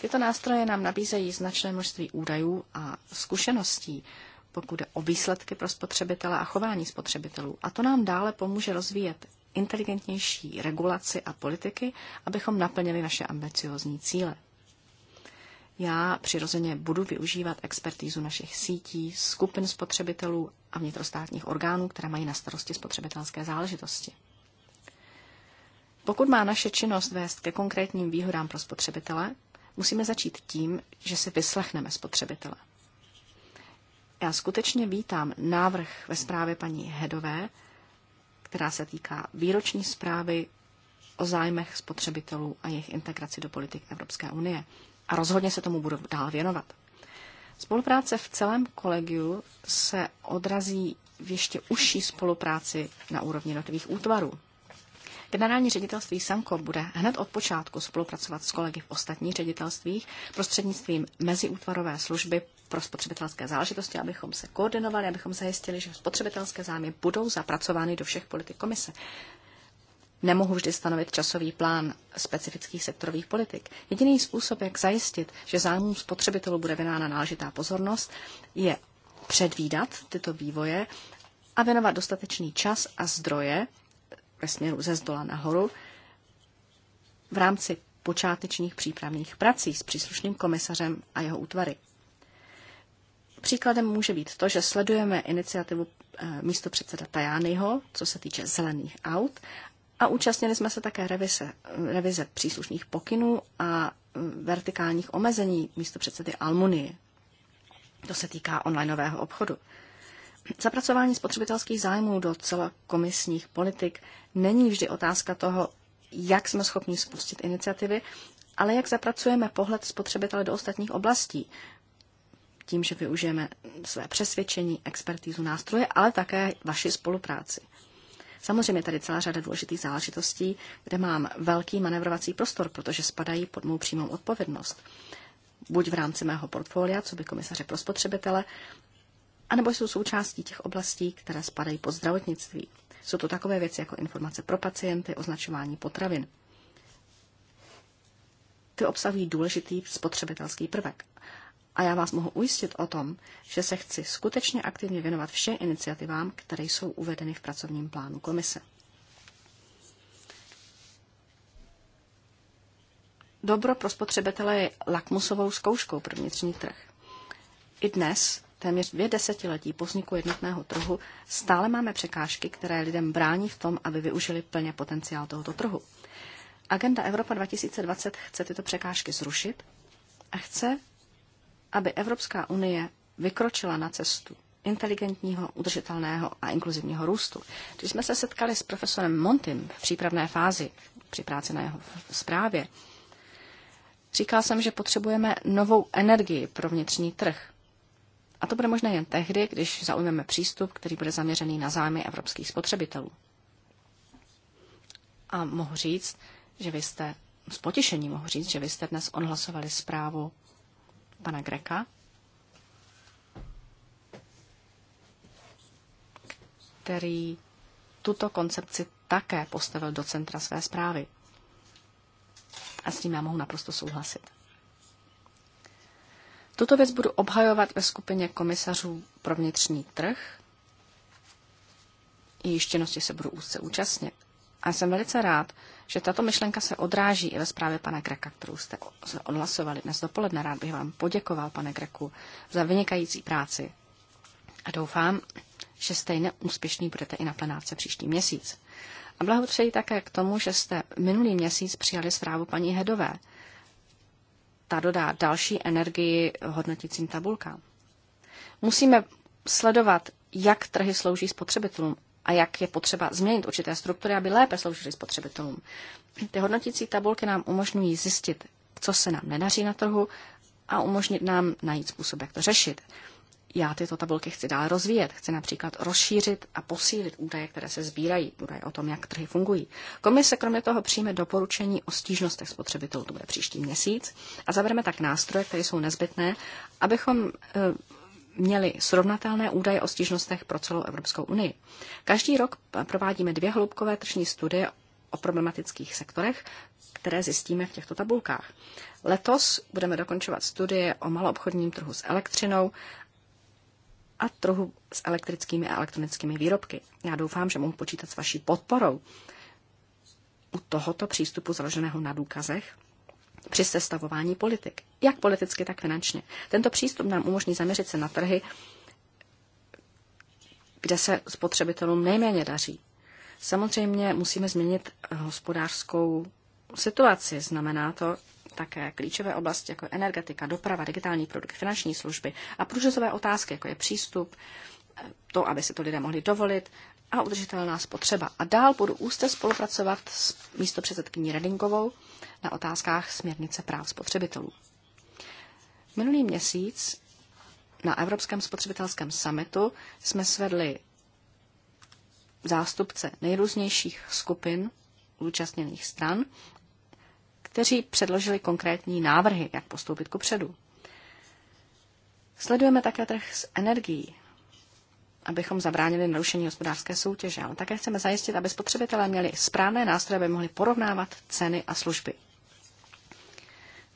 Tyto nástroje nám nabízejí značné množství údajů a zkušeností, pokud jde o výsledky pro spotřebitele a chování spotřebitelů. A to nám dále pomůže rozvíjet inteligentnější regulaci a politiky, abychom naplnili naše ambiciozní cíle. Já přirozeně budu využívat expertízu našich sítí, skupin spotřebitelů a vnitrostátních orgánů, které mají na starosti spotřebitelské záležitosti. Pokud má naše činnost vést ke konkrétním výhodám pro spotřebitele, musíme začít tím, že si vyslechneme spotřebitele. Já skutečně vítám návrh ve zprávě paní Hedové, která se týká výroční zprávy o zájmech spotřebitelů a jejich integraci do politik Evropské unie. A rozhodně se tomu budu dál věnovat. Spolupráce v celém kolegiu se odrazí v ještě užší spolupráci na úrovni notových útvarů. Generální ředitelství Sanko bude hned od počátku spolupracovat s kolegy v ostatních ředitelstvích prostřednictvím meziútvarové služby pro spotřebitelské záležitosti, abychom se koordinovali, abychom zajistili, že spotřebitelské zájmy budou zapracovány do všech politik komise. Nemohu vždy stanovit časový plán specifických sektorových politik. Jediný způsob, jak zajistit, že zájmům spotřebitelů bude věnána náležitá pozornost, je předvídat tyto vývoje a věnovat dostatečný čas a zdroje ve vlastně směru ze zdola nahoru v rámci počátečních přípravných prací s příslušným komisařem a jeho útvary. Příkladem může být to, že sledujeme iniciativu eh, místo předseda Tajányho, co se týče zelených aut, a účastnili jsme se také revize, revize příslušných pokynů a eh, vertikálních omezení místo předsedy Almunie. To se týká onlineového obchodu. Zapracování spotřebitelských zájmů do celokomisních politik není vždy otázka toho, jak jsme schopni spustit iniciativy, ale jak zapracujeme pohled spotřebitele do ostatních oblastí, tím, že využijeme své přesvědčení, expertízu, nástroje, ale také vaši spolupráci. Samozřejmě tady celá řada důležitých záležitostí, kde mám velký manevrovací prostor, protože spadají pod mou přímou odpovědnost. Buď v rámci mého portfolia, co by komisaře pro spotřebitele, anebo jsou součástí těch oblastí, které spadají pod zdravotnictví. Jsou to takové věci jako informace pro pacienty, označování potravin. Ty obsahují důležitý spotřebitelský prvek. A já vás mohu ujistit o tom, že se chci skutečně aktivně věnovat všem iniciativám, které jsou uvedeny v pracovním plánu komise. Dobro pro spotřebitele je lakmusovou zkouškou pro vnitřní trh. I dnes téměř dvě desetiletí po vzniku jednotného trhu stále máme překážky, které lidem brání v tom, aby využili plně potenciál tohoto trhu. Agenda Evropa 2020 chce tyto překážky zrušit a chce, aby Evropská unie vykročila na cestu inteligentního, udržitelného a inkluzivního růstu. Když jsme se setkali s profesorem Montym v přípravné fázi, při práci na jeho zprávě, říkal jsem, že potřebujeme novou energii pro vnitřní trh. A to bude možné jen tehdy, když zaujmeme přístup, který bude zaměřený na zájmy evropských spotřebitelů. A mohu říct, že vy jste, s potěšením mohu říct, že vy jste dnes onhlasovali zprávu pana Greka, který tuto koncepci také postavil do centra své zprávy. A s tím já mohu naprosto souhlasit. Tuto věc budu obhajovat ve skupině komisařů pro vnitřní trh. Její štěnosti se budu úzce účastnit. A jsem velice rád, že tato myšlenka se odráží i ve zprávě pana Greka, kterou jste odhlasovali dnes dopoledne. Rád bych vám poděkoval, pane Greku, za vynikající práci. A doufám, že stejně úspěšný budete i na plenárce příští měsíc. A blahopřeji také k tomu, že jste minulý měsíc přijali zprávu paní Hedové, ta dodá další energii hodnotícím tabulkám. Musíme sledovat, jak trhy slouží spotřebitelům a jak je potřeba změnit určité struktury, aby lépe sloužily spotřebitelům. Ty hodnotící tabulky nám umožňují zjistit, co se nám nedaří na trhu a umožnit nám najít způsob, jak to řešit já tyto tabulky chci dál rozvíjet. Chci například rozšířit a posílit údaje, které se sbírají, údaje o tom, jak trhy fungují. Komise kromě toho přijme doporučení o stížnostech spotřebitelů, to bude příští měsíc, a zavedeme tak nástroje, které jsou nezbytné, abychom eh, měli srovnatelné údaje o stížnostech pro celou Evropskou unii. Každý rok provádíme dvě hloubkové tržní studie o problematických sektorech, které zjistíme v těchto tabulkách. Letos budeme dokončovat studie o maloobchodním trhu s elektřinou a trhu s elektrickými a elektronickými výrobky. Já doufám, že mohu počítat s vaší podporou u tohoto přístupu založeného na důkazech při sestavování politik, jak politicky, tak finančně. Tento přístup nám umožní zaměřit se na trhy, kde se spotřebitelům nejméně daří. Samozřejmě musíme změnit hospodářskou situaci. Znamená to, také klíčové oblasti, jako energetika, doprava, digitální produkty, finanční služby a průřezové otázky, jako je přístup, eh, to, aby si to lidé mohli dovolit a udržitelná spotřeba. A dál budu úzce spolupracovat s místopředsedkyní Redingovou na otázkách směrnice práv spotřebitelů. Minulý měsíc na Evropském spotřebitelském summitu jsme svedli zástupce nejrůznějších skupin účastněných stran kteří předložili konkrétní návrhy, jak postoupit ku předu. Sledujeme také trh s energií, abychom zabránili narušení hospodářské soutěže, ale také chceme zajistit, aby spotřebitelé měli správné nástroje, aby mohli porovnávat ceny a služby.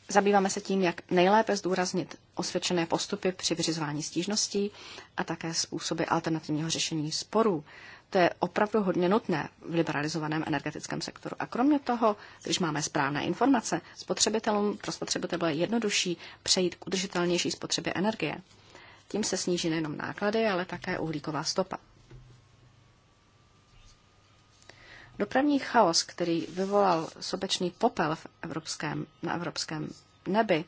Zabýváme se tím, jak nejlépe zdůraznit osvědčené postupy při vyřizování stížností a také způsoby alternativního řešení sporů, to je opravdu hodně nutné v liberalizovaném energetickém sektoru. A kromě toho, když máme správné informace, spotřebitelům pro spotřebitele je jednodušší přejít k udržitelnější spotřebě energie. Tím se sníží nejenom náklady, ale také uhlíková stopa. Dopravní chaos, který vyvolal sobečný popel v evropském, na evropském nebi,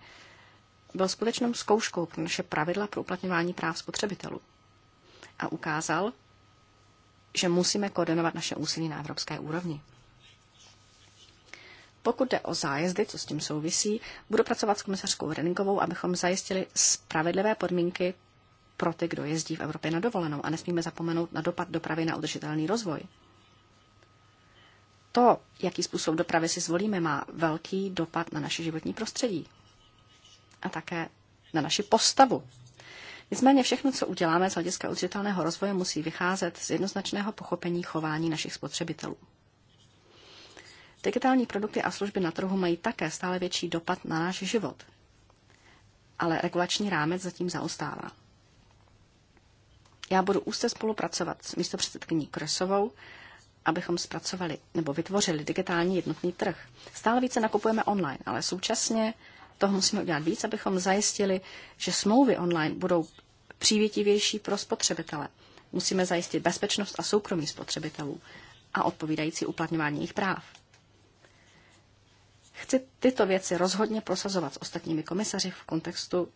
byl skutečnou zkouškou pro naše pravidla pro uplatňování práv spotřebitelů. A ukázal, že musíme koordinovat naše úsilí na evropské úrovni. Pokud jde o zájezdy, co s tím souvisí, budu pracovat s komisařkou Renningovou, abychom zajistili spravedlivé podmínky pro ty, kdo jezdí v Evropě na dovolenou a nesmíme zapomenout na dopad dopravy na udržitelný rozvoj. To, jaký způsob dopravy si zvolíme, má velký dopad na naše životní prostředí a také na naši postavu Nicméně všechno, co uděláme z hlediska udržitelného rozvoje, musí vycházet z jednoznačného pochopení chování našich spotřebitelů. Digitální produkty a služby na trhu mají také stále větší dopad na náš život, ale regulační rámec zatím zaostává. Já budu úzce spolupracovat s místopředsedkyní Kresovou, abychom zpracovali nebo vytvořili digitální jednotný trh. Stále více nakupujeme online, ale současně toho musíme udělat víc, abychom zajistili, že smlouvy online budou přívětivější pro spotřebitele. Musíme zajistit bezpečnost a soukromí spotřebitelů a odpovídající uplatňování jejich práv. Chci tyto věci rozhodně prosazovat s ostatními komisaři v kontextu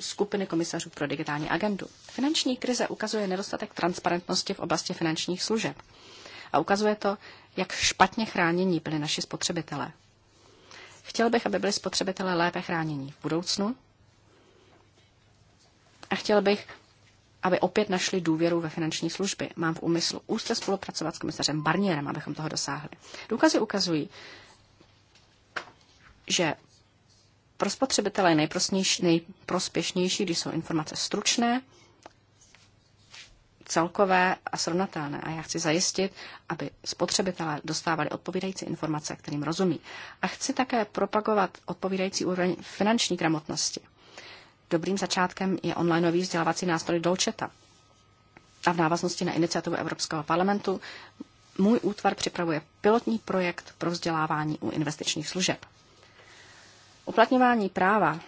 skupiny komisařů pro digitální agendu. Finanční krize ukazuje nedostatek transparentnosti v oblasti finančních služeb a ukazuje to, jak špatně chránění byly naši spotřebitelé. Chtěl bych, aby byli spotřebitelé lépe chráněni v budoucnu a chtěl bych, aby opět našli důvěru ve finanční služby. Mám v úmyslu úzce spolupracovat s komisařem Barnierem, abychom toho dosáhli. Důkazy ukazují, že pro spotřebitele je nejprospěšnější, když jsou informace stručné, celkové a srovnatelné. A já chci zajistit, aby spotřebitelé dostávali odpovídající informace, kterým rozumí. A chci také propagovat odpovídající úroveň finanční gramotnosti. Dobrým začátkem je onlineový vzdělávací nástroj Dolčeta. A v návaznosti na iniciativu Evropského parlamentu můj útvar připravuje pilotní projekt pro vzdělávání u investičních služeb. Uplatňování práva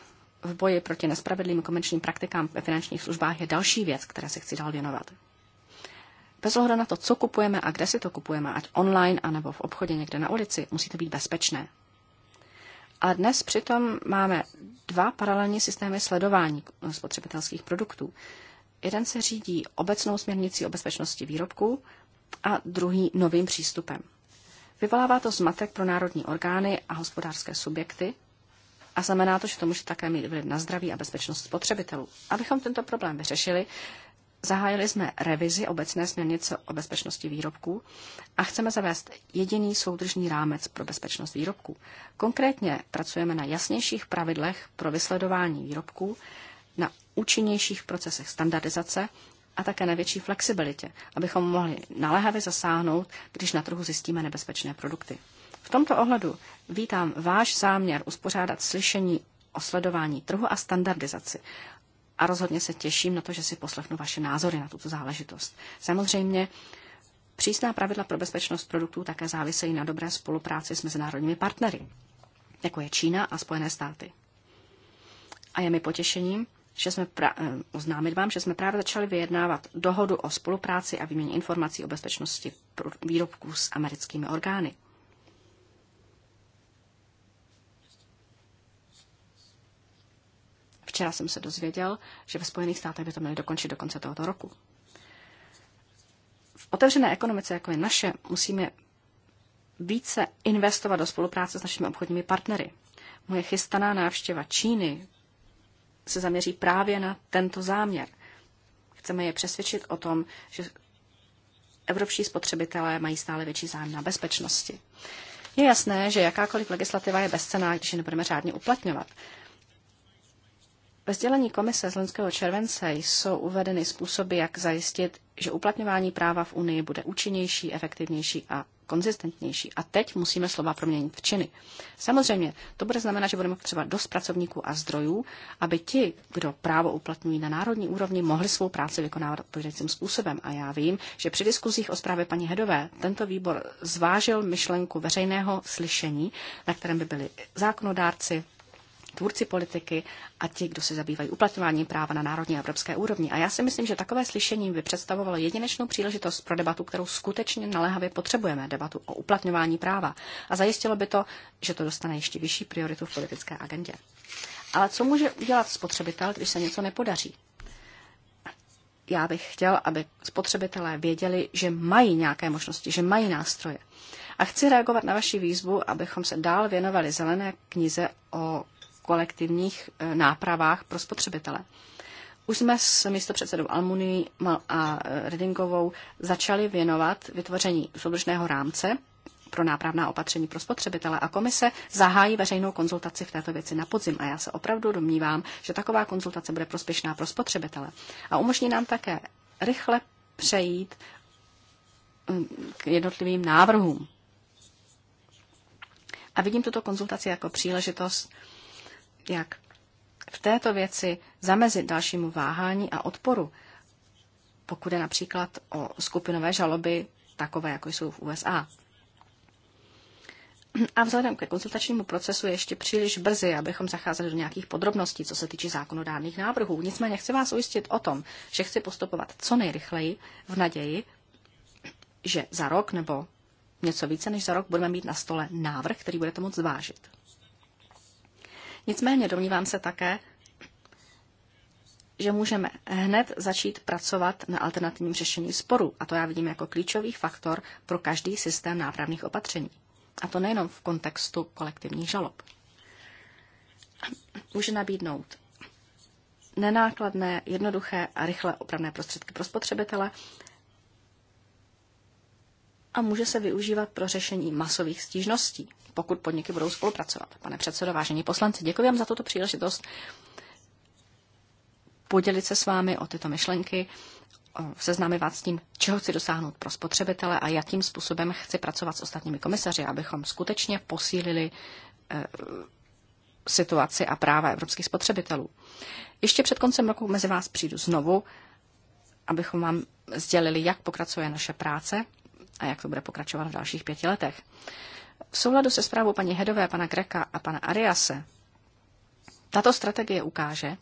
v boji proti nespravedlivým komerčním praktikám ve finančních službách je další věc, které se chci dál věnovat. Bez ohledu na to, co kupujeme a kde si to kupujeme, ať online anebo v obchodě někde na ulici, musí to být bezpečné. A dnes přitom máme dva paralelní systémy sledování spotřebitelských produktů. Jeden se řídí obecnou směrnicí o bezpečnosti výrobků a druhý novým přístupem. Vyvolává to zmatek pro národní orgány a hospodářské subjekty a znamená to, že to může také mít vliv na zdraví a bezpečnost spotřebitelů. Abychom tento problém vyřešili, Zahájili jsme revizi obecné směrnice o bezpečnosti výrobků a chceme zavést jediný soudržný rámec pro bezpečnost výrobků. Konkrétně pracujeme na jasnějších pravidlech pro vysledování výrobků, na účinnějších procesech standardizace a také na větší flexibilitě, abychom mohli naléhavě zasáhnout, když na trhu zjistíme nebezpečné produkty. V tomto ohledu vítám váš záměr uspořádat slyšení o sledování trhu a standardizaci, a rozhodně se těším na to, že si poslechnu vaše názory na tuto záležitost. Samozřejmě přísná pravidla pro bezpečnost produktů také závisejí na dobré spolupráci s mezinárodními partnery, jako je Čína a Spojené státy. A je mi potěšením, že jsme pra- eh, oznámit vám, že jsme právě začali vyjednávat dohodu o spolupráci a výměně informací o bezpečnosti výrobků s americkými orgány. Včera jsem se dozvěděl, že ve Spojených státech by to měli dokončit do konce tohoto roku. V otevřené ekonomice, jako je naše, musíme více investovat do spolupráce s našimi obchodními partnery. Moje chystaná návštěva Číny se zaměří právě na tento záměr. Chceme je přesvědčit o tom, že evropští spotřebitelé mají stále větší zájem na bezpečnosti. Je jasné, že jakákoliv legislativa je bezcená, když ji nebudeme řádně uplatňovat. Ve sdělení komise z loňského července jsou uvedeny způsoby, jak zajistit, že uplatňování práva v Unii bude účinnější, efektivnější a konzistentnější. A teď musíme slova proměnit v činy. Samozřejmě, to bude znamenat, že budeme potřebovat dost pracovníků a zdrojů, aby ti, kdo právo uplatňují na národní úrovni, mohli svou práci vykonávat odpovědným způsobem. A já vím, že při diskuzích o zprávě paní Hedové tento výbor zvážil myšlenku veřejného slyšení, na kterém by byli zákonodárci, tvůrci politiky a ti, kdo se zabývají uplatňováním práva na národní a evropské úrovni. A já si myslím, že takové slyšení by představovalo jedinečnou příležitost pro debatu, kterou skutečně naléhavě potřebujeme, debatu o uplatňování práva. A zajistilo by to, že to dostane ještě vyšší prioritu v politické agendě. Ale co může udělat spotřebitel, když se něco nepodaří? Já bych chtěl, aby spotřebitelé věděli, že mají nějaké možnosti, že mají nástroje. A chci reagovat na vaši výzvu, abychom se dál věnovali zelené knize o kolektivních eh, nápravách pro spotřebitele. Už jsme s místopředsedou Almuny a eh, Redingovou začali věnovat vytvoření soudržného rámce pro nápravná opatření pro spotřebitele a komise zahájí veřejnou konzultaci v této věci na podzim. A já se opravdu domnívám, že taková konzultace bude prospěšná pro spotřebitele a umožní nám také rychle přejít hm, k jednotlivým návrhům. A vidím tuto konzultaci jako příležitost jak v této věci zamezit dalšímu váhání a odporu, pokud je například o skupinové žaloby, takové, jako jsou v USA. A vzhledem ke konzultačnímu procesu je ještě příliš brzy, abychom zacházeli do nějakých podrobností, co se týče zákonodárných návrhů. Nicméně chci vás ujistit o tom, že chci postupovat co nejrychleji v naději, že za rok nebo něco více než za rok budeme mít na stole návrh, který bude to moc zvážit. Nicméně domnívám se také, že můžeme hned začít pracovat na alternativním řešení sporu, a to já vidím jako klíčový faktor pro každý systém nápravných opatření. A to nejenom v kontextu kolektivních žalob. Může nabídnout nenákladné, jednoduché a rychlé opravné prostředky pro spotřebitele a může se využívat pro řešení masových stížností, pokud podniky budou spolupracovat. Pane předsedo, vážení poslanci, děkuji vám za tuto příležitost podělit se s vámi o tyto myšlenky, seznámit vás s tím, čeho chci dosáhnout pro spotřebitele a jakým způsobem chci pracovat s ostatními komisaři, abychom skutečně posílili e, situaci a práva evropských spotřebitelů. Ještě před koncem roku mezi vás přijdu znovu, abychom vám sdělili, jak pokračuje naše práce a jak to bude pokračovat v dalších pěti letech. V souladu se zprávou paní Hedové, pana Greka a pana Ariase, tato strategie ukáže,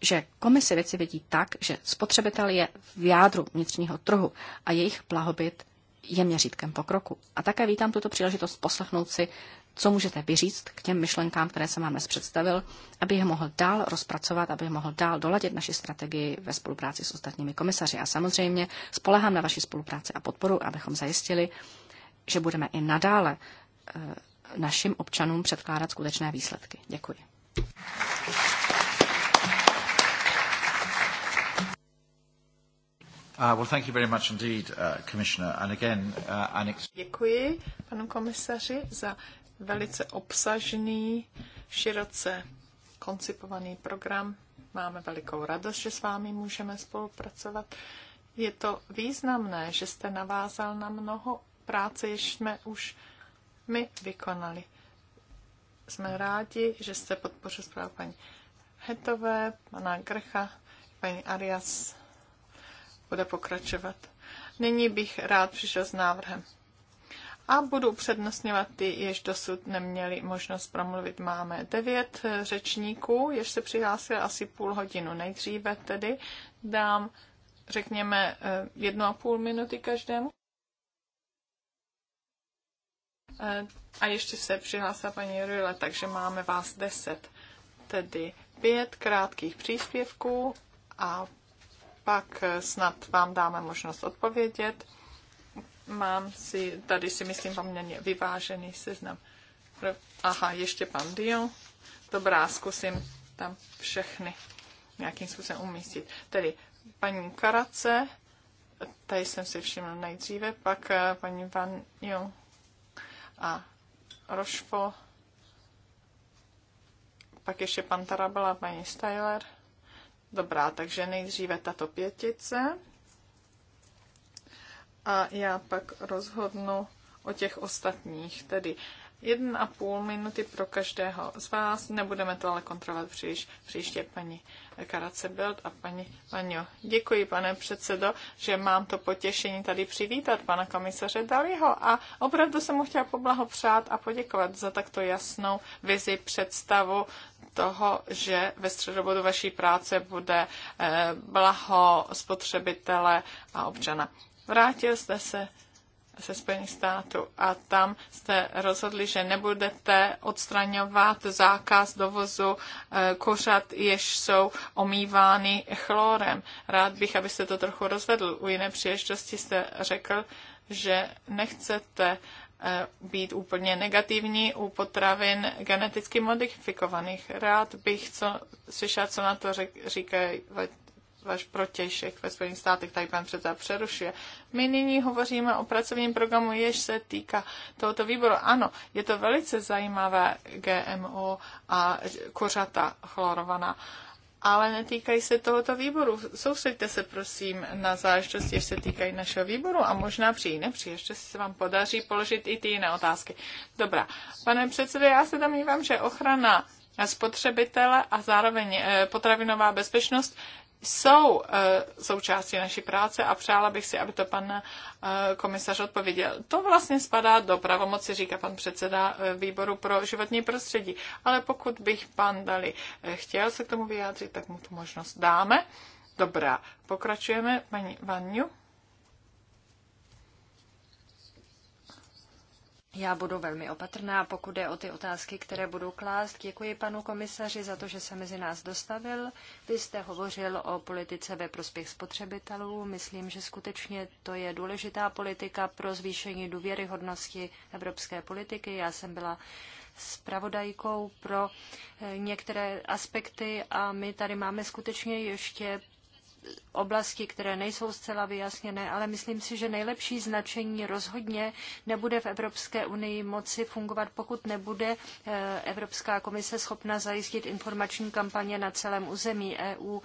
že komise věci vidí tak, že spotřebitel je v jádru vnitřního trhu a jejich blahobyt je měřítkem pokroku. A také vítám tuto příležitost poslechnout si co můžete vyříct k těm myšlenkám, které jsem vám dnes představil, aby je mohl dál rozpracovat, aby je mohl dál doladit naši strategii ve spolupráci s ostatními komisaři. A samozřejmě spolehám na vaši spolupráci a podporu, abychom zajistili, že budeme i nadále eh, našim občanům předkládat skutečné výsledky. Děkuji. Děkuji panu komisaři za velice obsažný, široce koncipovaný program. Máme velikou radost, že s vámi můžeme spolupracovat. Je to významné, že jste navázal na mnoho práce, jež jsme už my vykonali. Jsme rádi, že jste podpořil zprávu paní Hetové, pana Grcha, paní Arias bude pokračovat. Nyní bych rád přišel s návrhem a budu přednostňovat ty, jež dosud neměli možnost promluvit. Máme devět eh, řečníků, jež se přihlásili asi půl hodinu nejdříve, tedy dám, řekněme, eh, jednu a půl minuty každému. Eh, a ještě se přihlásila paní Rujle, takže máme vás deset, tedy pět krátkých příspěvků a pak snad vám dáme možnost odpovědět. Mám si, tady si myslím poměrně vyvážený seznam. Aha, ještě pan Dion. Dobrá, zkusím tam všechny nějakým způsobem umístit. Tedy paní Karace, tady jsem si všiml nejdříve, pak eh, paní Van Jo a Rošpo, pak ještě pan Tarabela, paní Styler. Dobrá, takže nejdříve tato pětice a já pak rozhodnu o těch ostatních. Tedy 1,5 a půl minuty pro každého z vás. Nebudeme to ale kontrolovat příliš. Příště paní Karace Belt a paní Paňo. Děkuji, pane předsedo, že mám to potěšení tady přivítat pana komisaře Daliho a opravdu jsem mu chtěla poblahopřát a poděkovat za takto jasnou vizi, představu toho, že ve středobodu vaší práce bude eh, blaho spotřebitele a občana. Vrátil jste se ze Spojených států a tam jste rozhodli, že nebudete odstraňovat zákaz dovozu eh, kořat, jež jsou omývány chlorem. Rád bych, abyste to trochu rozvedl. U jiné příležitosti jste řekl, že nechcete eh, být úplně negativní u potravin geneticky modifikovaných. Rád bych co, slyšel, co na to říkají váš protějšek ve Spojených státech, tady pan předseda přerušuje. My nyní hovoříme o pracovním programu, jež se týká tohoto výboru. Ano, je to velice zajímavé GMO a kořata chlorovaná ale netýkají se tohoto výboru. Soustřeďte se prosím na záležitosti, jež se týkají našeho výboru a možná při jiné příležitosti se vám podaří položit i ty jiné otázky. Dobrá. Pane předsedo, já se domnívám, že ochrana spotřebitele a zároveň eh, potravinová bezpečnost jsou eh, součástí naší práce a přála bych si, aby to pan eh, komisař odpověděl. To vlastně spadá do pravomoci, říká pan předseda eh, výboru pro životní prostředí. Ale pokud bych pan Dali chtěl se k tomu vyjádřit, tak mu tu možnost dáme. Dobrá, pokračujeme. Paní Vanju. Já budu velmi opatrná, pokud je o ty otázky, které budu klást. Děkuji panu komisaři za to, že se mezi nás dostavil. Vy jste hovořil o politice ve prospěch spotřebitelů. Myslím, že skutečně to je důležitá politika pro zvýšení důvěryhodnosti evropské politiky. Já jsem byla spravodajkou pro eh, některé aspekty a my tady máme skutečně ještě oblasti, které nejsou zcela vyjasněné, ale myslím si, že nejlepší značení rozhodně nebude v Evropské unii moci fungovat, pokud nebude eh, Evropská komise schopna zajistit informační kampaně na celém území EU.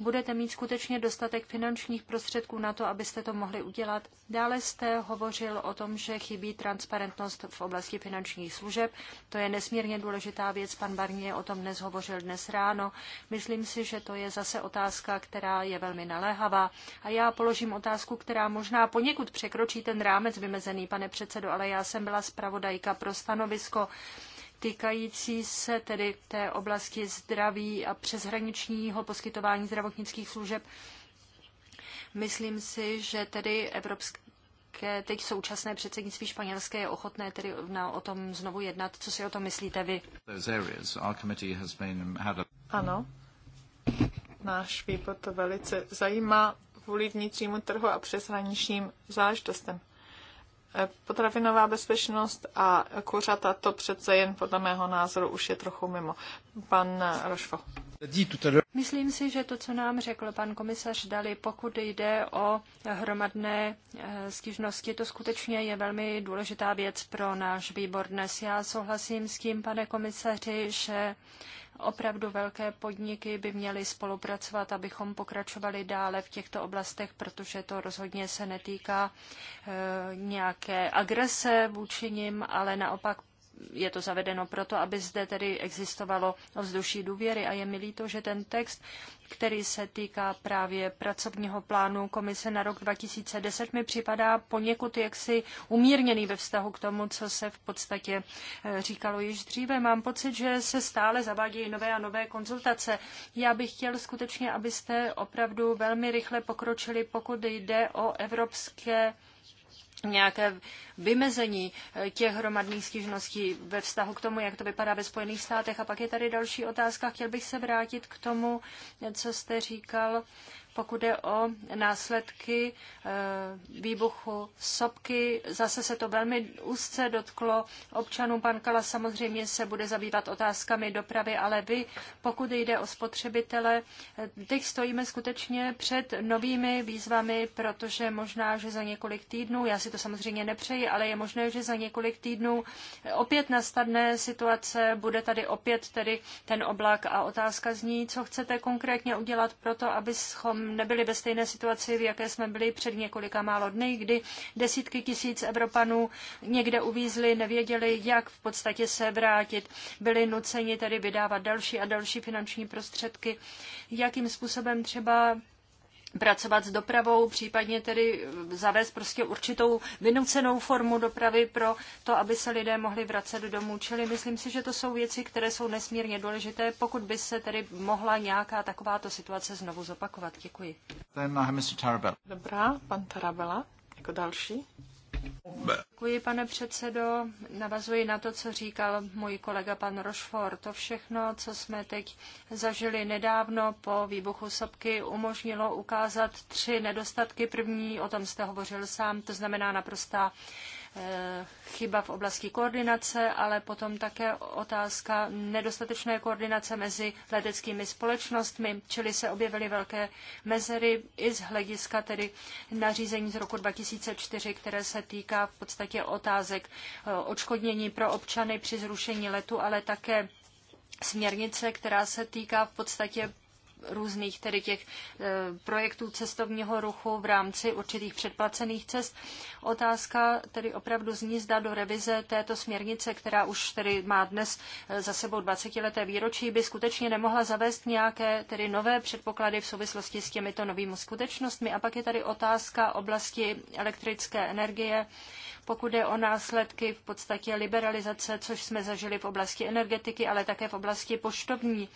Budete mít skutečně dostatek finančních prostředků na to, abyste to mohli udělat. Dále jste hovořil o tom, že chybí transparentnost v oblasti finančních služeb. To je nesmírně důležitá věc. Pan Barnier o tom dnes hovořil dnes ráno. Myslím si, že to je zase otázka, která je velmi naléhavá. A já položím otázku, která možná poněkud překročí ten rámec vymezený, pane předsedo, ale já jsem byla zpravodajka pro stanovisko týkající se tedy té oblasti zdraví a přeshraničního poskytování zdravotnických služeb. Myslím si, že tedy Evropské teď současné předsednictví španělské je ochotné tedy na, o tom znovu jednat. Co si o tom myslíte vy? Ano, náš výbor to velice zajímá kvůli vnitřnímu trhu a přeshraničním záležitostem. E, potravinová bezpečnost a kuřata to přece jen podle mého názoru už je trochu mimo. Pan Rošvo. Myslím si, že to, co nám řekl pan komisař Dali, pokud jde o hromadné e, stížnosti, to skutečně je velmi důležitá věc pro náš výbor dnes. Já souhlasím s tím, pane komisaři, že Opravdu velké podniky by měly spolupracovat, abychom pokračovali dále v těchto oblastech, protože to rozhodně se netýká eh, nějaké agrese vůči nim, ale naopak je to zavedeno proto, aby zde tedy existovalo ovzduší důvěry a je mi líto, že ten text, který se týká právě pracovního plánu komise na rok 2010, mi připadá poněkud jaksi umírněný ve vztahu k tomu, co se v podstatě eh, říkalo již dříve. Mám pocit, že se stále zavádějí nové a nové konzultace. Já bych chtěl skutečně, abyste opravdu velmi rychle pokročili, pokud jde o evropské nějaké vymezení eh, těch hromadných stížností ve vztahu k tomu, jak to vypadá ve Spojených státech. A pak je tady další otázka. Chtěl bych se vrátit k tomu, co jste říkal pokud je o následky eh, výbuchu sopky, zase se to velmi úzce dotklo občanů. Pan Kala samozřejmě se bude zabývat otázkami dopravy, ale vy, pokud jde o spotřebitele, eh, teď stojíme skutečně před novými výzvami, protože možná, že za několik týdnů, já si to samozřejmě nepřeji, ale je možné, že za několik týdnů opět nastane situace, bude tady opět tedy ten oblak a otázka zní, co chcete konkrétně udělat pro to, abychom nebyli ve stejné situaci, v jaké jsme byli před několika málo dny, kdy desítky tisíc Evropanů někde uvízli, nevěděli, jak v podstatě se vrátit. Byli nuceni tedy vydávat další a další finanční prostředky. Jakým způsobem třeba pracovat s dopravou, případně tedy zavést prostě určitou vynucenou formu dopravy pro to, aby se lidé mohli vracet domů. Čili myslím si, že to jsou věci, které jsou nesmírně důležité, pokud by se tedy mohla nějaká takováto situace znovu zopakovat. Děkuji. Then Mr. Tarabella. Dobrá, pan Tarabella jako další. Děkuji, pane předsedo. Navazuji na to, co říkal můj kolega pan Rochefort. To všechno, co jsme teď zažili nedávno po výbuchu sopky, umožnilo ukázat tři nedostatky. První, o tom jste hovořil sám, to znamená naprostá Eh, chyba v oblasti koordinace, ale potom také otázka nedostatečné koordinace mezi leteckými společnostmi, čili se objevily velké mezery i z hlediska tedy nařízení z roku 2004, které se týká v podstatě otázek eh, odškodnění pro občany při zrušení letu, ale také směrnice, která se týká v podstatě různých tedy těch eh, projektů cestovního ruchu v rámci určitých předplacených cest. Otázka tedy opravdu zní, zda do revize této směrnice, která už tedy má dnes eh, za sebou 20-leté výročí, by skutečně nemohla zavést nějaké tedy nové předpoklady v souvislosti s těmito novými skutečnostmi. A pak je tady otázka oblasti elektrické energie pokud je o následky v podstatě liberalizace, což jsme zažili v oblasti energetiky, ale také v oblasti poštovní.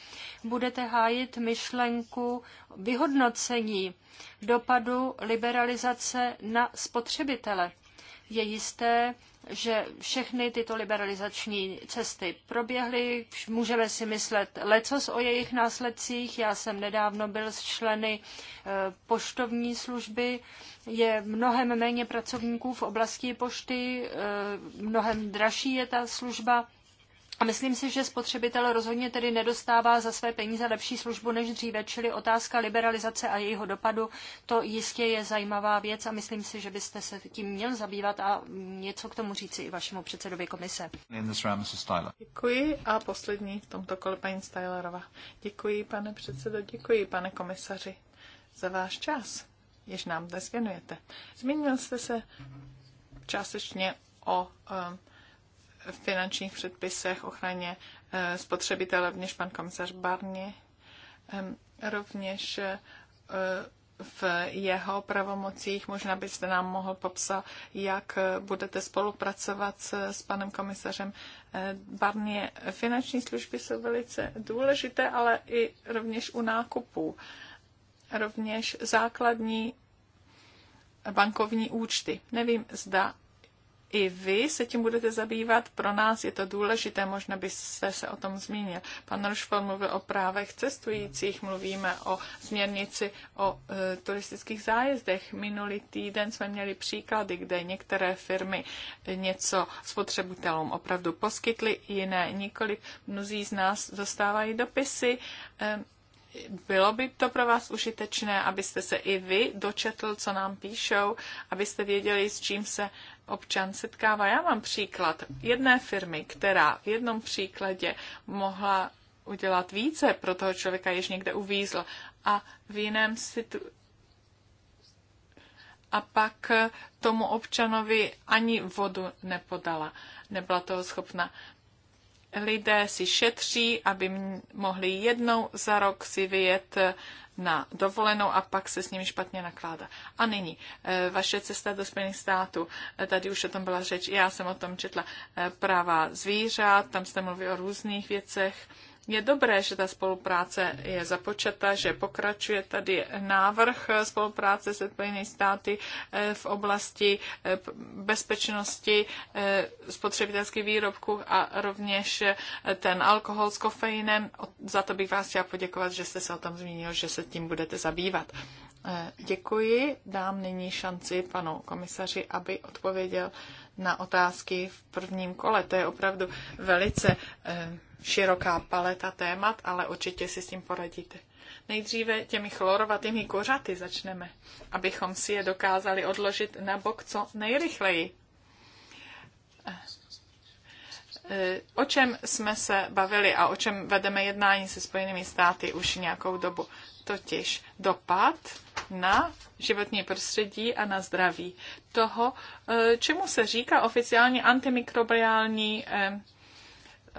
Budete hájit myšlenku vyhodnocení dopadu liberalizace na spotřebitele. Je jisté, že všechny tyto liberalizační cesty proběhly. Můžeme si myslet lecos o jejich následcích. Já jsem nedávno byl s členy eh, poštovní služby. Je mnohem méně pracovníků v oblasti pošty, eh, mnohem dražší je ta služba myslím si, že spotřebitel rozhodně tedy nedostává za své peníze lepší službu než dříve, čili otázka liberalizace a jejího dopadu, to jistě je zajímavá věc a myslím si, že byste se tím měl zabývat a něco k tomu říci i vašemu předsedovi komise. Děkuji a poslední v tomto kole paní Stylerova. Děkuji, pane předsedo, děkuji, pane komisaři, za váš čas, jež nám dnes věnujete. Zmínil jste se částečně o um, finančních předpisech, ochraně eh, spotřebitele, rovněž pan komisař Barni, ehm, rovněž eh, v jeho pravomocích. Možná byste nám mohl popsat, jak eh, budete spolupracovat s, s panem komisařem Barně. Finanční služby jsou velice důležité, ale i rovněž u nákupů. Rovněž základní bankovní účty. Nevím, zda i vy se tím budete zabývat. Pro nás je to důležité, možná byste se o tom zmínil. Pan Rošfel mluvil o právech cestujících, mluvíme o směrnici o e, turistických zájezdech. Minulý týden jsme měli příklady, kde některé firmy něco spotřebitelům opravdu poskytly, jiné nikoli. Mnozí z nás dostávají dopisy. E, bylo by to pro vás užitečné, abyste se i vy dočetl, co nám píšou, abyste věděli, s čím se občan setkává. Já mám příklad jedné firmy, která v jednom příkladě mohla udělat více pro toho člověka, jež někde uvízl a v jiném situ... A pak tomu občanovi ani vodu nepodala, nebyla toho schopna lidé si šetří, aby mohli jednou za rok si vyjet na dovolenou a pak se s nimi špatně nakládá. A nyní, eh, vaše cesta do Spojených států, eh, tady už o tom byla řeč, já jsem o tom četla, eh, práva zvířat, tam jste mluvil o různých věcech, je dobré, že ta spolupráce je započata, že pokračuje tady návrh spolupráce se Spojenými státy eh, v oblasti eh, bezpečnosti eh, spotřebitelských výrobků a rovněž ten alkohol s kofeinem. Za to bych vás chtěla poděkovat, že jste se o tom zmínil, že se tím budete zabývat. Děkuji, dám nyní šanci panu komisaři, aby odpověděl na otázky v prvním kole. To je opravdu velice eh, široká paleta témat, ale určitě si s tím poradíte. Nejdříve těmi chlorovatými kořaty začneme, abychom si je dokázali odložit na bok co nejrychleji. Eh, o čem jsme se bavili a o čem vedeme jednání se Spojenými státy už nějakou dobu? Totiž dopad na životní prostředí a na zdraví. Toho, eh, čemu se říká oficiálně antimikrobiální eh,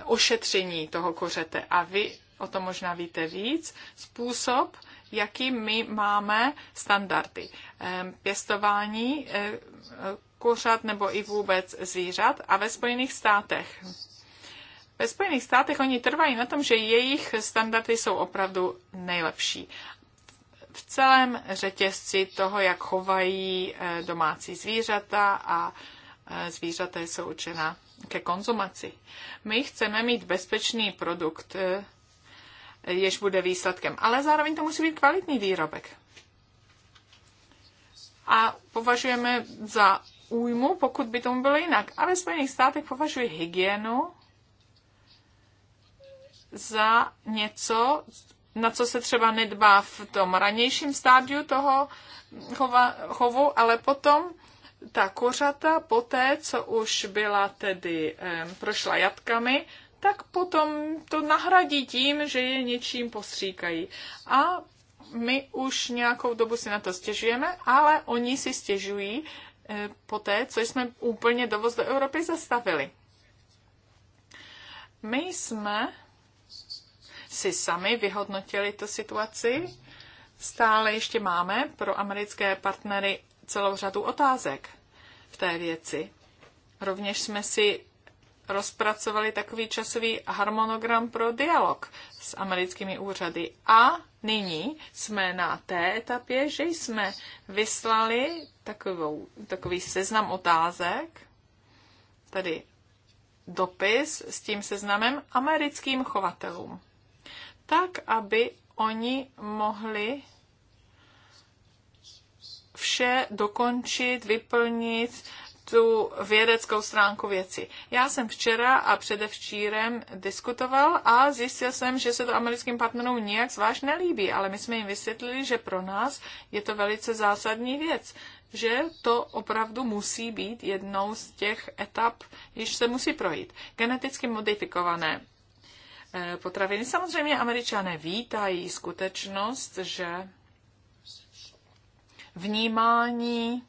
ošetření toho kořete. A vy o tom možná víte víc. Způsob, jaký my máme standardy ehm, pěstování eh, kořat nebo i vůbec zvířat a ve Spojených státech. Ve Spojených státech oni trvají na tom, že jejich standardy jsou opravdu nejlepší v celém řetězci toho, jak chovají eh, domácí zvířata a eh, zvířata jsou učena ke konzumaci. My chceme mít bezpečný produkt, eh, jež bude výsledkem, ale zároveň to musí být kvalitní výrobek. A považujeme za újmu, pokud by tomu bylo jinak. A ve Spojených státech považuji hygienu za něco, na co se třeba nedbá v tom ranějším stádiu toho chova, chovu, ale potom ta kořata, poté, co už byla tedy eh, prošla jatkami, tak potom to nahradí tím, že je něčím postříkají. A my už nějakou dobu si na to stěžujeme, ale oni si stěžují eh, poté, co jsme úplně dovoz do Evropy zastavili. My jsme si sami vyhodnotili tu situaci. Stále ještě máme pro americké partnery celou řadu otázek v té věci. Rovněž jsme si rozpracovali takový časový harmonogram pro dialog s americkými úřady. A nyní jsme na té etapě, že jsme vyslali takovou, takový seznam otázek, tedy dopis s tím seznamem americkým chovatelům tak aby oni mohli vše dokončit, vyplnit tu vědeckou stránku věci. Já jsem včera a předevčírem diskutoval a zjistil jsem, že se to americkým partnerům nijak zvlášť nelíbí, ale my jsme jim vysvětlili, že pro nás je to velice zásadní věc, že to opravdu musí být jednou z těch etap, již se musí projít. Geneticky modifikované Eh, potraviny. Samozřejmě američané vítají skutečnost, že vnímání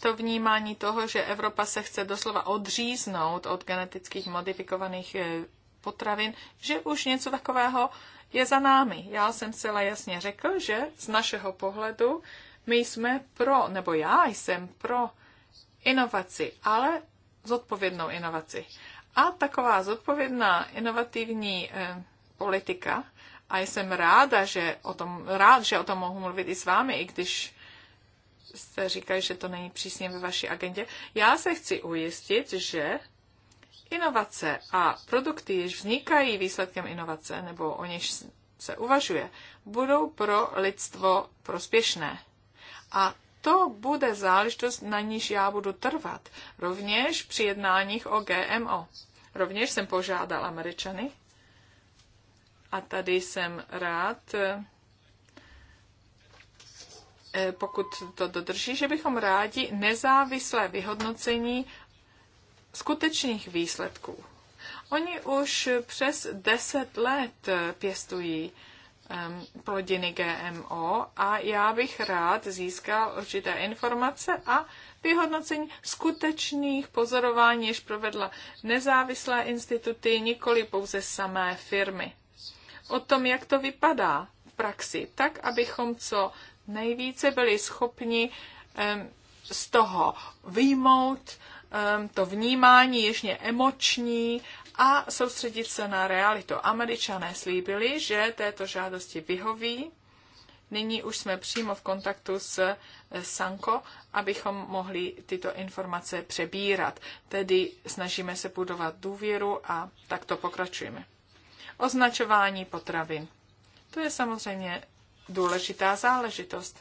to vnímání toho, že Evropa se chce doslova odříznout od genetických modifikovaných eh, potravin, že už něco takového je za námi. Já jsem celá jasně řekl, že z našeho pohledu my jsme pro, nebo já jsem pro inovaci, ale zodpovědnou inovaci. A taková zodpovědná inovativní eh, politika, a jsem ráda, že o tom, rád, že o tom mohu mluvit i s vámi, i když jste říkali, že to není přísně ve vaší agendě. Já se chci ujistit, že inovace a produkty, jež vznikají výsledkem inovace, nebo o něž se uvažuje, budou pro lidstvo prospěšné. A to bude záležitost, na níž já budu trvat. Rovněž při jednáních o GMO. Rovněž jsem požádal Američany. A tady jsem rád, eh, pokud to dodrží, že bychom rádi nezávislé vyhodnocení skutečných výsledků. Oni už přes deset let pěstují plodiny GMO a já bych rád získal určité informace a vyhodnocení skutečných pozorování, jež provedla nezávislé instituty, nikoli pouze samé firmy. O tom, jak to vypadá v praxi, tak abychom co nejvíce byli schopni z toho um, to vnímání ještě emoční a soustředit se na realitu. Američané slíbili, že této žádosti vyhoví. Nyní už jsme přímo v kontaktu s eh, Sanko, abychom mohli tyto informace přebírat. Tedy snažíme se budovat důvěru a takto pokračujeme. Označování potravin. To je samozřejmě důležitá záležitost.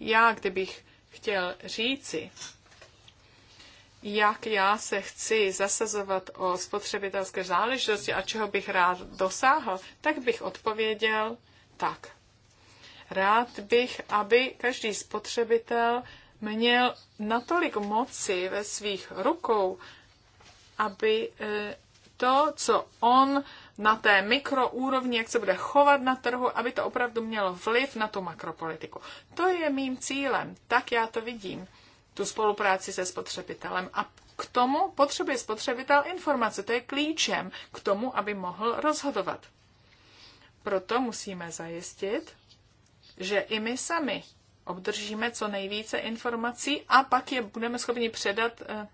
Já, kdybych chtěl říci, jak já se chci zasazovat o spotřebitelské záležitosti a čeho bych rád dosáhl, tak bych odpověděl tak. Rád bych, aby každý spotřebitel měl natolik moci ve svých rukou, aby e, to, co on na té mikroúrovni, jak se bude chovat na trhu, aby to opravdu mělo vliv na tu makropolitiku. To je mým cílem, tak já to vidím tu spolupráci se spotřebitelem. A k tomu potřebuje spotřebitel informace. To je klíčem k tomu, aby mohl rozhodovat. Proto musíme zajistit, že i my sami obdržíme co nejvíce informací a pak je budeme schopni předat eh,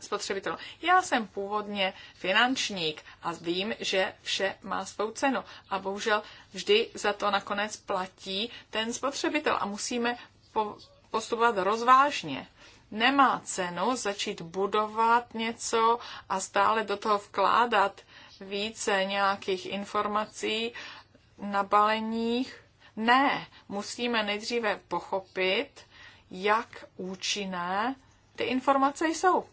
spotřebitelům. Já jsem původně finančník a vím, že vše má svou cenu. A bohužel vždy za to nakonec platí ten spotřebitel a musíme po postupovat rozvážně. Nemá cenu začít budovat něco a stále do toho vkládat více nějakých informací na baleních. Ne, musíme nejdříve pochopit, jak účinné ty informace jsou.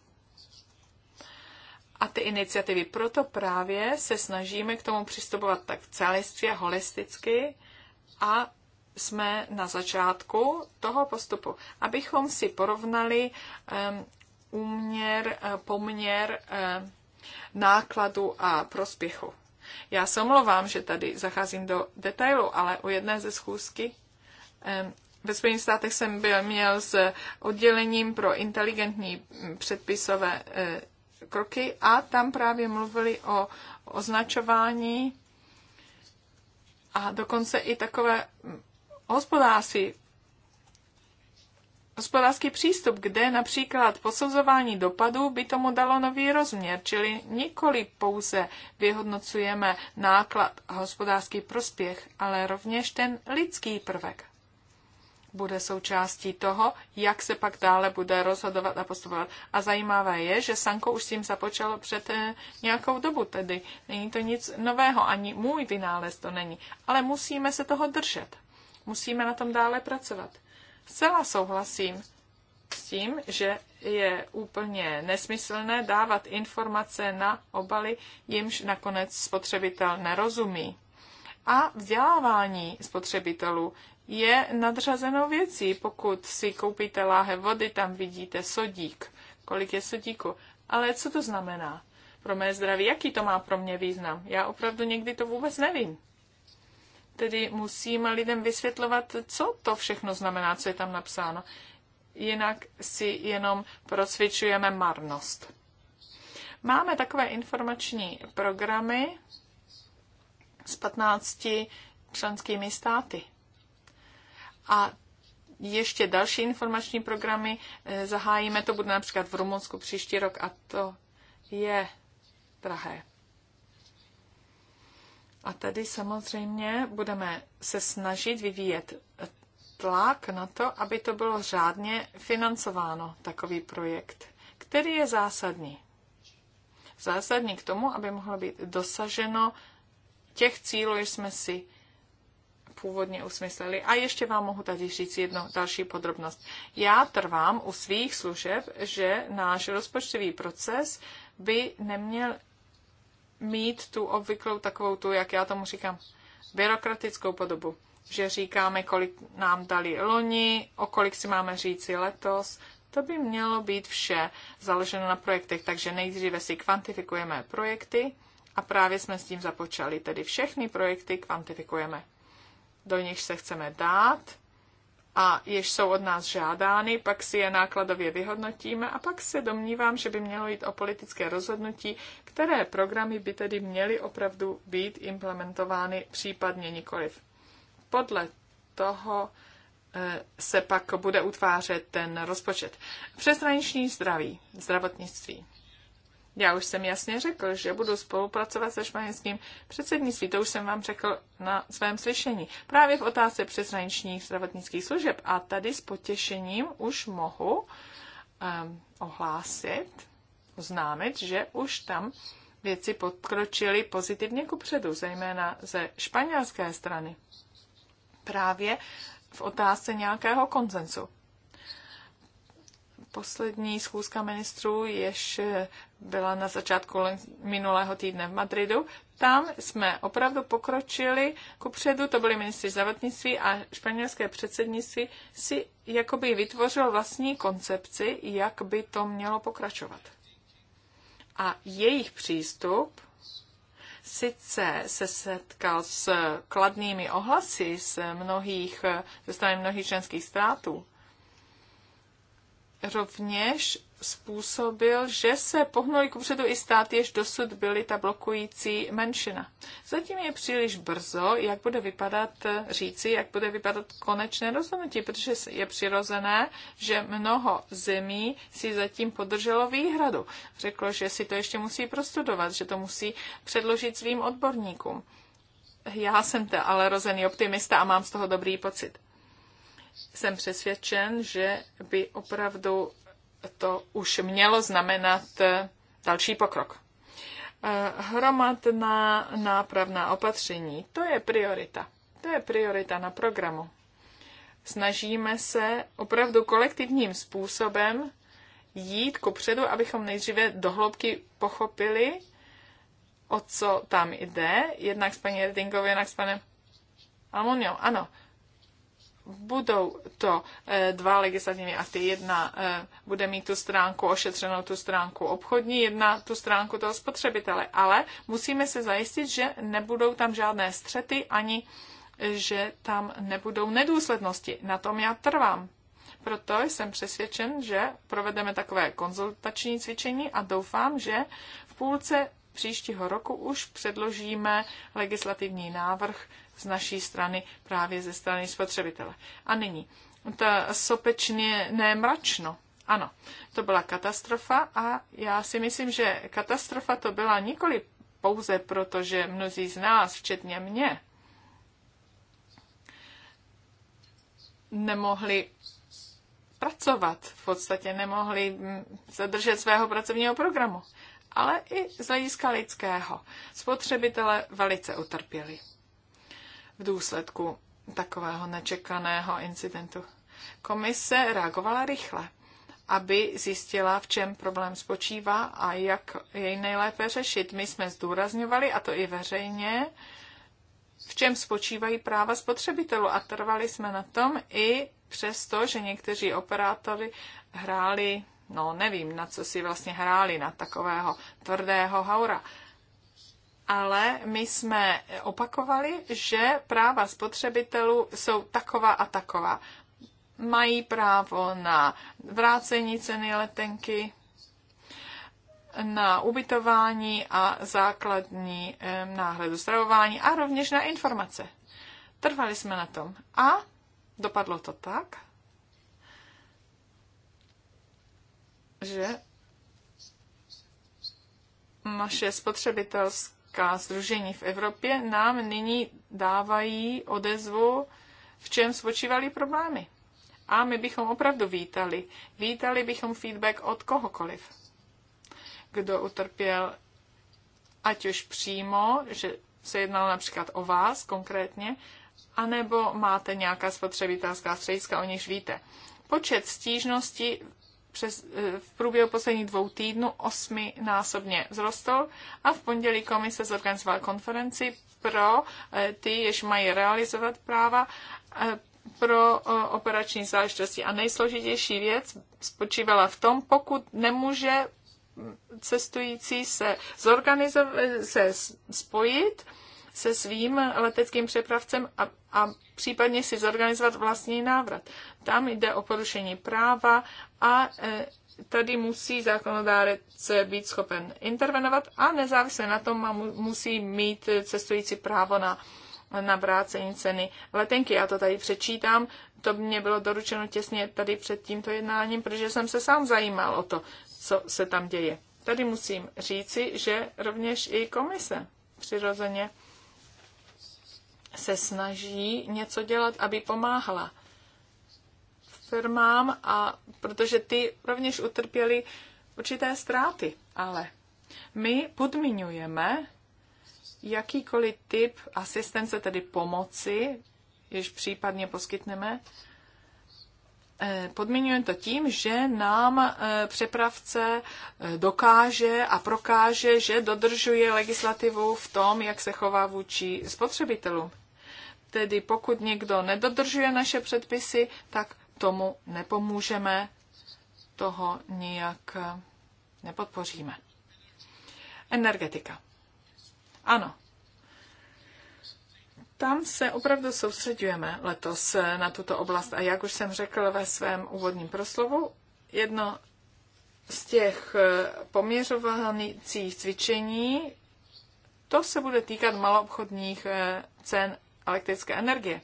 A ty iniciativy. Proto právě se snažíme k tomu přistupovat tak celistvě, holisticky a jsme na začátku toho postupu, abychom si porovnali úměr, eh, poměr nákladu a prospěchu. Já se omlouvám, že tady zacházím do detailu, ale u jedné ze schůzky ve Spojených státech jsem byl, měl s oddělením pro inteligentní mm, předpisové eh, kroky a tam právě mluvili o označování a dokonce i takové mm, hospodářství, hospodářský přístup, kde například posuzování dopadů by tomu dalo nový rozměr, čili nikoli pouze vyhodnocujeme náklad a hospodářský prospěch, ale rovněž ten lidský prvek bude součástí toho, jak se pak dále bude rozhodovat a postupovat. A zajímavé je, že Sanko už s tím započalo před eh, nějakou dobu, tedy není to nic nového, ani můj vynález to není, ale musíme se toho držet. Musíme na tom dále pracovat. Zcela souhlasím s tím, že je úplně nesmyslné dávat informace na obaly, jimž nakonec spotřebitel nerozumí. A vzdělávání spotřebitelů je nadřazenou věcí. Pokud si koupíte láhe vody, tam vidíte sodík. Kolik je sodíku? Ale co to znamená? Pro mé zdraví, jaký to má pro mě význam? Já opravdu někdy to vůbec nevím tedy musíme lidem vysvětlovat, co to všechno znamená, co je tam napsáno. Jinak si jenom procvičujeme marnost. Máme takové informační programy s 15 členskými státy. A ještě další informační programy eh, zahájíme, to bude například v Rumunsku příští rok a to je drahé. A tady samozřejmě budeme se snažit vyvíjet tlak na to, aby to bylo řádně financováno, takový projekt, který je zásadní. Zásadní k tomu, aby mohlo být dosaženo těch cílů, jež jsme si původně usmysleli. A ještě vám mohu tady říct jednu další podrobnost. Já trvám u svých služeb, že náš rozpočtový proces by neměl mít tu obvyklou takovou tu, jak já tomu říkám, byrokratickou podobu. Že říkáme, kolik nám dali loni, o kolik si máme říci letos. To by mělo být vše založeno na projektech, takže nejdříve si kvantifikujeme projekty a právě jsme s tím započali. Tedy všechny projekty kvantifikujeme. Do nich se chceme dát a jež jsou od nás žádány, pak si je nákladově vyhodnotíme a pak se domnívám, že by mělo jít o politické rozhodnutí, které programy by tedy měly opravdu být implementovány, případně nikoliv. Podle toho eh, se pak bude utvářet ten rozpočet. Přesraniční zdraví, zdravotnictví. Já už jsem jasně řekl, že budu spolupracovat se španělským předsednictvím, to už jsem vám řekl na svém slyšení, právě v otázce přeshraničních zdravotnických služeb. A tady s potěšením už mohu um, ohlásit, oznámit, že už tam věci podkročily pozitivně kupředu, zejména ze španělské strany. Právě v otázce nějakého konsenzu. Poslední schůzka ministrů, jež byla na začátku minulého týdne v Madridu, tam jsme opravdu pokročili kupředu, to byli ministři zdravotnictví a španělské předsednictví si jakoby vytvořil vlastní koncepci, jak by to mělo pokračovat. A jejich přístup sice se setkal s kladnými ohlasy z mnohých, ze strany mnohých ženských států, rovněž způsobil, že se pohnuli k předu i státy, jež dosud byly ta blokující menšina. Zatím je příliš brzo, jak bude vypadat říci, jak bude vypadat konečné rozhodnutí, protože je přirozené, že mnoho zemí si zatím podrželo výhradu. Řeklo, že si to ještě musí prostudovat, že to musí předložit svým odborníkům. Já jsem ale rozený optimista a mám z toho dobrý pocit jsem přesvědčen, že by opravdu to už mělo znamenat eh, další pokrok. Eh, hromadná nápravná opatření, to je priorita. To je priorita na programu. Snažíme se opravdu kolektivním způsobem jít ku předu, abychom nejdříve dohloubky pochopili, o co tam jde, jednak s paní Redingovou, jednak s panem Almonio. Ano, budou to eh, dva legislativní akty. Jedna eh, bude mít tu stránku ošetřenou, tu stránku obchodní, jedna tu stránku toho spotřebitele. Ale musíme se zajistit, že nebudou tam žádné střety ani eh, že tam nebudou nedůslednosti. Na tom já trvám. Proto jsem přesvědčen, že provedeme takové konzultační cvičení a doufám, že v půlce příštího roku už předložíme legislativní návrh z naší strany, právě ze strany spotřebitele. A nyní, ta sopečně nemračno. Ano, to byla katastrofa a já si myslím, že katastrofa to byla nikoli pouze proto, že mnozí z nás, včetně mě, nemohli pracovat, v podstatě nemohli hm, zadržet svého pracovního programu ale i z hlediska lidského. Spotřebitele velice utrpěli v důsledku takového nečekaného incidentu. Komise reagovala rychle, aby zjistila, v čem problém spočívá a jak jej nejlépe řešit. My jsme zdůrazňovali, a to i veřejně, v čem spočívají práva spotřebitelů a trvali jsme na tom i přesto, že někteří operátory hráli no nevím, na co si vlastně hráli, na takového tvrdého haura. Ale my jsme opakovali, že práva spotřebitelů jsou taková a taková. Mají právo na vrácení ceny letenky, na ubytování a základní eh, náhledu stravování a rovněž na informace. Trvali jsme na tom a dopadlo to tak, že naše spotřebitelská združení v Evropě nám nyní dávají odezvu, v čem spočívaly problémy. A my bychom opravdu vítali. Vítali bychom feedback od kohokoliv, kdo utrpěl ať už přímo, že se jednalo například o vás konkrétně, anebo máte nějaká spotřebitelská střediska, o nich víte. Počet stížností přes, eh, v průběhu posledních dvou týdnů osmi násobně vzrostl a v pondělí komise zorganizovala konferenci pro eh, ty, jež mají realizovat práva eh, pro operační záležitosti. A nejsložitější věc spočívala v tom, pokud nemůže cestující se, zorganizovat, se spojit se svým leteckým přepravcem a a případně si zorganizovat vlastní návrat. Tam jde o porušení práva a e, tady musí zákonodárec být schopen intervenovat a nezávisle na tom musí mít cestující právo na na vrácení ceny letenky. Já to tady přečítám, to mě bylo doručeno těsně tady před tímto jednáním, protože jsem se sám zajímal o to, co se tam děje. Tady musím říci, že rovněž i komise přirozeně se snaží něco dělat, aby pomáhala firmám, a protože ty rovněž utrpěly určité ztráty. Ale my podmiňujeme jakýkoliv typ asistence, tedy pomoci, jež případně poskytneme, eh, podmiňujeme to tím, že nám eh, přepravce eh, dokáže a prokáže, že dodržuje legislativu v tom, jak se chová vůči spotřebitelům. Tedy pokud někdo nedodržuje naše předpisy, tak tomu nepomůžeme, toho nijak eh, nepodpoříme. Energetika. Ano. Tam se opravdu soustředujeme letos eh, na tuto oblast a jak už jsem řekl ve svém úvodním proslovu, jedno z těch eh, poměřovacích cvičení, to se bude týkat maloobchodních cen elektrické energie,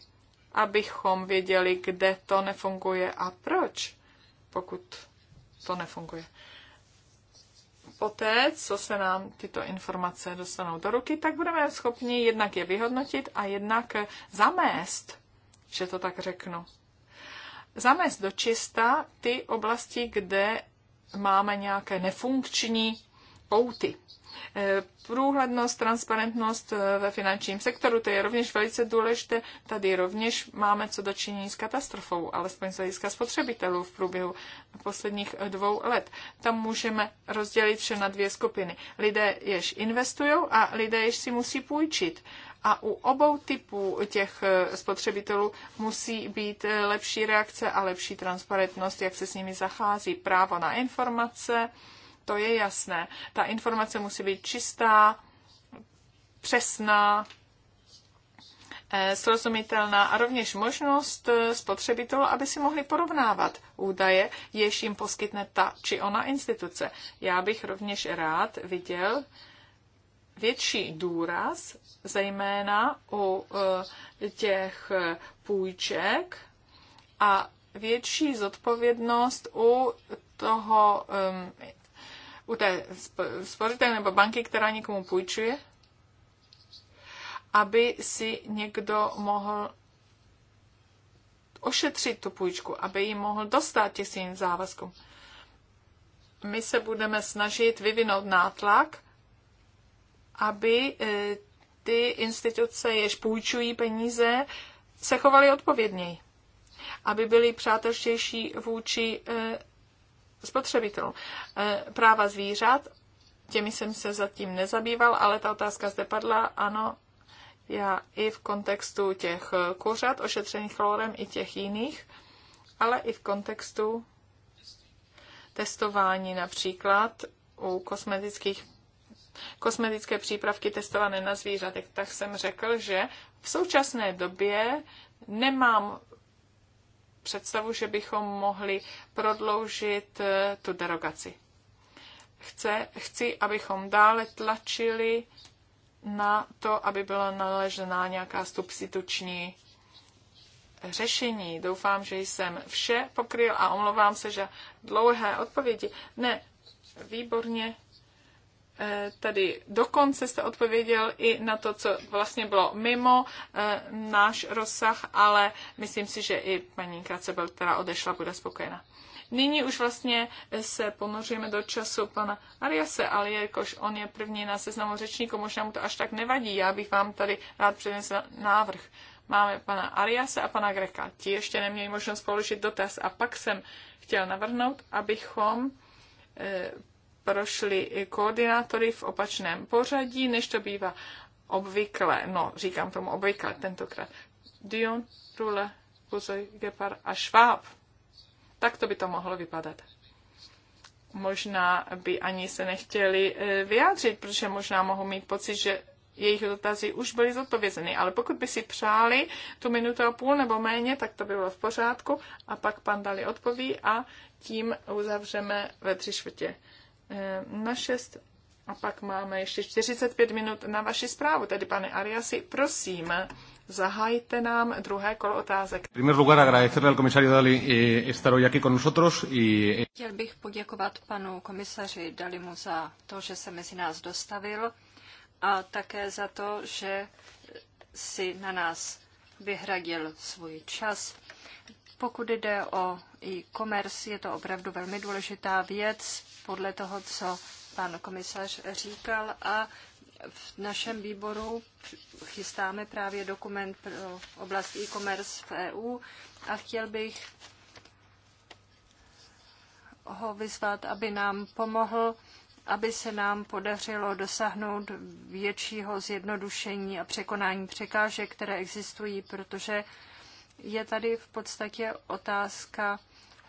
abychom věděli, kde to nefunguje a proč, pokud to nefunguje. Poté, co se nám tyto informace dostanou do ruky, tak budeme schopni jednak je vyhodnotit a jednak zamést, že to tak řeknu. Zamést do čista ty oblasti, kde máme nějaké nefunkční pouty. Eh, průhlednost, transparentnost eh, ve finančním sektoru, to je rovněž velice důležité. Tady rovněž máme co dočinění s katastrofou, alespoň z hlediska spotřebitelů v průběhu posledních eh, dvou let. Tam můžeme rozdělit vše na dvě skupiny. Lidé, jež investují a lidé, jež si musí půjčit. A u obou typů těch spotřebitelů musí být lepší reakce a lepší transparentnost, jak se s nimi zachází. Právo na informace, to je jasné. Ta informace musí být čistá, přesná, eh, srozumitelná a rovněž možnost eh, spotřebitelů, aby si mohli porovnávat údaje, jež jim poskytne ta či ona instituce. Já bych rovněž rád viděl větší důraz, zejména u eh, těch půjček a větší zodpovědnost u toho ehm, u té spořitelny nebo banky, která někomu půjčuje, aby si někdo mohl ošetřit tu půjčku, aby ji mohl dostat těch svým závazkům. My se budeme snažit vyvinout nátlak, aby e, ty instituce, jež půjčují peníze, se chovaly odpovědněji, aby byly přátelštější vůči e, spotřebitelů. E, práva zvířat, těmi jsem se zatím nezabýval, ale ta otázka zde padla, ano, já i v kontextu těch kuřat ošetřených chlorem i těch jiných, ale i v kontextu testování například u kosmetických kosmetické přípravky testované na zvířatech, tak jsem řekl, že v současné době nemám představu, že bychom mohli prodloužit eh, tu derogaci. Chce, chci, abychom dále tlačili na to, aby byla naležená nějaká substituční řešení. Doufám, že jsem vše pokryl a omlouvám se, že dlouhé odpovědi. Ne, výborně, Eh, tady dokonce jste odpověděl i na to, co vlastně bylo mimo eh, náš rozsah, ale myslím si, že i paní Kracebel, která odešla, bude spokojena. Nyní už vlastně se ponoříme do času pana Ariase, ale jakož on je první na seznamu řečníku, možná mu to až tak nevadí. Já bych vám tady rád přednesl návrh. Máme pana Ariase a pana Greka. Ti ještě neměli možnost položit dotaz a pak jsem chtěl navrhnout, abychom eh, prošli i koordinátory v opačném pořadí, než to bývá obvykle. No, říkám tomu obvykle tentokrát. Dion, Rule, Buzoj, Gepar a Šváb. Tak to by to mohlo vypadat. Možná by ani se nechtěli eh, vyjádřit, protože možná mohou mít pocit, že jejich dotazy už byly zodpovězeny, ale pokud by si přáli tu minutu a půl nebo méně, tak to by bylo v pořádku a pak pan Dali odpoví a tím uzavřeme ve tři čtvrtě Eh, na 6 a pak máme ještě 45 minut na vaši zprávu. Tedy, pane Ariasi, prosím, zahajte nám druhé kolo otázek. Chtěl bych poděkovat panu komisaři Dalimu za to, že se mezi nás dostavil a také za to, že si na nás vyhradil svůj čas pokud jde o e-commerce, je to opravdu velmi důležitá věc podle toho, co pan komisař říkal a v našem výboru chystáme právě dokument pro oblast e-commerce v EU a chtěl bych ho vyzvat, aby nám pomohl, aby se nám podařilo dosáhnout většího zjednodušení a překonání překážek, které existují, protože je tady v podstatě otázka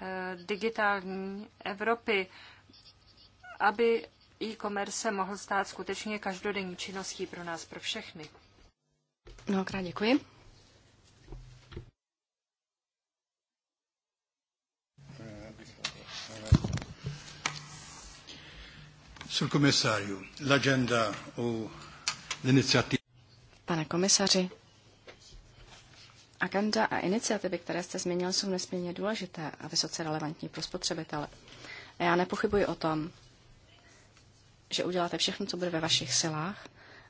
eh, digitální Evropy, aby e-commerce se mohl stát skutečně každodenní činností pro nás, pro všechny. Mnohokrát děkuji. o Pane komisaři, Agenda a iniciativy, které jste zmínil, jsou nesmírně důležité a vysoce relevantní pro spotřebitele. A já nepochybuji o tom, že uděláte všechno, co bude ve vašich silách,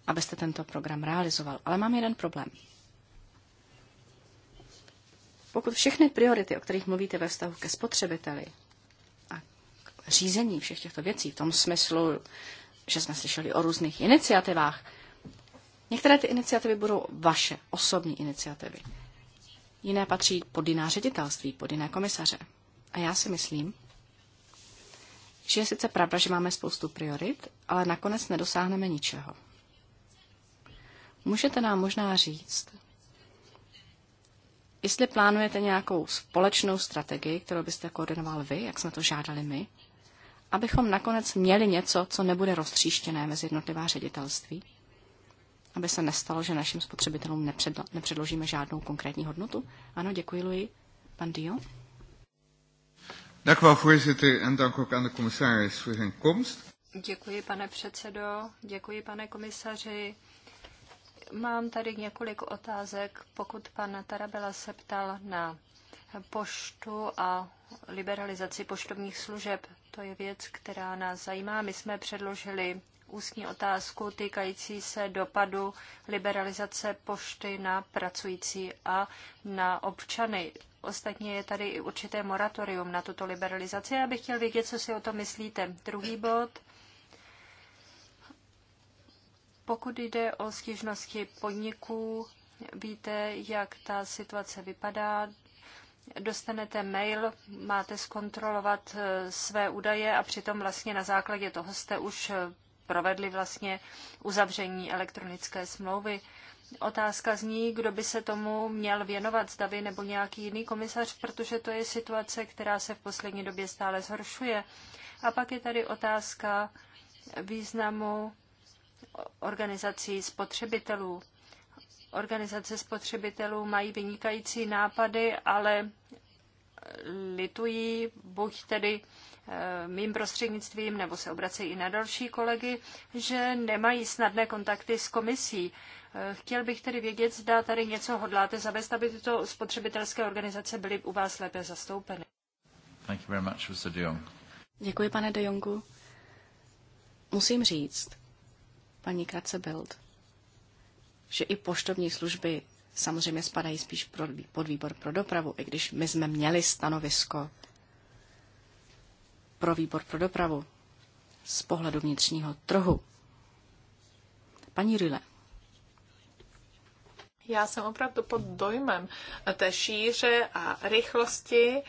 abyste tento program realizoval. Ale mám jeden problém. Pokud všechny priority, o kterých mluvíte ve vztahu ke spotřebiteli a k řízení všech těchto věcí, v tom smyslu, že jsme slyšeli o různých iniciativách, některé ty iniciativy budou vaše osobní iniciativy jiné patří pod jiná ředitelství, pod jiné komisaře. A já si myslím, že je sice pravda, že máme spoustu priorit, ale nakonec nedosáhneme ničeho. Můžete nám možná říct, jestli plánujete nějakou společnou strategii, kterou byste koordinoval vy, jak jsme to žádali my, abychom nakonec měli něco, co nebude roztříštěné mezi jednotlivá ředitelství aby se nestalo, že našim spotřebitelům nepředložíme žádnou konkrétní hodnotu? Ano, děkuji, Louis. Pan Dio? Děkuji, pane předsedo, děkuji, pane komisaři. Mám tady několik otázek. Pokud pan Tarabela se ptal na poštu a liberalizaci poštovních služeb, to je věc, která nás zajímá. My jsme předložili ústní otázku týkající se dopadu liberalizace pošty na pracující a na občany. Ostatně je tady i určité moratorium na tuto liberalizaci. Já bych chtěl vědět, co si o tom myslíte. Druhý bod. Pokud jde o stížnosti podniků, víte, jak ta situace vypadá. Dostanete mail, máte zkontrolovat eh, své údaje a přitom vlastně na základě toho jste už eh, provedli vlastně uzavření elektronické smlouvy. Otázka zní, kdo by se tomu měl věnovat, zda nebo nějaký jiný komisař, protože to je situace, která se v poslední době stále zhoršuje. A pak je tady otázka významu organizací spotřebitelů. Organizace spotřebitelů mají vynikající nápady, ale litují buď tedy Eh, mým prostřednictvím nebo se obracejí i na další kolegy, že nemají snadné kontakty s komisí. Eh, chtěl bych tedy vědět, zda tady něco hodláte zavést, aby tyto spotřebitelské organizace byly u vás lépe zastoupeny. Thank you very much, Mr. De Jong. Děkuji, pane De Jongu. Musím říct, paní Kratzebild, že i poštovní služby samozřejmě spadají spíš pod výbor pro dopravu, i když my jsme měli stanovisko pro výbor pro dopravu z pohledu vnitřního trhu. Paní Rile. Já jsem opravdu pod dojmem té šíře a rychlosti,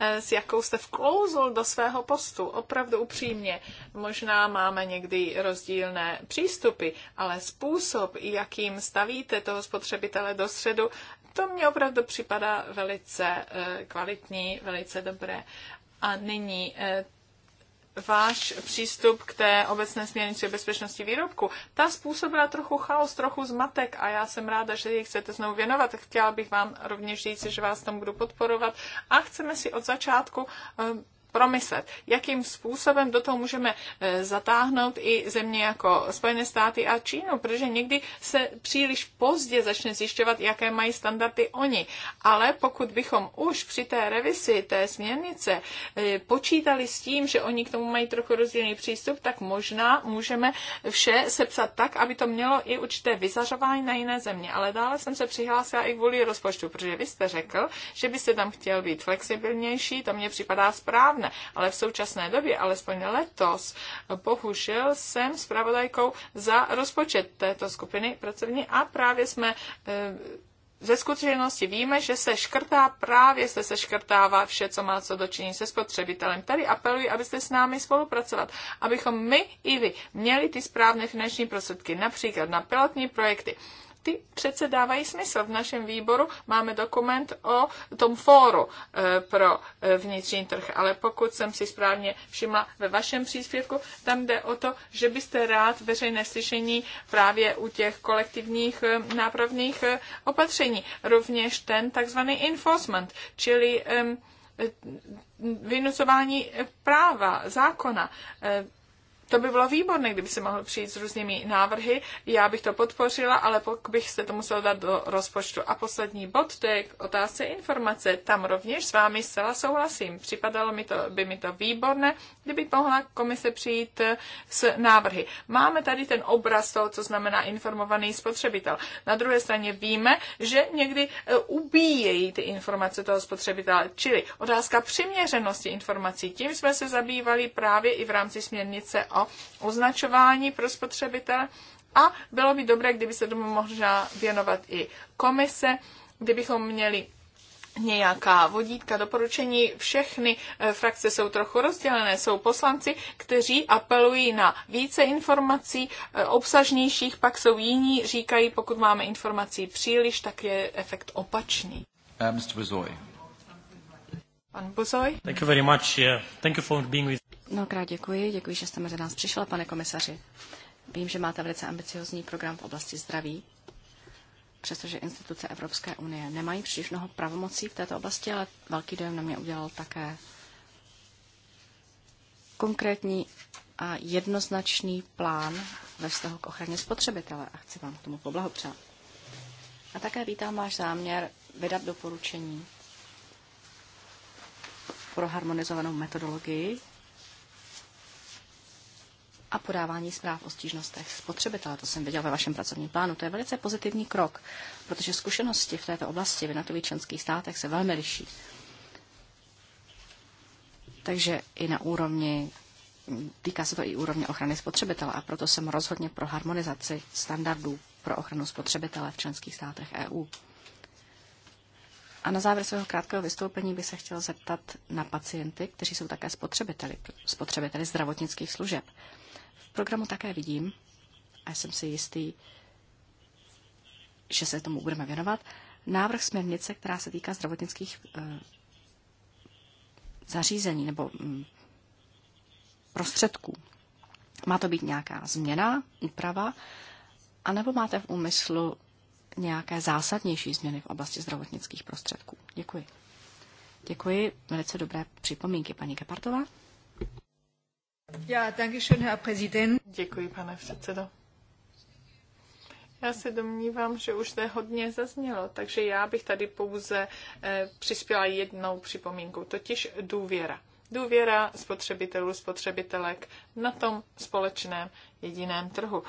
eh, s jakou jste vklouzl do svého postu. Opravdu upřímně. Možná máme někdy rozdílné přístupy, ale způsob, jakým stavíte toho spotřebitele do středu, to mně opravdu připadá velice eh, kvalitní, velice dobré. A nyní eh, váš přístup k té obecné směrnici o bezpečnosti výrobku. Ta způsobila trochu chaos, trochu zmatek a já jsem ráda, že ji chcete znovu věnovat. Chtěla bych vám rovněž říct, že vás tam budu podporovat a chceme si od začátku eh, promyslet, jakým způsobem do toho můžeme eh, zatáhnout i země jako Spojené státy a Čínu, protože někdy se příliš pozdě začne zjišťovat, jaké mají standardy oni. Ale pokud bychom už při té revizi té směrnice eh, počítali s tím, že oni k tomu mají trochu rozdílný přístup, tak možná můžeme vše sepsat tak, aby to mělo i určité vyzařování na jiné země. Ale dále jsem se přihlásila i kvůli rozpočtu, protože vy jste řekl, že byste tam chtěl být flexibilnější, to mně připadá správně spadne. Ale v současné době, alespoň letos, bohužel jsem zpravodajkou za rozpočet této skupiny pracovní a právě jsme eh, ze skutečnosti víme, že se škrtá právě se seškrtává vše, co má co dočinit se spotřebitelem. Tady apeluji, abyste s námi spolupracovat, abychom my i vy měli ty správné finanční prostředky, například na pilotní projekty ty přece dávají smysl. V našem výboru máme dokument o tom fóru eh, pro eh, vnitřní trh, ale pokud jsem si správně všimla ve vašem příspěvku, tam jde o to, že byste rád veřejné slyšení právě u těch kolektivních eh, nápravných opatření. Rovněž ten takzvaný enforcement, čili vynucování práva, zákona. To by bylo výborné, kdyby se mohl přijít s různými návrhy. Já bych to podpořila, ale pokud bych se to musel dát do rozpočtu. A poslední bod, to je k otázce informace. Tam rovněž s vámi zcela souhlasím. Připadalo mi to, by mi to výborné, kdyby mohla komise přijít s návrhy. Máme tady ten obraz toho, co znamená informovaný spotřebitel. Na druhé straně víme, že někdy eh, ubíjejí ty informace toho spotřebitele. Čili otázka přiměřenosti informací. Tím jsme se zabývali právě i v rámci směrnice o o označování pro spotřebitele a bylo by dobré, kdyby se tomu mohla věnovat i komise, kdybychom měli nějaká vodítka, doporučení. Všechny eh, frakce jsou trochu rozdělené. Jsou poslanci, kteří apelují na více informací, eh, obsažnějších, pak jsou jiní, říkají, pokud máme informací příliš, tak je efekt opačný. Eh, Pan Buzoj. Thank you very much. Thank you for being with Mnohokrát děkuji, děkuji, že jste mezi nás přišel, pane komisaři. Vím, že máte velice ambiciozní program v oblasti zdraví, přestože instituce Evropské unie nemají příliš mnoho pravomocí v této oblasti, ale velký dojem na mě udělal také konkrétní a jednoznačný plán ve vztahu k ochraně spotřebitele a chci vám k tomu poblahopřát. A také vítám váš záměr vydat doporučení pro harmonizovanou metodologii a podávání zpráv o stížnostech spotřebitele. To jsem viděl ve vašem pracovním plánu. To je velice pozitivní krok, protože zkušenosti v této oblasti v jednotlivých členských státech se velmi liší. Takže i na úrovni, týká se to i úrovně ochrany spotřebitele a proto jsem rozhodně pro harmonizaci standardů pro ochranu spotřebitele v členských státech EU. A na závěr svého krátkého vystoupení bych se chtěl zeptat na pacienty, kteří jsou také spotřebiteli, spotřebiteli zdravotnických služeb programu také vidím, a jsem si jistý, že se tomu budeme věnovat, návrh směrnice, která se týká zdravotnických e, zařízení nebo m, mm, prostředků. Má to být nějaká změna, úprava, anebo máte v úmyslu nějaké zásadnější změny v oblasti zdravotnických prostředků? Děkuji. Děkuji, velice dobré připomínky, paní Kepartová. Děkuji, pane předsedo. Já se domnívám, že už to hodně zaznělo, takže já bych tady pouze eh, přispěla jednou připomínkou, totiž důvěra. Důvěra spotřebitelů, spotřebitelek na tom společném jediném trhu.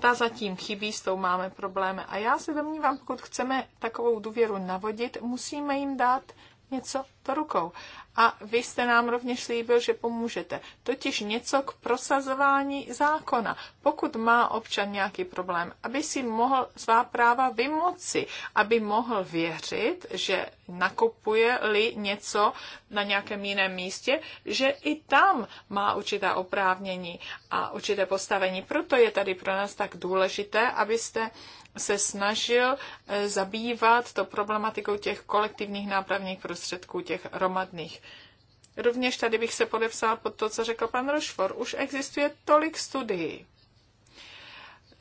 Ta zatím chybí, s tou máme problémy. A já se domnívám, pokud chceme takovou důvěru navodit, musíme jim dát něco do rukou. A vy jste nám rovněž slíbil, že pomůžete. Totiž něco k prosazování zákona. Pokud má občan nějaký problém, aby si mohl svá práva vymoci, aby mohl věřit, že nakupuje-li něco na nějakém jiném místě, že i tam má určitá oprávnění a určité postavení. Proto je tady pro nás tak důležité, abyste se snažil eh, zabývat to problematikou těch kolektivních nápravních prostředků, těch romadných. Rovněž tady bych se podepsal pod to, co řekl pan Rošfor. Už existuje tolik studií,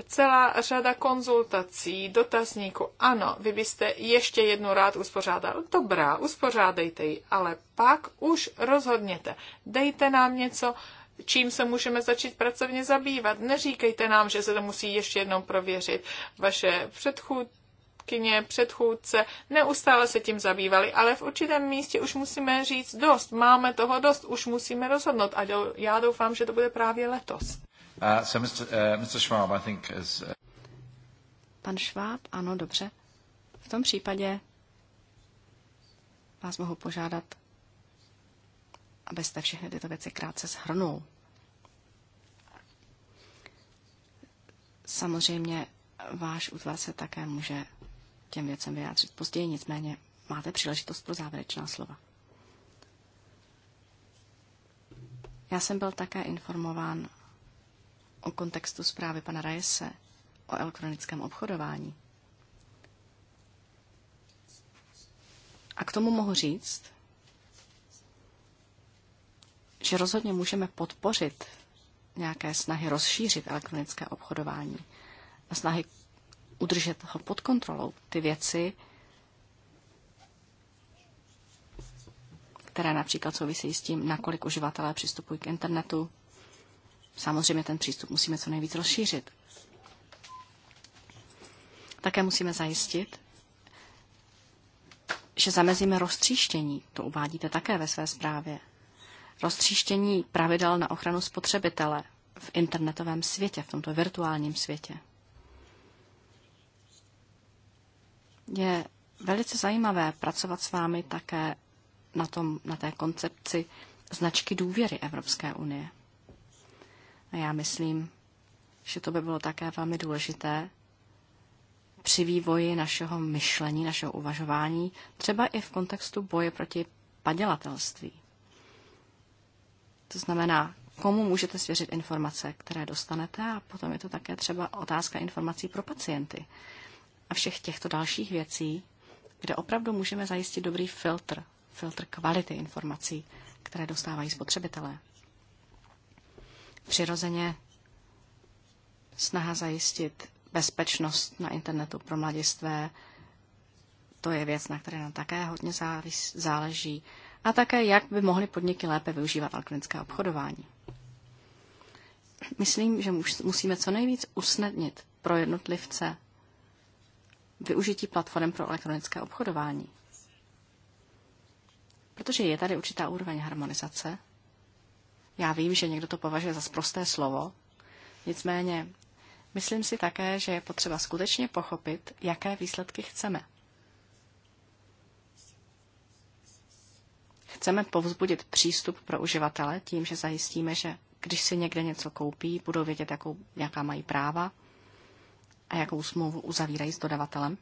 celá řada konzultací, dotazníků. Ano, vy byste ještě jednu rád uspořádal. Dobrá, uspořádejte ji, ale pak už rozhodněte. Dejte nám něco čím se můžeme začít pracovně zabývat. Neříkejte nám, že se to musí ještě jednou prověřit. Vaše předchůdkyně, předchůdce neustále se tím zabývali, ale v určitém místě už musíme říct dost, máme toho dost, už musíme rozhodnout a já doufám, že to bude právě letos. Uh, so Mr. Uh, Mr. Schwab, I think is, uh... Pan Šváb, ano, dobře. V tom případě vás mohu požádat abyste všechny tyto věci krátce shrnul. Samozřejmě váš útvar se také může těm věcem vyjádřit později, nicméně máte příležitost pro závěrečná slova. Já jsem byl také informován o kontextu zprávy pana Rajese o elektronickém obchodování. A k tomu mohu říct, že rozhodně můžeme podpořit nějaké snahy rozšířit elektronické obchodování a snahy udržet ho pod kontrolou. Ty věci, které například souvisí s tím, nakolik uživatelé přistupují k internetu. Samozřejmě ten přístup musíme co nejvíc rozšířit. Také musíme zajistit, že zamezíme roztříštění, to uvádíte také ve své zprávě, roztříštění pravidel na ochranu spotřebitele v internetovém světě, v tomto virtuálním světě. Je velice zajímavé pracovat s vámi také na, tom, na té koncepci značky důvěry Evropské unie. A já myslím, že to by bylo také velmi důležité při vývoji našeho myšlení, našeho uvažování, třeba i v kontextu boje proti padělatelství. To znamená, komu můžete svěřit informace, které dostanete a potom je to také třeba otázka informací pro pacienty. A všech těchto dalších věcí, kde opravdu můžeme zajistit dobrý filtr, filtr kvality informací, které dostávají spotřebitelé. Přirozeně snaha zajistit bezpečnost na internetu pro mladistvé, to je věc, na které nám také hodně záleží a také jak by mohly podniky lépe využívat elektronické obchodování. Myslím, že musíme co nejvíc usnadnit pro jednotlivce využití platform pro elektronické obchodování. Protože je tady určitá úroveň harmonizace. Já vím, že někdo to považuje za sprosté slovo, nicméně myslím si také, že je potřeba skutečně pochopit, jaké výsledky chceme. Chceme povzbudit přístup pro uživatele tím, že zajistíme, že když si někde něco koupí, budou vědět, jakou, jaká mají práva a jakou smlouvu uzavírají s dodavatelem.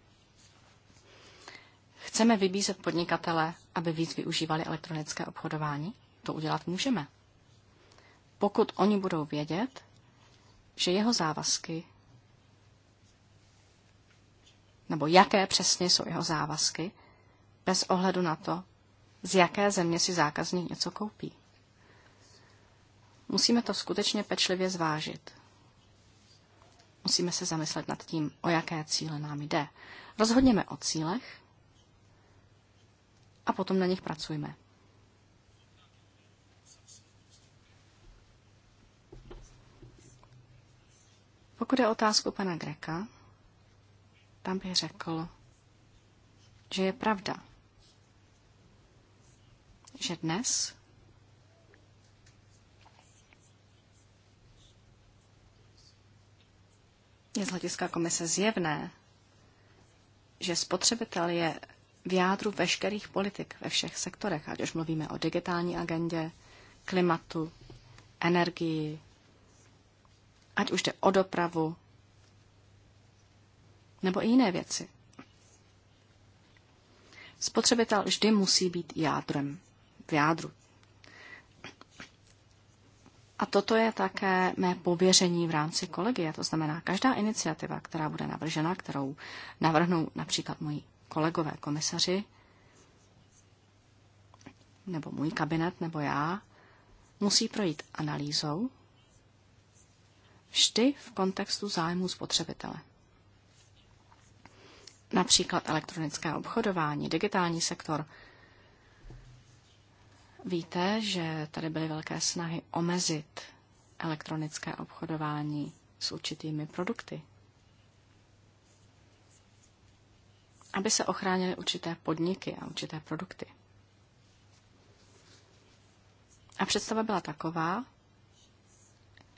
Chceme vybízet podnikatele, aby víc využívali elektronické obchodování? To udělat můžeme. Pokud oni budou vědět, že jeho závazky nebo jaké přesně jsou jeho závazky, bez ohledu na to, z jaké země si zákazník něco koupí. Musíme to skutečně pečlivě zvážit. Musíme se zamyslet nad tím, o jaké cíle nám jde. Rozhodněme o cílech a potom na nich pracujme. Pokud je otázku pana Greka, tam bych řekl, že je pravda, že dnes je z hlediska komise zjevné, že spotřebitel je v jádru veškerých politik ve všech sektorech, ať už mluvíme o digitální agendě, klimatu, energii, ať už jde o dopravu nebo i jiné věci. Spotřebitel vždy musí být jádrem v jádru. A toto je také mé pověření v rámci kolegie. To znamená, každá iniciativa, která bude navržena, kterou navrhnou například moji kolegové komisaři, nebo můj kabinet, nebo já, musí projít analýzou vždy v kontextu zájmu spotřebitele. Například elektronické obchodování, digitální sektor – Víte, že tady byly velké snahy omezit elektronické obchodování s určitými produkty, aby se ochránily určité podniky a určité produkty. A představa byla taková,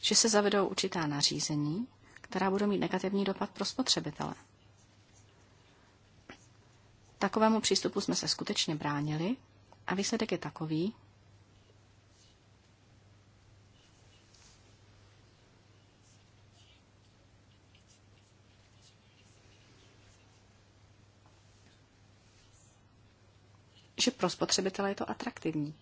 že se zavedou určitá nařízení, která budou mít negativní dopad pro spotřebitele. Takovému přístupu jsme se skutečně bránili a výsledek je takový, že pro spotřebitele je to atraktivní.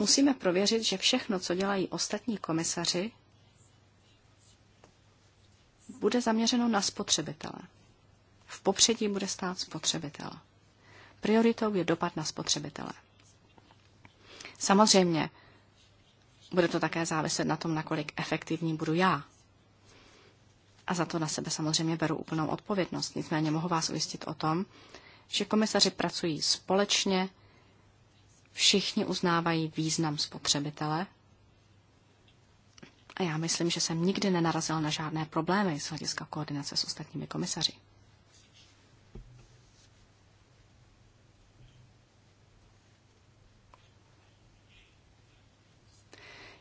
Musíme prověřit, že všechno, co dělají ostatní komisaři, bude zaměřeno na spotřebitele. V popředí bude stát spotřebitel. Prioritou je dopad na spotřebitele. Samozřejmě, bude to také záviset na tom, nakolik efektivní budu já. A za to na sebe samozřejmě beru úplnou odpovědnost. Nicméně mohu vás ujistit o tom, že komisaři pracují společně, všichni uznávají význam spotřebitele a já myslím, že jsem nikdy nenarazil na žádné problémy z hlediska koordinace s ostatními komisaři.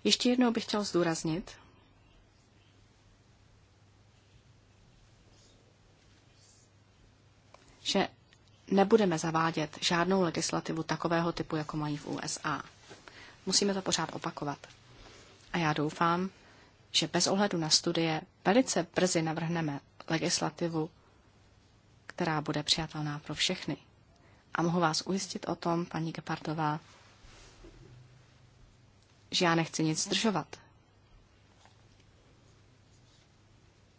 Ještě jednou bych chtěl zdůraznit, že nebudeme zavádět žádnou legislativu takového typu, jako mají v USA. Musíme to pořád opakovat. A já doufám, že bez ohledu na studie velice brzy navrhneme legislativu, která bude přijatelná pro všechny. A mohu vás ujistit o tom, paní Gepardová, že já nechci nic zdržovat.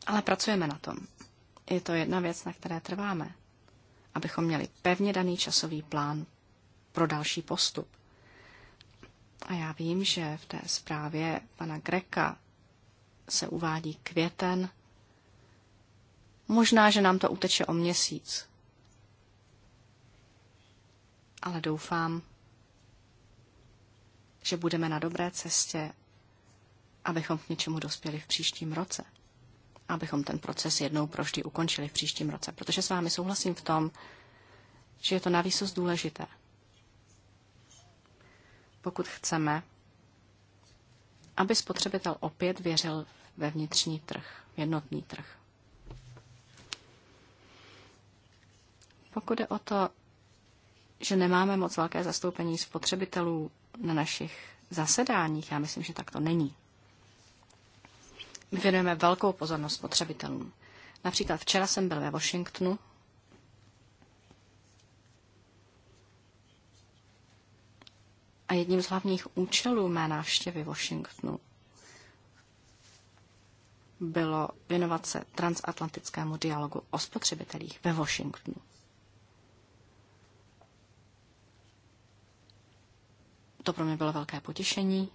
Ale pracujeme na tom. Je to jedna věc, na které trváme. Abychom měli pevně daný časový plán pro další postup. A já vím, že v té zprávě pana Greka se uvádí květen. Možná, že nám to uteče o měsíc. Ale doufám, že budeme na dobré cestě, abychom k něčemu dospěli v příštím roce. Abychom ten proces jednou proždy ukončili v příštím roce. Protože s vámi souhlasím v tom, že je to navíc důležité. Pokud chceme, aby spotřebitel opět věřil ve vnitřní trh, jednotný trh. Pokud je o to, že nemáme moc velké zastoupení spotřebitelů na našich zasedáních, já myslím, že tak to není. My věnujeme velkou pozornost spotřebitelům. Například včera jsem byl ve Washingtonu a jedním z hlavních účelů mé návštěvy Washingtonu bylo věnovat se transatlantickému dialogu o spotřebitelích ve Washingtonu. To pro mě bylo velké potěšení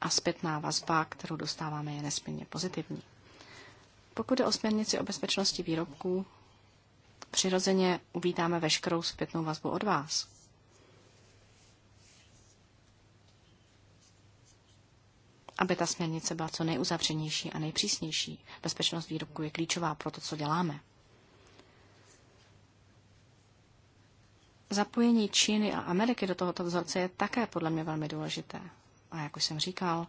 a zpětná vazba, kterou dostáváme, je nesmírně pozitivní. Pokud je o směrnici o bezpečnosti výrobků, přirozeně uvítáme veškerou zpětnou vazbu od vás. aby ta směrnice byla co nejuzavřenější a nejpřísnější. Bezpečnost výrobku je klíčová pro to, co děláme. Zapojení Číny a Ameriky do tohoto vzorce je také podle mě velmi důležité. A jak už jsem říkal,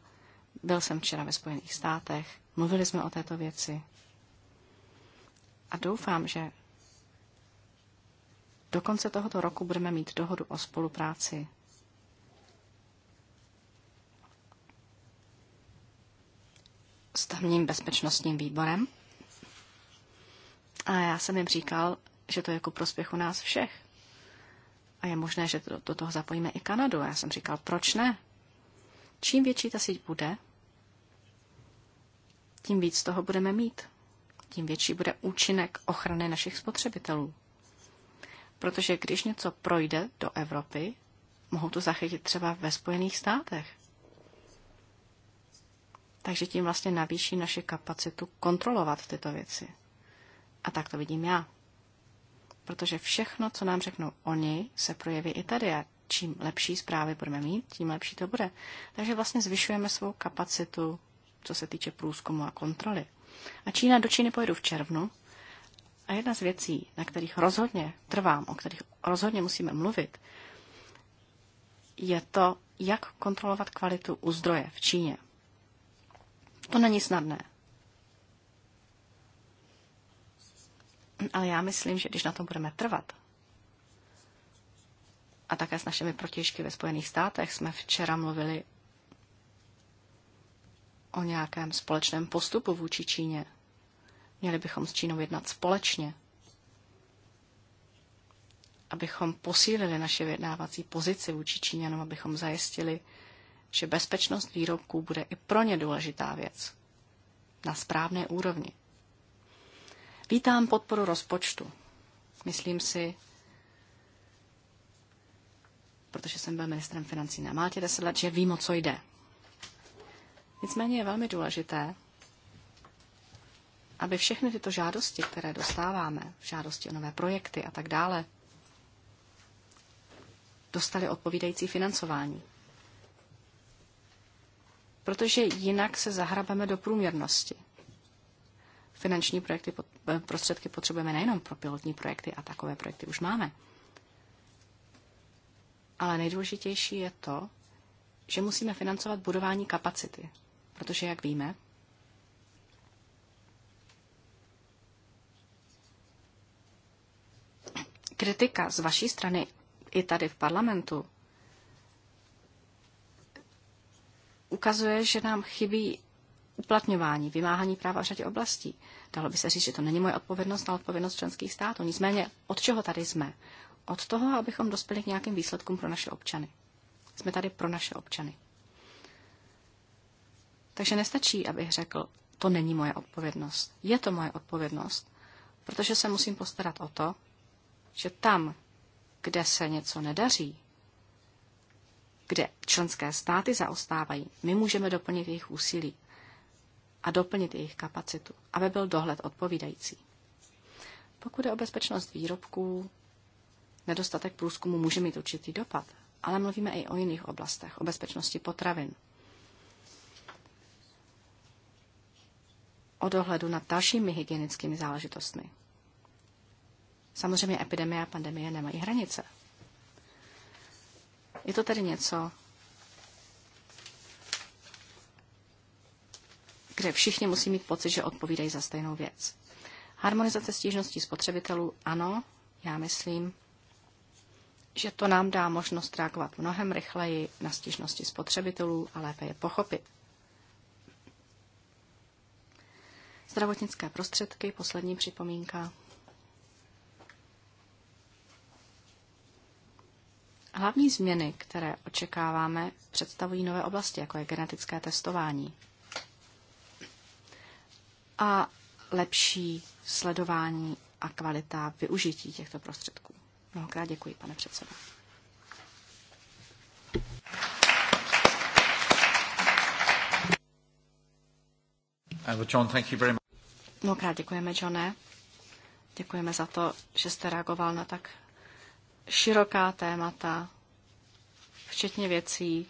byl jsem včera ve Spojených státech, mluvili jsme o této věci. A doufám, že do konce tohoto roku budeme mít dohodu o spolupráci tamním bezpečnostním výborem. A já jsem jim říkal, že to je ku prospěchu nás všech. A je možné, že do, do toho zapojíme i Kanadu. A já jsem říkal, proč ne? Čím větší ta síť bude, tím víc toho budeme mít. Tím větší bude účinek ochrany našich spotřebitelů. Protože když něco projde do Evropy, mohou to zachytit třeba ve Spojených státech takže tím vlastně navýší naše kapacitu kontrolovat tyto věci. A tak to vidím já. Protože všechno, co nám řeknou oni, se projeví i tady. A čím lepší zprávy budeme mít, tím lepší to bude. Takže vlastně zvyšujeme svou kapacitu, co se týče průzkumu a kontroly. A Čína do Číny pojedu v červnu. A jedna z věcí, na kterých rozhodně trvám, o kterých rozhodně musíme mluvit, je to, jak kontrolovat kvalitu u zdroje v Číně. To není snadné. Ale já myslím, že když na tom budeme trvat, a také s našimi protižky ve Spojených státech jsme včera mluvili o nějakém společném postupu vůči Číně. Měli bychom s Čínou jednat společně, abychom posílili naše vyjednávací pozici vůči Číňanům, abychom zajistili, že bezpečnost výrobků bude i pro ně důležitá věc. Na správné úrovni. Vítám podporu rozpočtu. Myslím si, protože jsem byl ministrem financí na Maltě deset let, že vím, o co jde. Nicméně je velmi důležité, aby všechny tyto žádosti, které dostáváme, žádosti o nové projekty a tak dále, dostali odpovídající financování protože jinak se zahrabeme do průměrnosti. Finanční projekty, eh, prostředky potřebujeme nejenom pro pilotní projekty a takové projekty už máme. Ale nejdůležitější je to, že musíme financovat budování kapacity, protože, jak víme, kritika z vaší strany i tady v parlamentu ukazuje, že nám chybí uplatňování, vymáhání práva v řadě oblastí. Dalo by se říct, že to není moje odpovědnost, ale odpovědnost členských států. Nicméně, od čeho tady jsme? Od toho, abychom dospěli k nějakým výsledkům pro naše občany. Jsme tady pro naše občany. Takže nestačí, abych řekl, to není moje odpovědnost. Je to moje odpovědnost, protože se musím postarat o to, že tam, kde se něco nedaří, kde členské státy zaostávají, my můžeme doplnit jejich úsilí a doplnit jejich kapacitu, aby byl dohled odpovídající. Pokud je o bezpečnost výrobků, nedostatek průzkumu může mít určitý dopad, ale mluvíme i o jiných oblastech, o bezpečnosti potravin, o dohledu nad dalšími hygienickými záležitostmi. Samozřejmě epidemie a pandemie nemají hranice. Je to tedy něco, kde všichni musí mít pocit, že odpovídají za stejnou věc. Harmonizace stížností spotřebitelů, ano, já myslím, že to nám dá možnost reagovat mnohem rychleji na stížnosti spotřebitelů a lépe je pochopit. Zdravotnické prostředky, poslední připomínka. Hlavní změny, které očekáváme, představují nové oblasti, jako je genetické testování a lepší sledování a kvalita využití těchto prostředků. Mnohokrát děkuji, pane předsedo. Uh, John, thank you very much. Mnohokrát děkujeme, Johne. Děkujeme za to, že jste reagoval na tak široká témata, včetně věcí,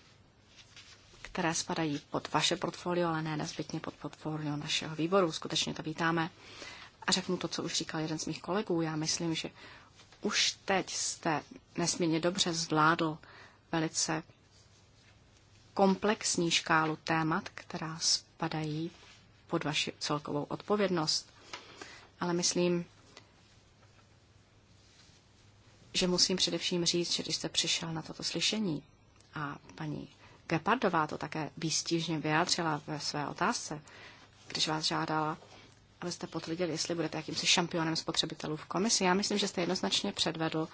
které spadají pod vaše portfolio, ale ne nezbytně pod portfolio našeho výboru. Skutečně to vítáme. A řeknu to, co už říkal jeden z mých kolegů. Já myslím, že už teď jste nesmírně dobře zvládl velice komplexní škálu témat, která spadají pod vaši celkovou odpovědnost. Ale myslím, že musím především říct, že když jste přišel na toto slyšení a paní Gepardová to také výstižně vyjádřila ve své otázce, když vás žádala, abyste potvrdili, jestli budete jakýmsi šampionem spotřebitelů v komisi. Já myslím, že jste jednoznačně předvedl,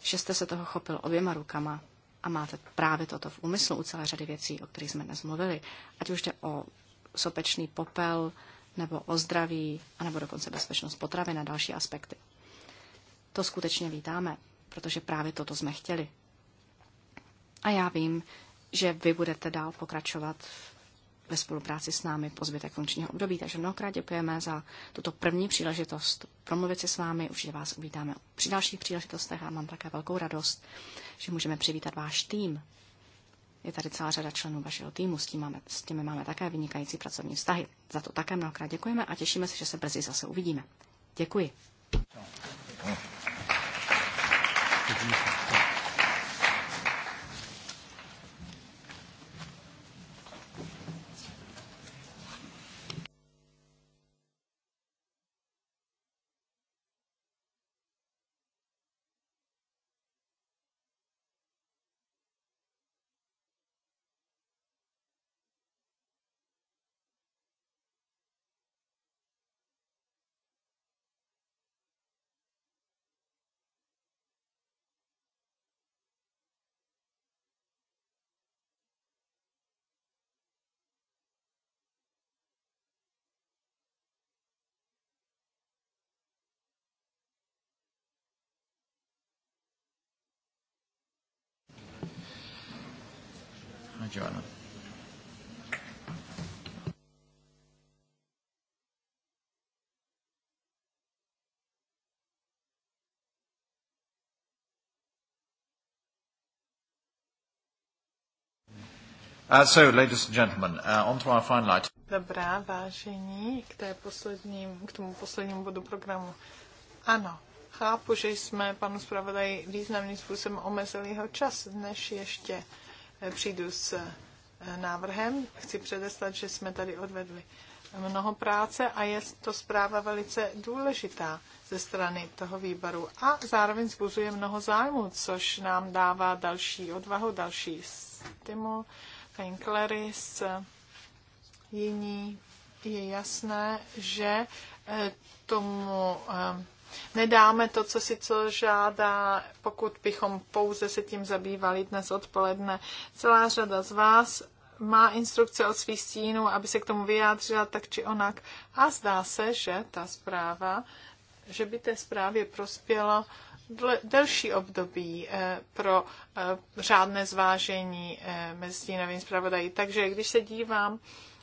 že jste se toho chopil oběma rukama a máte právě toto v úmyslu u celé řady věcí, o kterých jsme dnes mluvili. Ať už jde o sopečný popel, nebo o zdraví, anebo dokonce bezpečnost potravy na další aspekty. To skutečně vítáme, protože právě toto jsme chtěli. A já vím, že vy budete dál pokračovat ve spolupráci s námi po zbytek funkčního období. Takže mnohokrát děkujeme za tuto první příležitost promluvit si s vámi. Určitě vás uvítáme při dalších příležitostech a mám také velkou radost, že můžeme přivítat váš tým. Je tady celá řada členů vašeho týmu, s, tím máme, s těmi máme také vynikající pracovní vztahy. Za to také mnohokrát děkujeme a těšíme se, že se brzy zase uvidíme. Děkuji. Thank you. Joanna. Uh, so, ladies and gentlemen, uh, on to our final item. Dobrá, vážení, k, té posledním, k tomu poslednímu bodu programu. Ano, chápu, že jsme panu zpravodaji významným způsobem omezili jeho čas, než ještě přijdu s eh, návrhem. Chci předeslat, že jsme tady odvedli mnoho práce a je to zpráva velice důležitá ze strany toho výboru a zároveň zbuzuje mnoho zájmu, což nám dává další odvahu, další stimul. Paní Claris, jiní, je jasné, že eh, tomu eh, Nedáme to, co si co žádá, pokud bychom pouze se tím zabývali dnes odpoledne. Celá řada z vás má instrukce od svých stínů, aby se k tomu vyjádřila tak či onak. A zdá se, že ta zpráva, že by té zprávě prospělo delší období eh, pro eh, řádné zvážení eh, mezi stínovým zpravodají. Takže když se dívám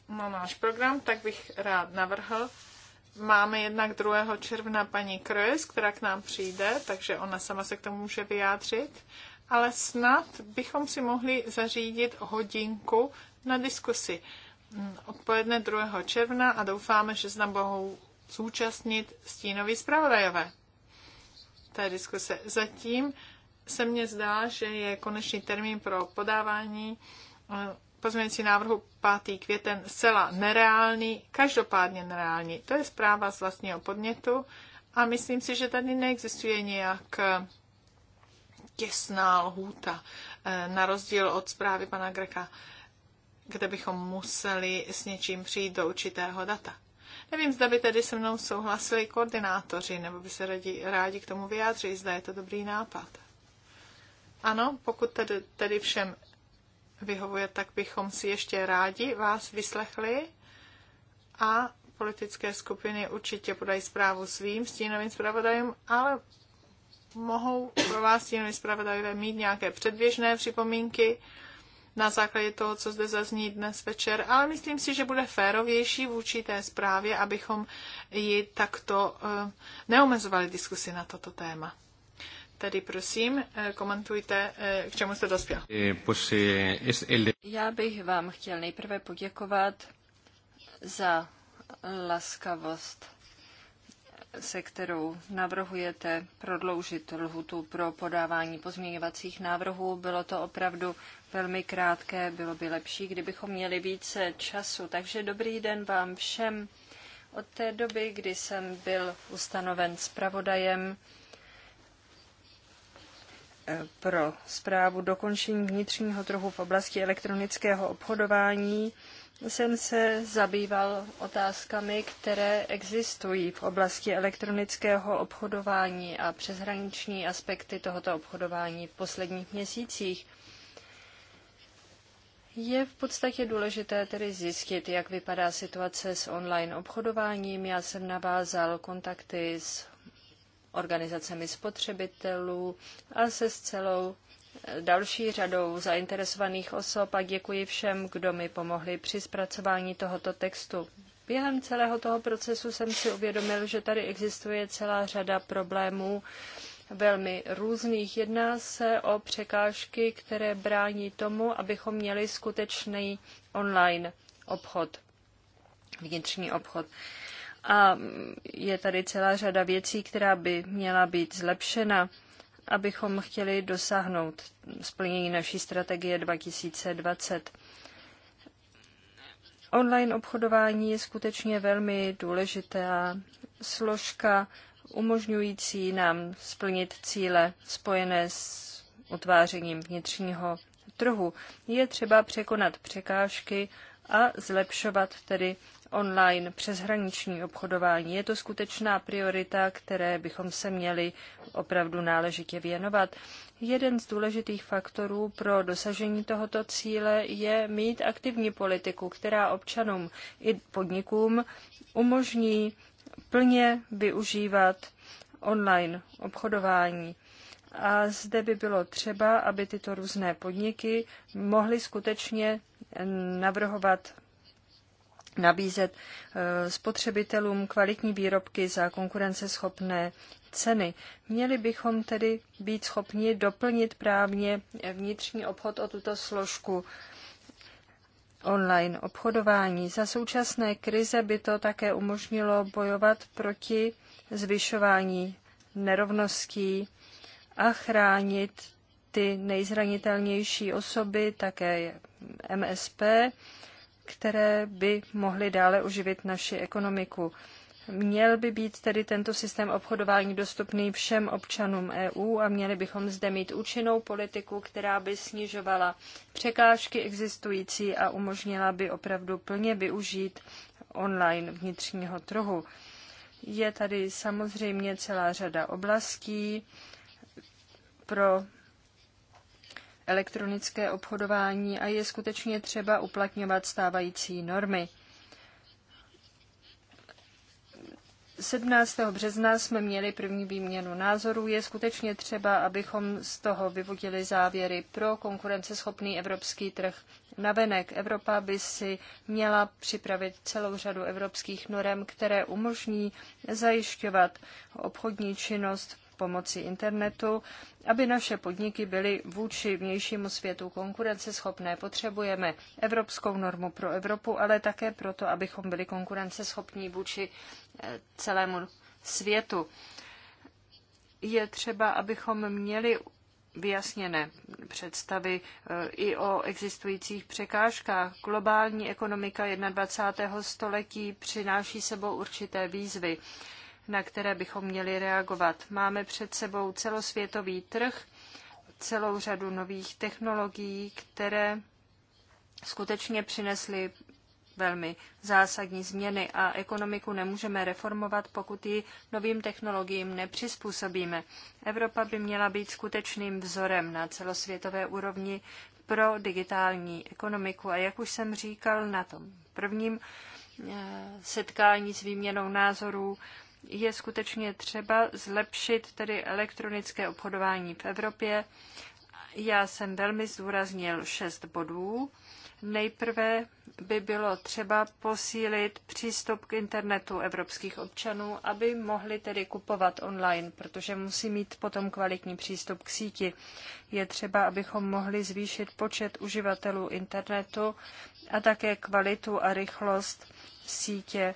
na náš program, tak bych rád navrhl, máme jednak 2. června paní Kröz, která k nám přijde, takže ona sama se k tomu může vyjádřit. Ale snad bychom si mohli zařídit hodinku na diskusi mm, odpoledne 2. června a doufáme, že se nám mohou zúčastnit stínoví zpravodajové té diskuse. Zatím se mně zdá, že je konečný termín pro podávání eh, pozměňující návrhu 5. květen zcela nereálný, každopádně nereální. To je zpráva z vlastního podnětu a myslím si, že tady neexistuje nějak eh, těsná lhůta, eh, na rozdíl od zprávy pana Greka, kde bychom museli s něčím přijít do určitého data. Nevím, zda by tedy se mnou souhlasili koordinátoři, nebo by se rádi, rádi k tomu vyjádřili, zda je to dobrý nápad. Ano, pokud tedy, tedy všem vyhovuje, tak bychom si ještě rádi vás vyslechli a politické skupiny určitě podají zprávu svým stínovým zpravodajům, ale mohou pro vás stínovým zpravodajové mít nějaké předběžné připomínky na základě toho, co zde zazní dnes večer, ale myslím si, že bude férovější vůči té zprávě, abychom ji takto eh, neomezovali diskusi na toto téma. Tedy prosím, eh, komentujte, eh, k čemu jste dospěl. Eh, Já bych vám chtěl nejprve poděkovat za laskavost, se kterou navrhujete prodloužit lhutu pro podávání pozměňovacích návrhů. Bylo to opravdu velmi krátké, bylo by lepší, kdybychom měli více času. Takže dobrý den vám všem. Od té doby, kdy jsem byl ustanoven zpravodajem, pro zprávu dokončení vnitřního trhu v oblasti elektronického obchodování jsem se zabýval otázkami, které existují v oblasti elektronického obchodování a přeshraniční aspekty tohoto obchodování v posledních měsících. Je v podstatě důležité tedy zjistit, jak vypadá situace s online obchodováním. Já jsem navázal kontakty s organizacemi spotřebitelů, ale se s celou eh, další řadou zainteresovaných osob a děkuji všem, kdo mi pomohli při zpracování tohoto textu. Během celého toho procesu jsem si uvědomil, že tady existuje celá řada problémů velmi různých. Jedná se o překážky, které brání tomu, abychom měli skutečný online obchod, vnitřní obchod. A je tady celá řada věcí, která by měla být zlepšena, abychom chtěli dosáhnout splnění naší strategie 2020. Online obchodování je skutečně velmi důležitá složka umožňující nám splnit cíle spojené s utvářením vnitřního trhu. Je třeba překonat překážky a zlepšovat tedy online přeshraniční obchodování. Je to skutečná priorita, které bychom se měli opravdu náležitě věnovat. Jeden z důležitých faktorů pro dosažení tohoto cíle je mít aktivní politiku, která občanům i podnikům umožní plně využívat online obchodování. A zde by bylo třeba, aby tyto různé podniky mohly skutečně navrhovat nabízet eh, spotřebitelům kvalitní výrobky za konkurenceschopné ceny. Měli bychom tedy být schopni doplnit právně vnitřní obchod o tuto složku online obchodování. Za současné krize by to také umožnilo bojovat proti zvyšování nerovností a chránit ty nejzranitelnější osoby, také MSP, které by mohly dále uživit naši ekonomiku. Měl by být tedy tento systém obchodování dostupný všem občanům EU a měli bychom zde mít účinnou politiku, která by snižovala překážky existující a umožnila by opravdu plně využít online vnitřního trhu. Je tady samozřejmě celá řada oblastí pro elektronické obchodování a je skutečně třeba uplatňovat stávající normy. 17. března jsme měli první výměnu názorů. Je skutečně třeba, abychom z toho vyvodili závěry pro konkurenceschopný evropský trh. Navenek Evropa by si měla připravit celou řadu evropských norem, které umožní zajišťovat obchodní činnost pomocí internetu, aby naše podniky byly vůči vnějšímu světu konkurenceschopné. Potřebujeme evropskou normu pro Evropu, ale také proto, abychom byli konkurenceschopní vůči eh, celému světu. Je třeba, abychom měli vyjasněné představy eh, i o existujících překážkách. Globální ekonomika 21. století přináší sebou určité výzvy na které bychom měli reagovat. Máme před sebou celosvětový trh, celou řadu nových technologií, které skutečně přinesly velmi zásadní změny a ekonomiku nemůžeme reformovat, pokud ji novým technologiím nepřizpůsobíme. Evropa by měla být skutečným vzorem na celosvětové úrovni pro digitální ekonomiku. A jak už jsem říkal na tom prvním eh, setkání s výměnou názorů, je skutečně třeba zlepšit tedy elektronické obchodování v Evropě. Já jsem velmi zdůraznil šest bodů. Nejprve by bylo třeba posílit přístup k internetu evropských občanů, aby mohli tedy kupovat online, protože musí mít potom kvalitní přístup k síti. Je třeba, abychom mohli zvýšit počet uživatelů internetu a také kvalitu a rychlost sítě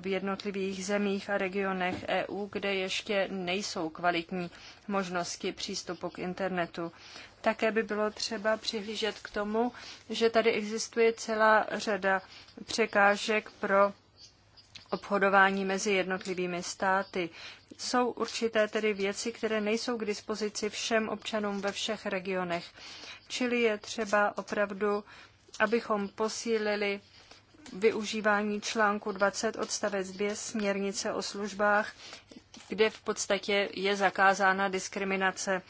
v jednotlivých zemích a regionech EU, kde ještě nejsou kvalitní možnosti přístupu k internetu. Také by bylo třeba přihlížet k tomu, že tady existuje celá řada překážek pro obchodování mezi jednotlivými státy. Jsou určité tedy věci, které nejsou k dispozici všem občanům ve všech regionech. Čili je třeba opravdu, abychom posílili využívání článku 20 odstavec 2 směrnice o službách, kde v podstatě je zakázána diskriminace e,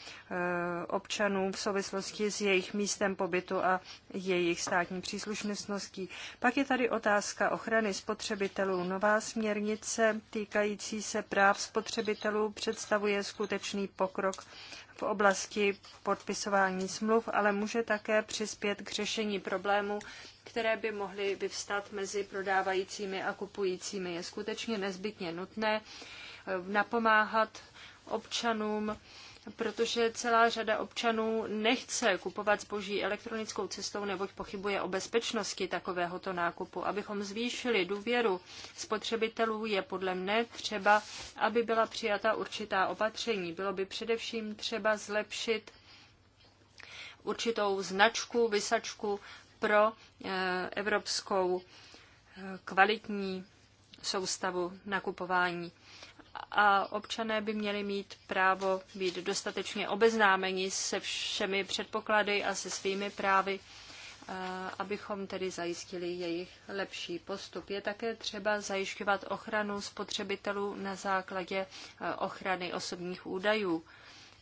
občanů v souvislosti s jejich místem pobytu a jejich státní příslušnostností. Pak je tady otázka ochrany spotřebitelů. Nová směrnice týkající se práv spotřebitelů představuje skutečný pokrok v oblasti podpisování smluv, ale může také přispět k řešení problému které by mohly vyvstat mezi prodávajícími a kupujícími. Je skutečně nezbytně nutné eh, napomáhat občanům, protože celá řada občanů nechce kupovat zboží elektronickou cestou, neboť pochybuje o bezpečnosti takovéhoto nákupu. Abychom zvýšili důvěru spotřebitelů, je podle mne třeba, aby byla přijata určitá opatření. Bylo by především třeba zlepšit určitou značku, vysačku pro eh, evropskou eh, kvalitní soustavu nakupování. A občané by měli mít právo být dostatečně obeznámeni se všemi předpoklady a se svými právy, eh, abychom tedy zajistili jejich lepší postup. Je také třeba zajišťovat ochranu spotřebitelů na základě ochrany osobních údajů.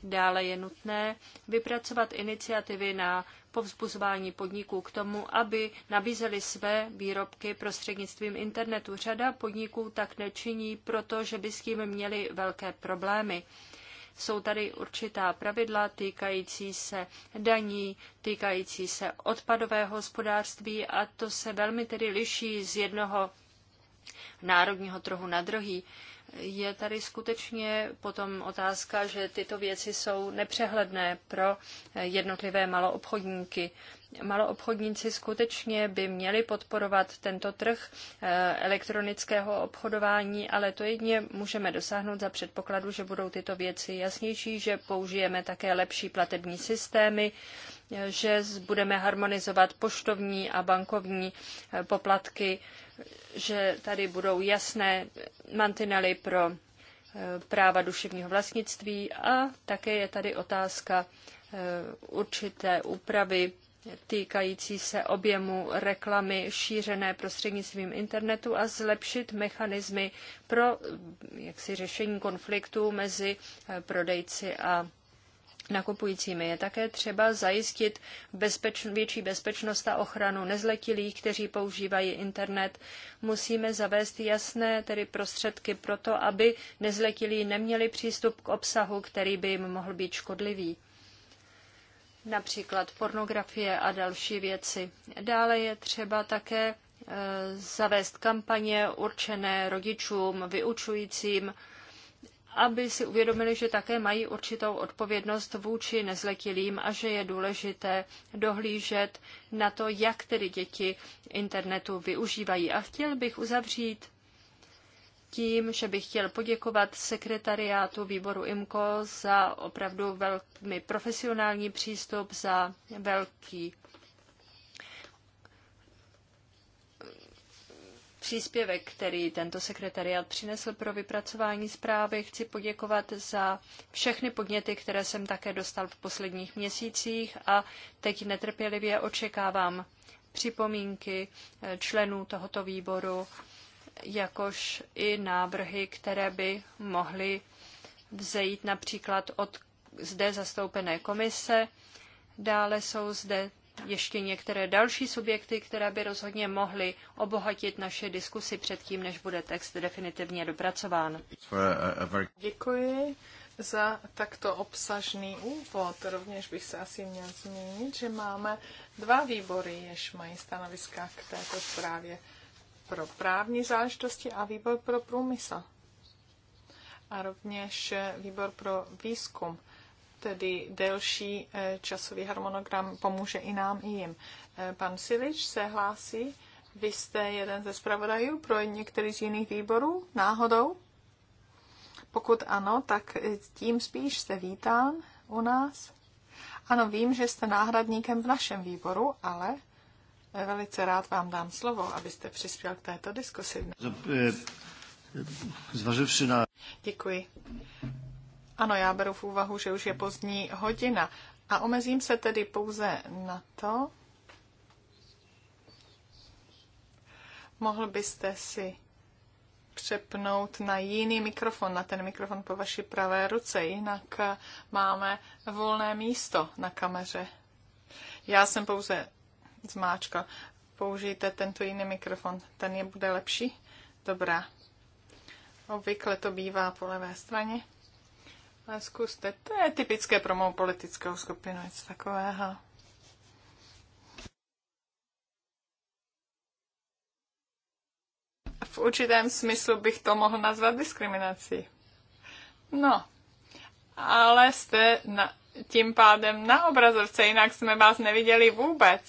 Dále je nutné vypracovat iniciativy na povzbuzování podniků k tomu, aby nabízeli své výrobky prostřednictvím internetu. Řada podniků tak nečiní, protože by s tím měli velké problémy. Jsou tady určitá pravidla týkající se daní, týkající se odpadového hospodářství a to se velmi tedy liší z jednoho národního trhu na druhý je tady skutečně potom otázka, že tyto věci jsou nepřehledné pro eh, jednotlivé maloobchodníky. Maloobchodníci skutečně by měli podporovat tento trh eh, elektronického obchodování, ale to jedně můžeme dosáhnout za předpokladu, že budou tyto věci jasnější, že použijeme také lepší platební systémy, eh, že budeme harmonizovat poštovní a bankovní poplatky, že tady budou jasné mantinely pro eh, práva duševního vlastnictví a také je tady otázka eh, určité úpravy týkající se objemu reklamy šířené prostřednictvím internetu a zlepšit mechanismy pro eh, jaksi, řešení konfliktů mezi prodejci a nakupujícími. Je také třeba zajistit bezpeč- větší bezpečnost a ochranu nezletilých, kteří používají internet. Musíme zavést jasné tedy prostředky pro to, aby nezletilí neměli přístup k obsahu, který by jim mohl být škodlivý například pornografie a další věci. Dále je třeba také eh, zavést kampaně určené rodičům, vyučujícím, aby si uvědomili, že také mají určitou odpovědnost vůči nezletilým a že je důležité dohlížet na to, jak tedy děti internetu využívají. A chtěl bych uzavřít tím, že bych chtěl poděkovat sekretariátu výboru IMCO za opravdu velmi profesionální přístup, za velký příspěvek, který tento sekretariat přinesl pro vypracování zprávy. Chci poděkovat za všechny podněty, které jsem také dostal v posledních měsících a teď netrpělivě očekávám připomínky eh, členů tohoto výboru, jakož i návrhy, které by mohly vzejít například od zde zastoupené komise. Dále jsou zde ještě některé další subjekty, které by rozhodně mohly obohatit naše diskusy předtím, než bude text definitivně dopracován. Děkuji za takto obsažný úvod. Rovněž bych se asi měl zmínit, že máme dva výbory, jež mají stanoviska k této zprávě pro právní záležitosti a výbor pro průmysl. A rovněž výbor pro výzkum tedy delší eh, časový harmonogram pomůže i nám, i jim. Eh, pan Silič se hlásí. Vy jste jeden ze zpravodajů pro některý z jiných výborů, náhodou? Pokud ano, tak eh, tím spíš jste vítán u nás. Ano, vím, že jste náhradníkem v našem výboru, ale velice rád vám dám slovo, abyste přispěl k této diskusi. Zvaživši na... Děkuji. Ano, já beru v úvahu, že už je pozdní hodina a omezím se tedy pouze na to, mohl byste si přepnout na jiný mikrofon, na ten mikrofon po vaší pravé ruce, jinak eh, máme volné místo na kameře. Já jsem pouze zmáčka. Použijte tento jiný mikrofon, ten je bude lepší. Dobrá. Obvykle to bývá po levé straně. A zkuste, to je typické pro mou politickou skupinu, něco takového. V určitém smyslu bych to mohl nazvat diskriminací. No, ale jste na, tím pádem na obrazovce, jinak jsme vás neviděli vůbec.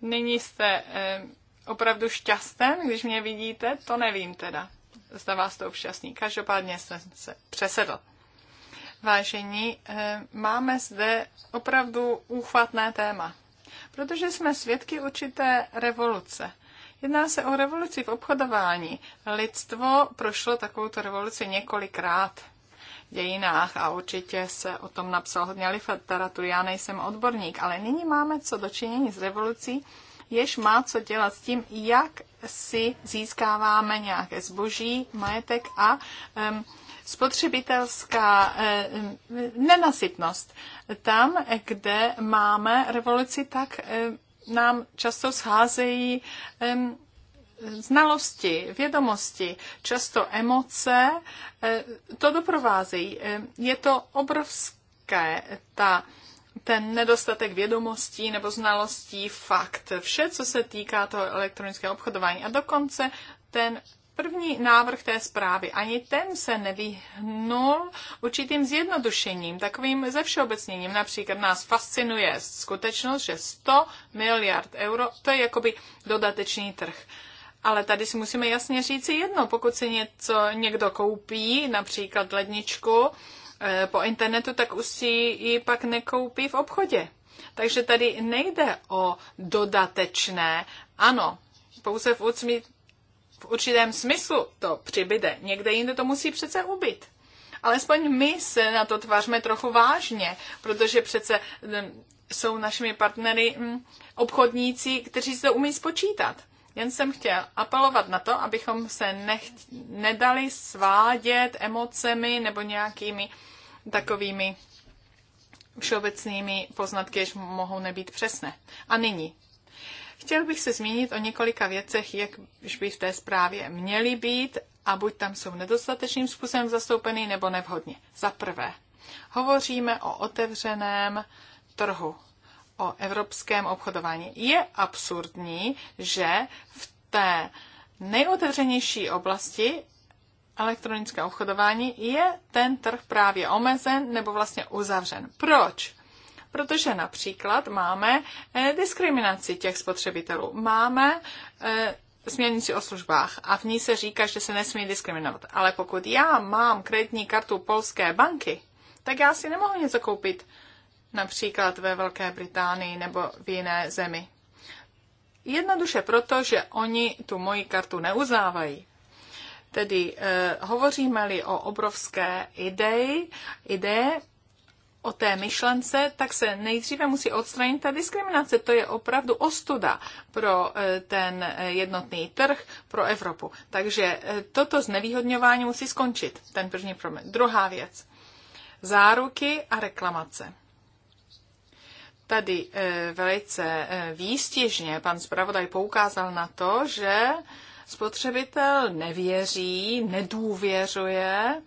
Nyní jste eh, opravdu šťastný, když mě vidíte, to nevím teda. Zda vás to obšťastní. Každopádně jsem se přesedl vážení, eh, máme zde opravdu úchvatné téma, protože jsme svědky určité revoluce. Jedná se o revoluci v obchodování. Lidstvo prošlo takovouto revoluci několikrát dějinách a určitě se o tom napsal hodně literatury. Já nejsem odborník, ale nyní máme co dočinění s revolucí, jež má co dělat s tím, jak si získáváme nějaké zboží, majetek a um, Spotřebitelská eh, eh, nenasytnost. Tam, kde máme revoluci, tak eh, nám často scházejí znalosti, vědomosti, často emoce, to doprovázejí. Je to obrovské, ta, ten nedostatek vědomostí nebo znalostí, fakt, vše, co se týká toho elektronického obchodování. A dokonce ten První návrh té zprávy, ani ten se nevyhnul určitým zjednodušením, takovým zevšeobecněním. Například nás fascinuje skutečnost, že 100 miliard euro, to je jakoby dodatečný trh. Ale tady si musíme jasně říct jedno, pokud si něco někdo koupí, například ledničku eh, po internetu, tak už si ji pak nekoupí v obchodě. Takže tady nejde o dodatečné, ano, pouze v v určitém smyslu to přibyde, někde jinde to musí přece Ale Alespoň my se na to tvářme trochu vážně, protože přece hm, jsou našimi partnery hm, obchodníci, kteří se to umí spočítat. Jen jsem chtěl apelovat na to, abychom se necht nedali svádět emocemi nebo nějakými takovými všeobecnými poznatky, jež mohou nebýt přesné. A nyní Chtěl bych se zmínit o několika věcech, jak by v té zprávě měly být a buď tam jsou nedostatečným způsobem zastoupeny nebo nevhodně. Za prvé, hovoříme o otevřeném trhu, o evropském obchodování. Je absurdní, že v té nejotevřenější oblasti elektronické obchodování je ten trh právě omezen nebo vlastně uzavřen. Proč? protože například máme eh, diskriminaci těch spotřebitelů. Máme eh, směrnici o službách a v ní se říká, že se nesmí diskriminovat. Ale pokud já mám kreditní kartu polské banky, tak já si nemohu něco koupit například ve Velké Británii nebo v jiné zemi. Jednoduše proto, že oni tu moji kartu neuznávají. Tedy eh, hovoříme-li o obrovské ideji, ideje, o té myšlence, tak se nejdříve musí odstranit ta diskriminace. To je opravdu ostuda pro eh, ten eh, jednotný trh, pro Evropu. Takže eh, toto znevýhodňování musí skončit, ten první problém. Druhá věc. Záruky a reklamace. Tady velice výstěžně pan zpravodaj poukázal na to, že spotřebitel nevěří, nedůvěřuje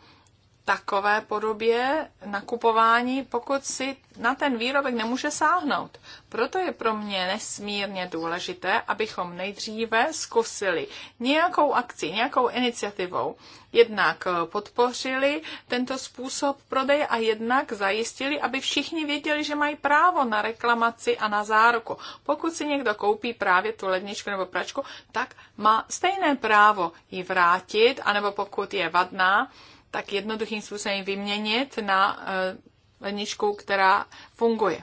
takové podobě nakupování, pokud si na ten výrobek nemůže sáhnout. Proto je pro mě nesmírně důležité, abychom nejdříve zkusili nějakou akci, nějakou iniciativou. Jednak eh, podpořili tento způsob prodeje a jednak zajistili, aby všichni věděli, že mají právo na reklamaci a na záruku. Pokud si někdo koupí právě tu ledničku nebo pračku, tak má stejné právo ji vrátit, anebo pokud je vadná, tak jednoduchým způsobem vyměnit na eh, ledničku, která funguje.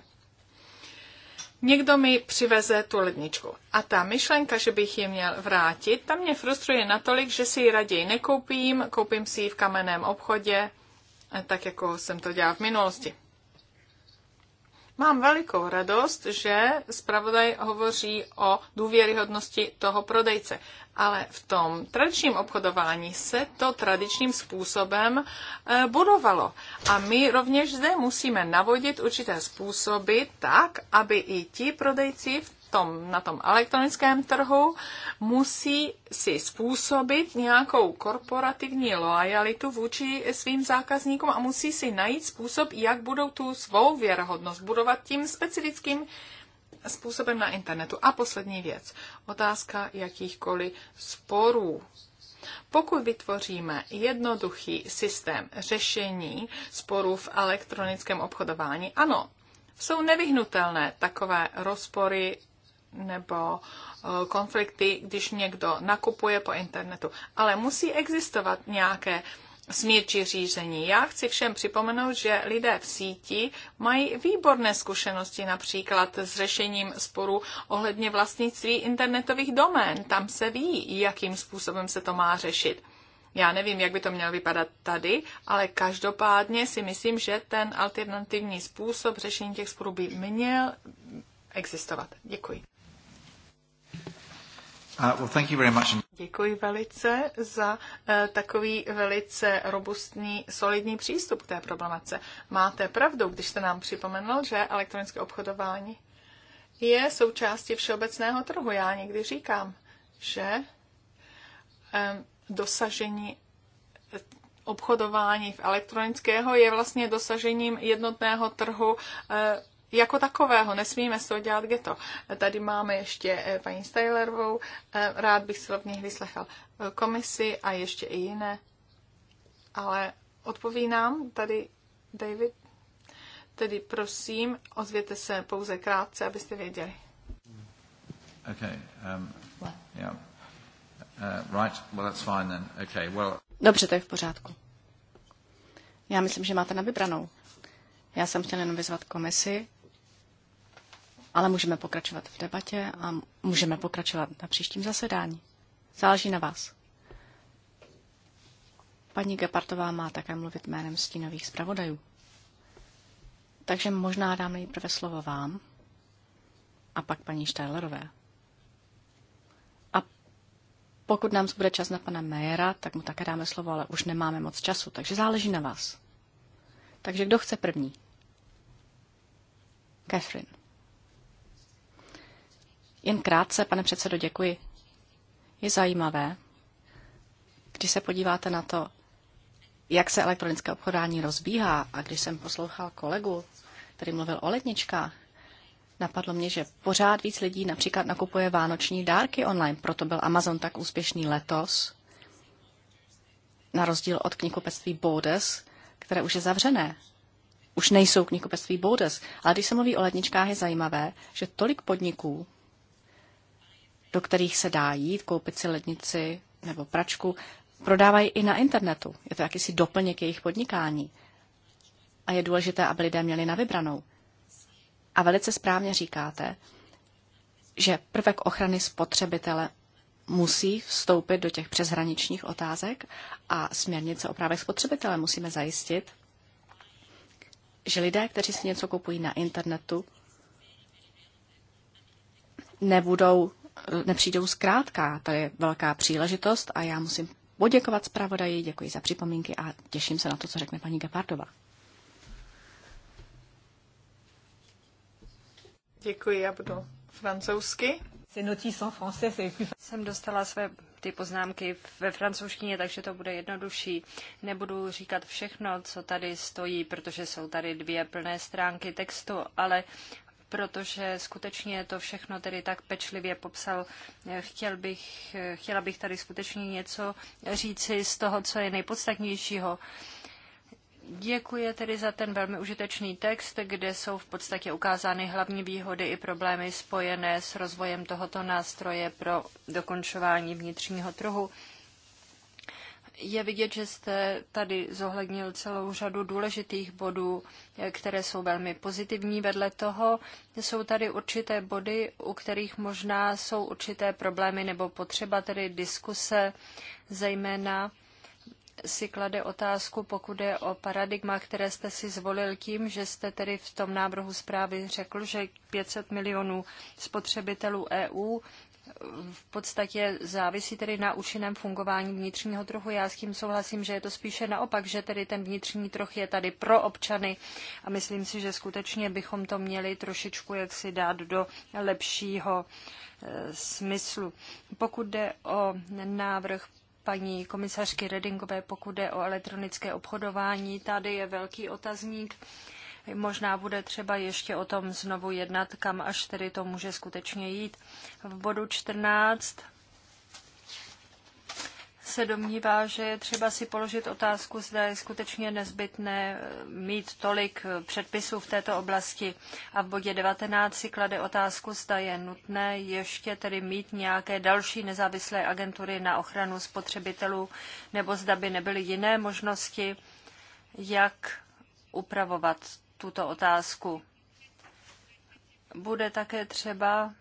Někdo mi přiveze tu ledničku. A ta myšlenka, že bych ji měl vrátit, ta mě frustruje natolik, že si ji raději nekoupím, koupím si ji v kamenném obchodě, eh, tak jako jsem to dělal v minulosti. Mám velikou radost, že zpravodaj hovoří o důvěryhodnosti toho prodejce. Ale v tom tradičním obchodování se to tradičním způsobem eh, budovalo. A my rovněž zde musíme navodit určité způsoby tak, aby i ti prodejci v tom, na tom elektronickém trhu musí si způsobit nějakou korporativní loajalitu vůči svým zákazníkům a musí si najít způsob, jak budou tu svou věrohodnost budovat tím specifickým způsobem na internetu. A poslední věc, otázka jakýchkoliv sporů. Pokud vytvoříme jednoduchý systém řešení sporů v elektronickém obchodování, ano, jsou nevyhnutelné takové rozpory nebo eh, konflikty, když někdo nakupuje po internetu. Ale musí existovat nějaké smírčí řízení. Já chci všem připomenout, že lidé v síti mají výborné zkušenosti například s řešením sporu ohledně vlastnictví internetových domén. Tam se ví, jakým způsobem se to má řešit. Já nevím, jak by to mělo vypadat tady, ale každopádně si myslím, že ten alternativní způsob řešení těch sporů by měl existovat. Děkuji. Uh, Děkuji velice za eh, takový velice robustní, solidní přístup k té problematice. Máte pravdu, když jste nám připomenul, že elektronické obchodování je součástí všeobecného trhu. Já někdy říkám, že ehm, dosažení eh, obchodování v elektronického je vlastně dosažením jednotného trhu eh, jako takového. Nesmíme z toho dělat geto. Tady máme ještě eh, paní Stylerovou. Eh, rád bych si od nich vyslechal eh, komisi a ještě i jiné. Ale odpoví nám tady David. Tedy prosím, ozvěte se pouze krátce, abyste věděli. Okay, um, yeah. uh, right, well that's fine then. Okay, well... Dobře, to je v pořádku. Já myslím, že máte na vybranou. Já jsem chtěl jenom vyzvat komisi, ale můžeme pokračovat v debatě a můžeme pokračovat na příštím zasedání. Záleží na vás. Paní Gepartová má také mluvit jménem stínových zpravodajů. Takže možná dám nejprve slovo vám a pak paní Štajlerové. A pokud nám zbude čas na pana Mejera, tak mu také dáme slovo, ale už nemáme moc času, takže záleží na vás. Takže kdo chce první? Catherine. Jen krátce, pane předsedo, děkuji. Je zajímavé, když se podíváte na to, jak se elektronické obchodání rozbíhá, a když jsem poslouchal kolegu, který mluvil o ledničkách, napadlo mě, že pořád víc lidí například nakupuje vánoční dárky online, proto byl Amazon tak úspěšný letos, na rozdíl od knihkupectví Baudes, které už je zavřené. Už nejsou knihkupectví Baudes, ale když se mluví o ledničkách, je zajímavé, že tolik podniků do kterých se dá jít, koupit si lednici nebo pračku, prodávají i na internetu. Je to jakýsi doplněk jejich podnikání. A je důležité, aby lidé měli na vybranou. A velice správně říkáte, že prvek ochrany spotřebitele musí vstoupit do těch přeshraničních otázek a směrnice o právech spotřebitele musíme zajistit, že lidé, kteří si něco kupují na internetu, nebudou nepřijdou zkrátka. To je velká příležitost a já musím poděkovat zpravodaji, děkuji za připomínky a těším se na to, co řekne paní Gepardová. Děkuji, já budu francouzsky. Jsem dostala své ty poznámky ve francouzštině, takže to bude jednodušší. Nebudu říkat všechno, co tady stojí, protože jsou tady dvě plné stránky textu, ale protože skutečně to všechno tedy tak pečlivě popsal. Chtěl bych, chtěla bych tady skutečně něco říci z toho, co je nejpodstatnějšího. Děkuji tedy za ten velmi užitečný text, kde jsou v podstatě ukázány hlavní výhody i problémy spojené s rozvojem tohoto nástroje pro dokončování vnitřního trhu. Je vidět, že jste tady zohlednil celou řadu důležitých bodů, které jsou velmi pozitivní. Vedle toho jsou tady určité body, u kterých možná jsou určité problémy nebo potřeba tedy diskuse, zejména si klade otázku, pokud je o paradigma, které jste si zvolil tím, že jste tedy v tom návrhu zprávy řekl, že 500 milionů spotřebitelů EU v podstatě závisí tedy na účinném fungování vnitřního trhu. Já s tím souhlasím, že je to spíše naopak, že tedy ten vnitřní trh je tady pro občany a myslím si, že skutečně bychom to měli trošičku jaksi dát do lepšího e, smyslu. Pokud jde o návrh paní komisařky Redingové, pokud jde o elektronické obchodování, tady je velký otazník Možná bude třeba ještě o tom znovu jednat, kam až tedy to může skutečně jít. V bodu 14 se domnívá, že je třeba si položit otázku, zda je skutečně nezbytné eh, mít tolik eh, předpisů v této oblasti. A v bodě 19 si klade otázku, zda je nutné ještě tedy mít nějaké další nezávislé agentury na ochranu spotřebitelů, nebo zda by nebyly jiné možnosti, jak upravovat tuto otázku. Bude také třeba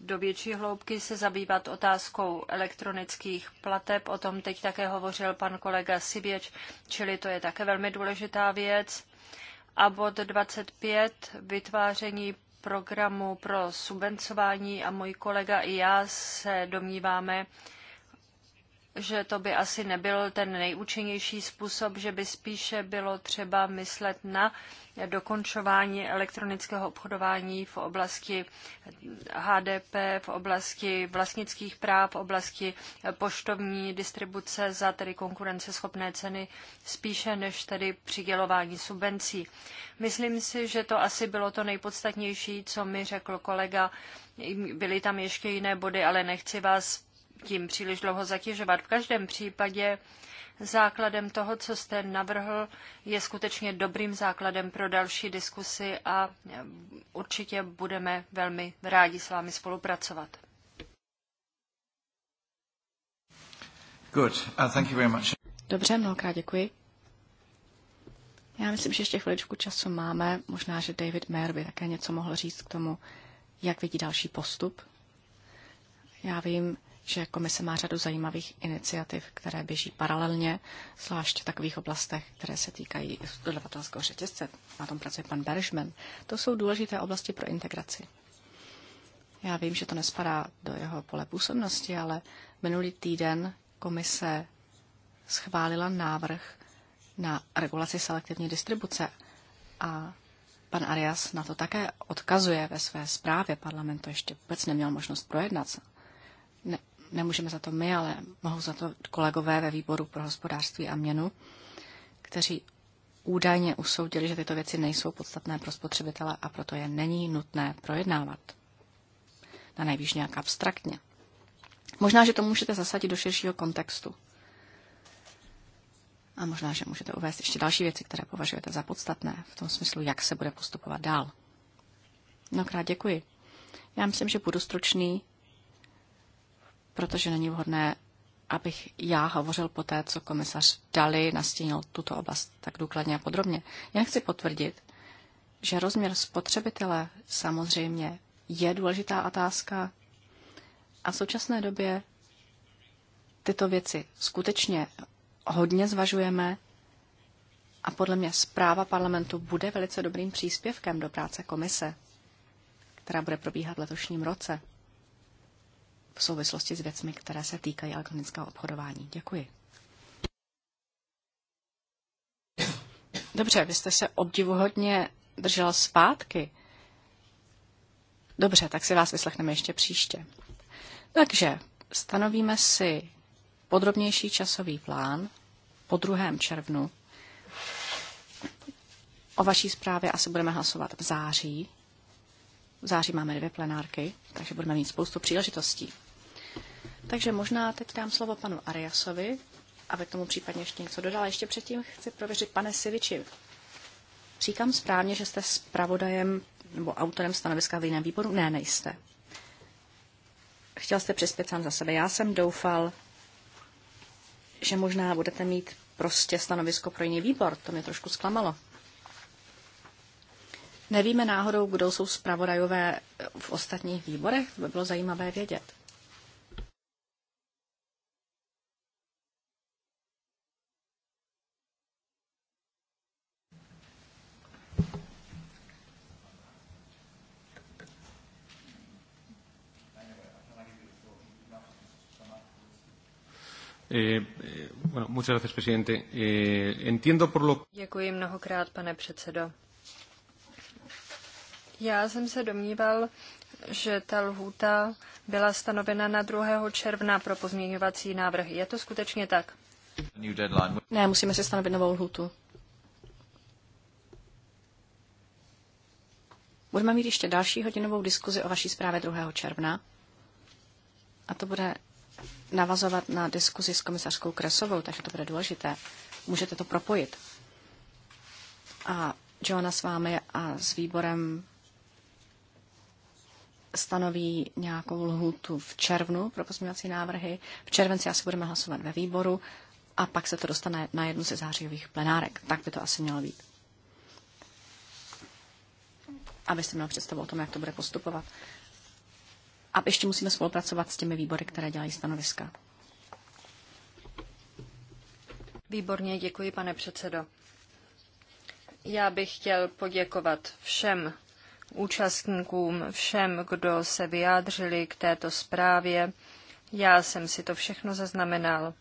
do větší hloubky se zabývat otázkou elektronických plateb. O tom teď také hovořil pan kolega Siběč, čili to je také velmi důležitá věc. A bod 25, vytváření programu pro subvencování a můj kolega i já se domníváme, že to by asi nebyl ten nejúčinnější způsob, že by spíše bylo třeba myslet na dokončování elektronického obchodování v oblasti HDP, v oblasti vlastnických práv, v oblasti poštovní distribuce za tedy konkurenceschopné ceny, spíše než tedy přidělování subvencí. Myslím si, že to asi bylo to nejpodstatnější, co mi řekl kolega. Byly tam ještě jiné body, ale nechci vás tím příliš dlouho zatěžovat. V každém případě základem toho, co jste navrhl, je skutečně dobrým základem pro další diskusy a určitě budeme velmi rádi s vámi spolupracovat. Good. Uh, thank you very much. Dobře, mnohokrát děkuji. Já myslím, že ještě chviličku času máme. Možná, že David Mayer by také něco mohl říct k tomu, jak vidí další postup. Já vím, že komise má řadu zajímavých iniciativ, které běží paralelně, zvlášť v takových oblastech, které se týkají dodavatelského řetězce. Na tom pracuje pan Beržman. To jsou důležité oblasti pro integraci. Já vím, že to nespadá do jeho pole působnosti, ale minulý týden komise schválila návrh na regulaci selektivní distribuce a pan Arias na to také odkazuje ve své zprávě. Parlament to ještě vůbec neměl možnost projednat nemůžeme za to my, ale mohou za to kolegové ve výboru pro hospodářství a měnu, kteří údajně usoudili, že tyto věci nejsou podstatné pro spotřebitele a proto je není nutné projednávat. Na nejvíc nějak abstraktně. Možná, že to můžete zasadit do širšího kontextu. A možná, že můžete uvést ještě další věci, které považujete za podstatné, v tom smyslu, jak se bude postupovat dál. Mnohokrát děkuji. Já myslím, že budu stručný, protože není vhodné, abych já hovořil po té, co komisař Dali nastínil tuto oblast tak důkladně a podrobně. Jen chci potvrdit, že rozměr spotřebitele samozřejmě je důležitá otázka a v současné době tyto věci skutečně hodně zvažujeme a podle mě zpráva parlamentu bude velice dobrým příspěvkem do práce komise, která bude probíhat v letošním roce v souvislosti s věcmi, které se týkají elektronického obchodování. Děkuji. Dobře, vy jste se obdivuhodně držel zpátky. Dobře, tak si vás vyslechneme ještě příště. Takže stanovíme si podrobnější časový plán po 2. červnu. O vaší zprávě asi budeme hlasovat v září. V září máme dvě plenárky, takže budeme mít spoustu příležitostí. Takže možná teď dám slovo panu Ariasovi, aby k tomu případně ještě něco dodal. Ještě předtím chci prověřit, pane Siviči, říkám správně, že jste zpravodajem nebo autorem stanoviska v jiném výboru? Ne, nejste. Chtěl jste přispět sám za sebe. Já jsem doufal, že možná budete mít prostě stanovisko pro jiný výbor. To mě trošku zklamalo. Nevíme náhodou, kdo jsou zpravodajové v ostatních výborech? To by bylo zajímavé vědět. Eh, eh, bueno, muchas gracias, presidente. Eh, entiendo por lo... Děkuji mnohokrát, pane předsedo. Já jsem se domníval, že ta lhůta byla stanovena na 2. června pro pozměňovací návrhy. Je to skutečně tak? Ne, musíme si stanovit novou lhůtu. Budeme mít ještě další hodinovou diskuzi o vaší zprávě 2. června. A to bude navazovat na diskuzi s komisařkou Kresovou, takže to bude důležité. Můžete to propojit. A Johna s vámi a s výborem stanoví nějakou lhůtu v červnu pro pozměňovací návrhy. V červenci asi budeme hlasovat ve výboru a pak se to dostane na jednu ze zářijových plenárek. Tak by to asi mělo být. Abyste měl představu o tom, jak to bude postupovat. A ještě musíme spolupracovat s těmi výbory, které dělají stanoviska. Výborně, děkuji, pane předsedo. Já bych chtěl poděkovat všem účastníkům, všem, kdo se vyjádřili k této zprávě. Já jsem si to všechno zaznamenal.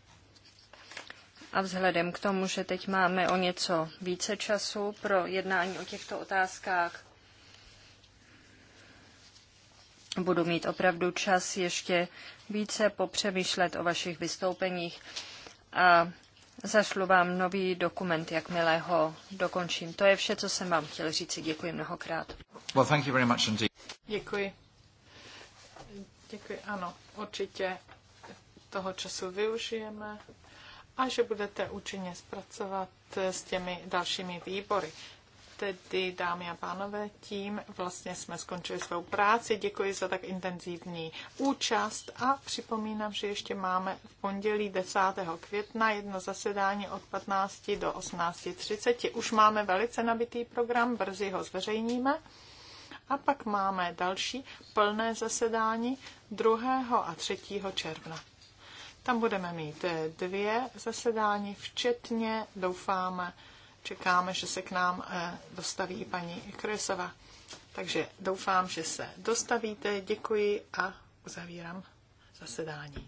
A vzhledem k tomu, že teď máme o něco více času pro jednání o těchto otázkách, budu mít opravdu čas ještě více popřemýšlet o vašich vystoupeních a zašlu vám nový dokument, jakmile ho dokončím. To je vše, co jsem vám chtěl říct. Děkuji mnohokrát. Well, thank you very much indeed. Děkuji. Děkuji, ano, určitě toho času využijeme a že budete účinně zpracovat s těmi dalšími výbory tedy, dámy a pánové, tím vlastně jsme skončili svou práci. Děkuji za tak intenzivní účast a připomínám, že ještě máme v pondělí 10. května jedno zasedání od 15 do 18.30. Už máme velice nabitý program, brzy ho zveřejníme. A pak máme další plné zasedání 2. a 3. června. Tam budeme mít dvě zasedání, včetně, doufáme, čekáme, že se k nám eh, dostaví paní Kresova. Takže doufám, že se dostavíte. Děkuji a uzavírám zasedání.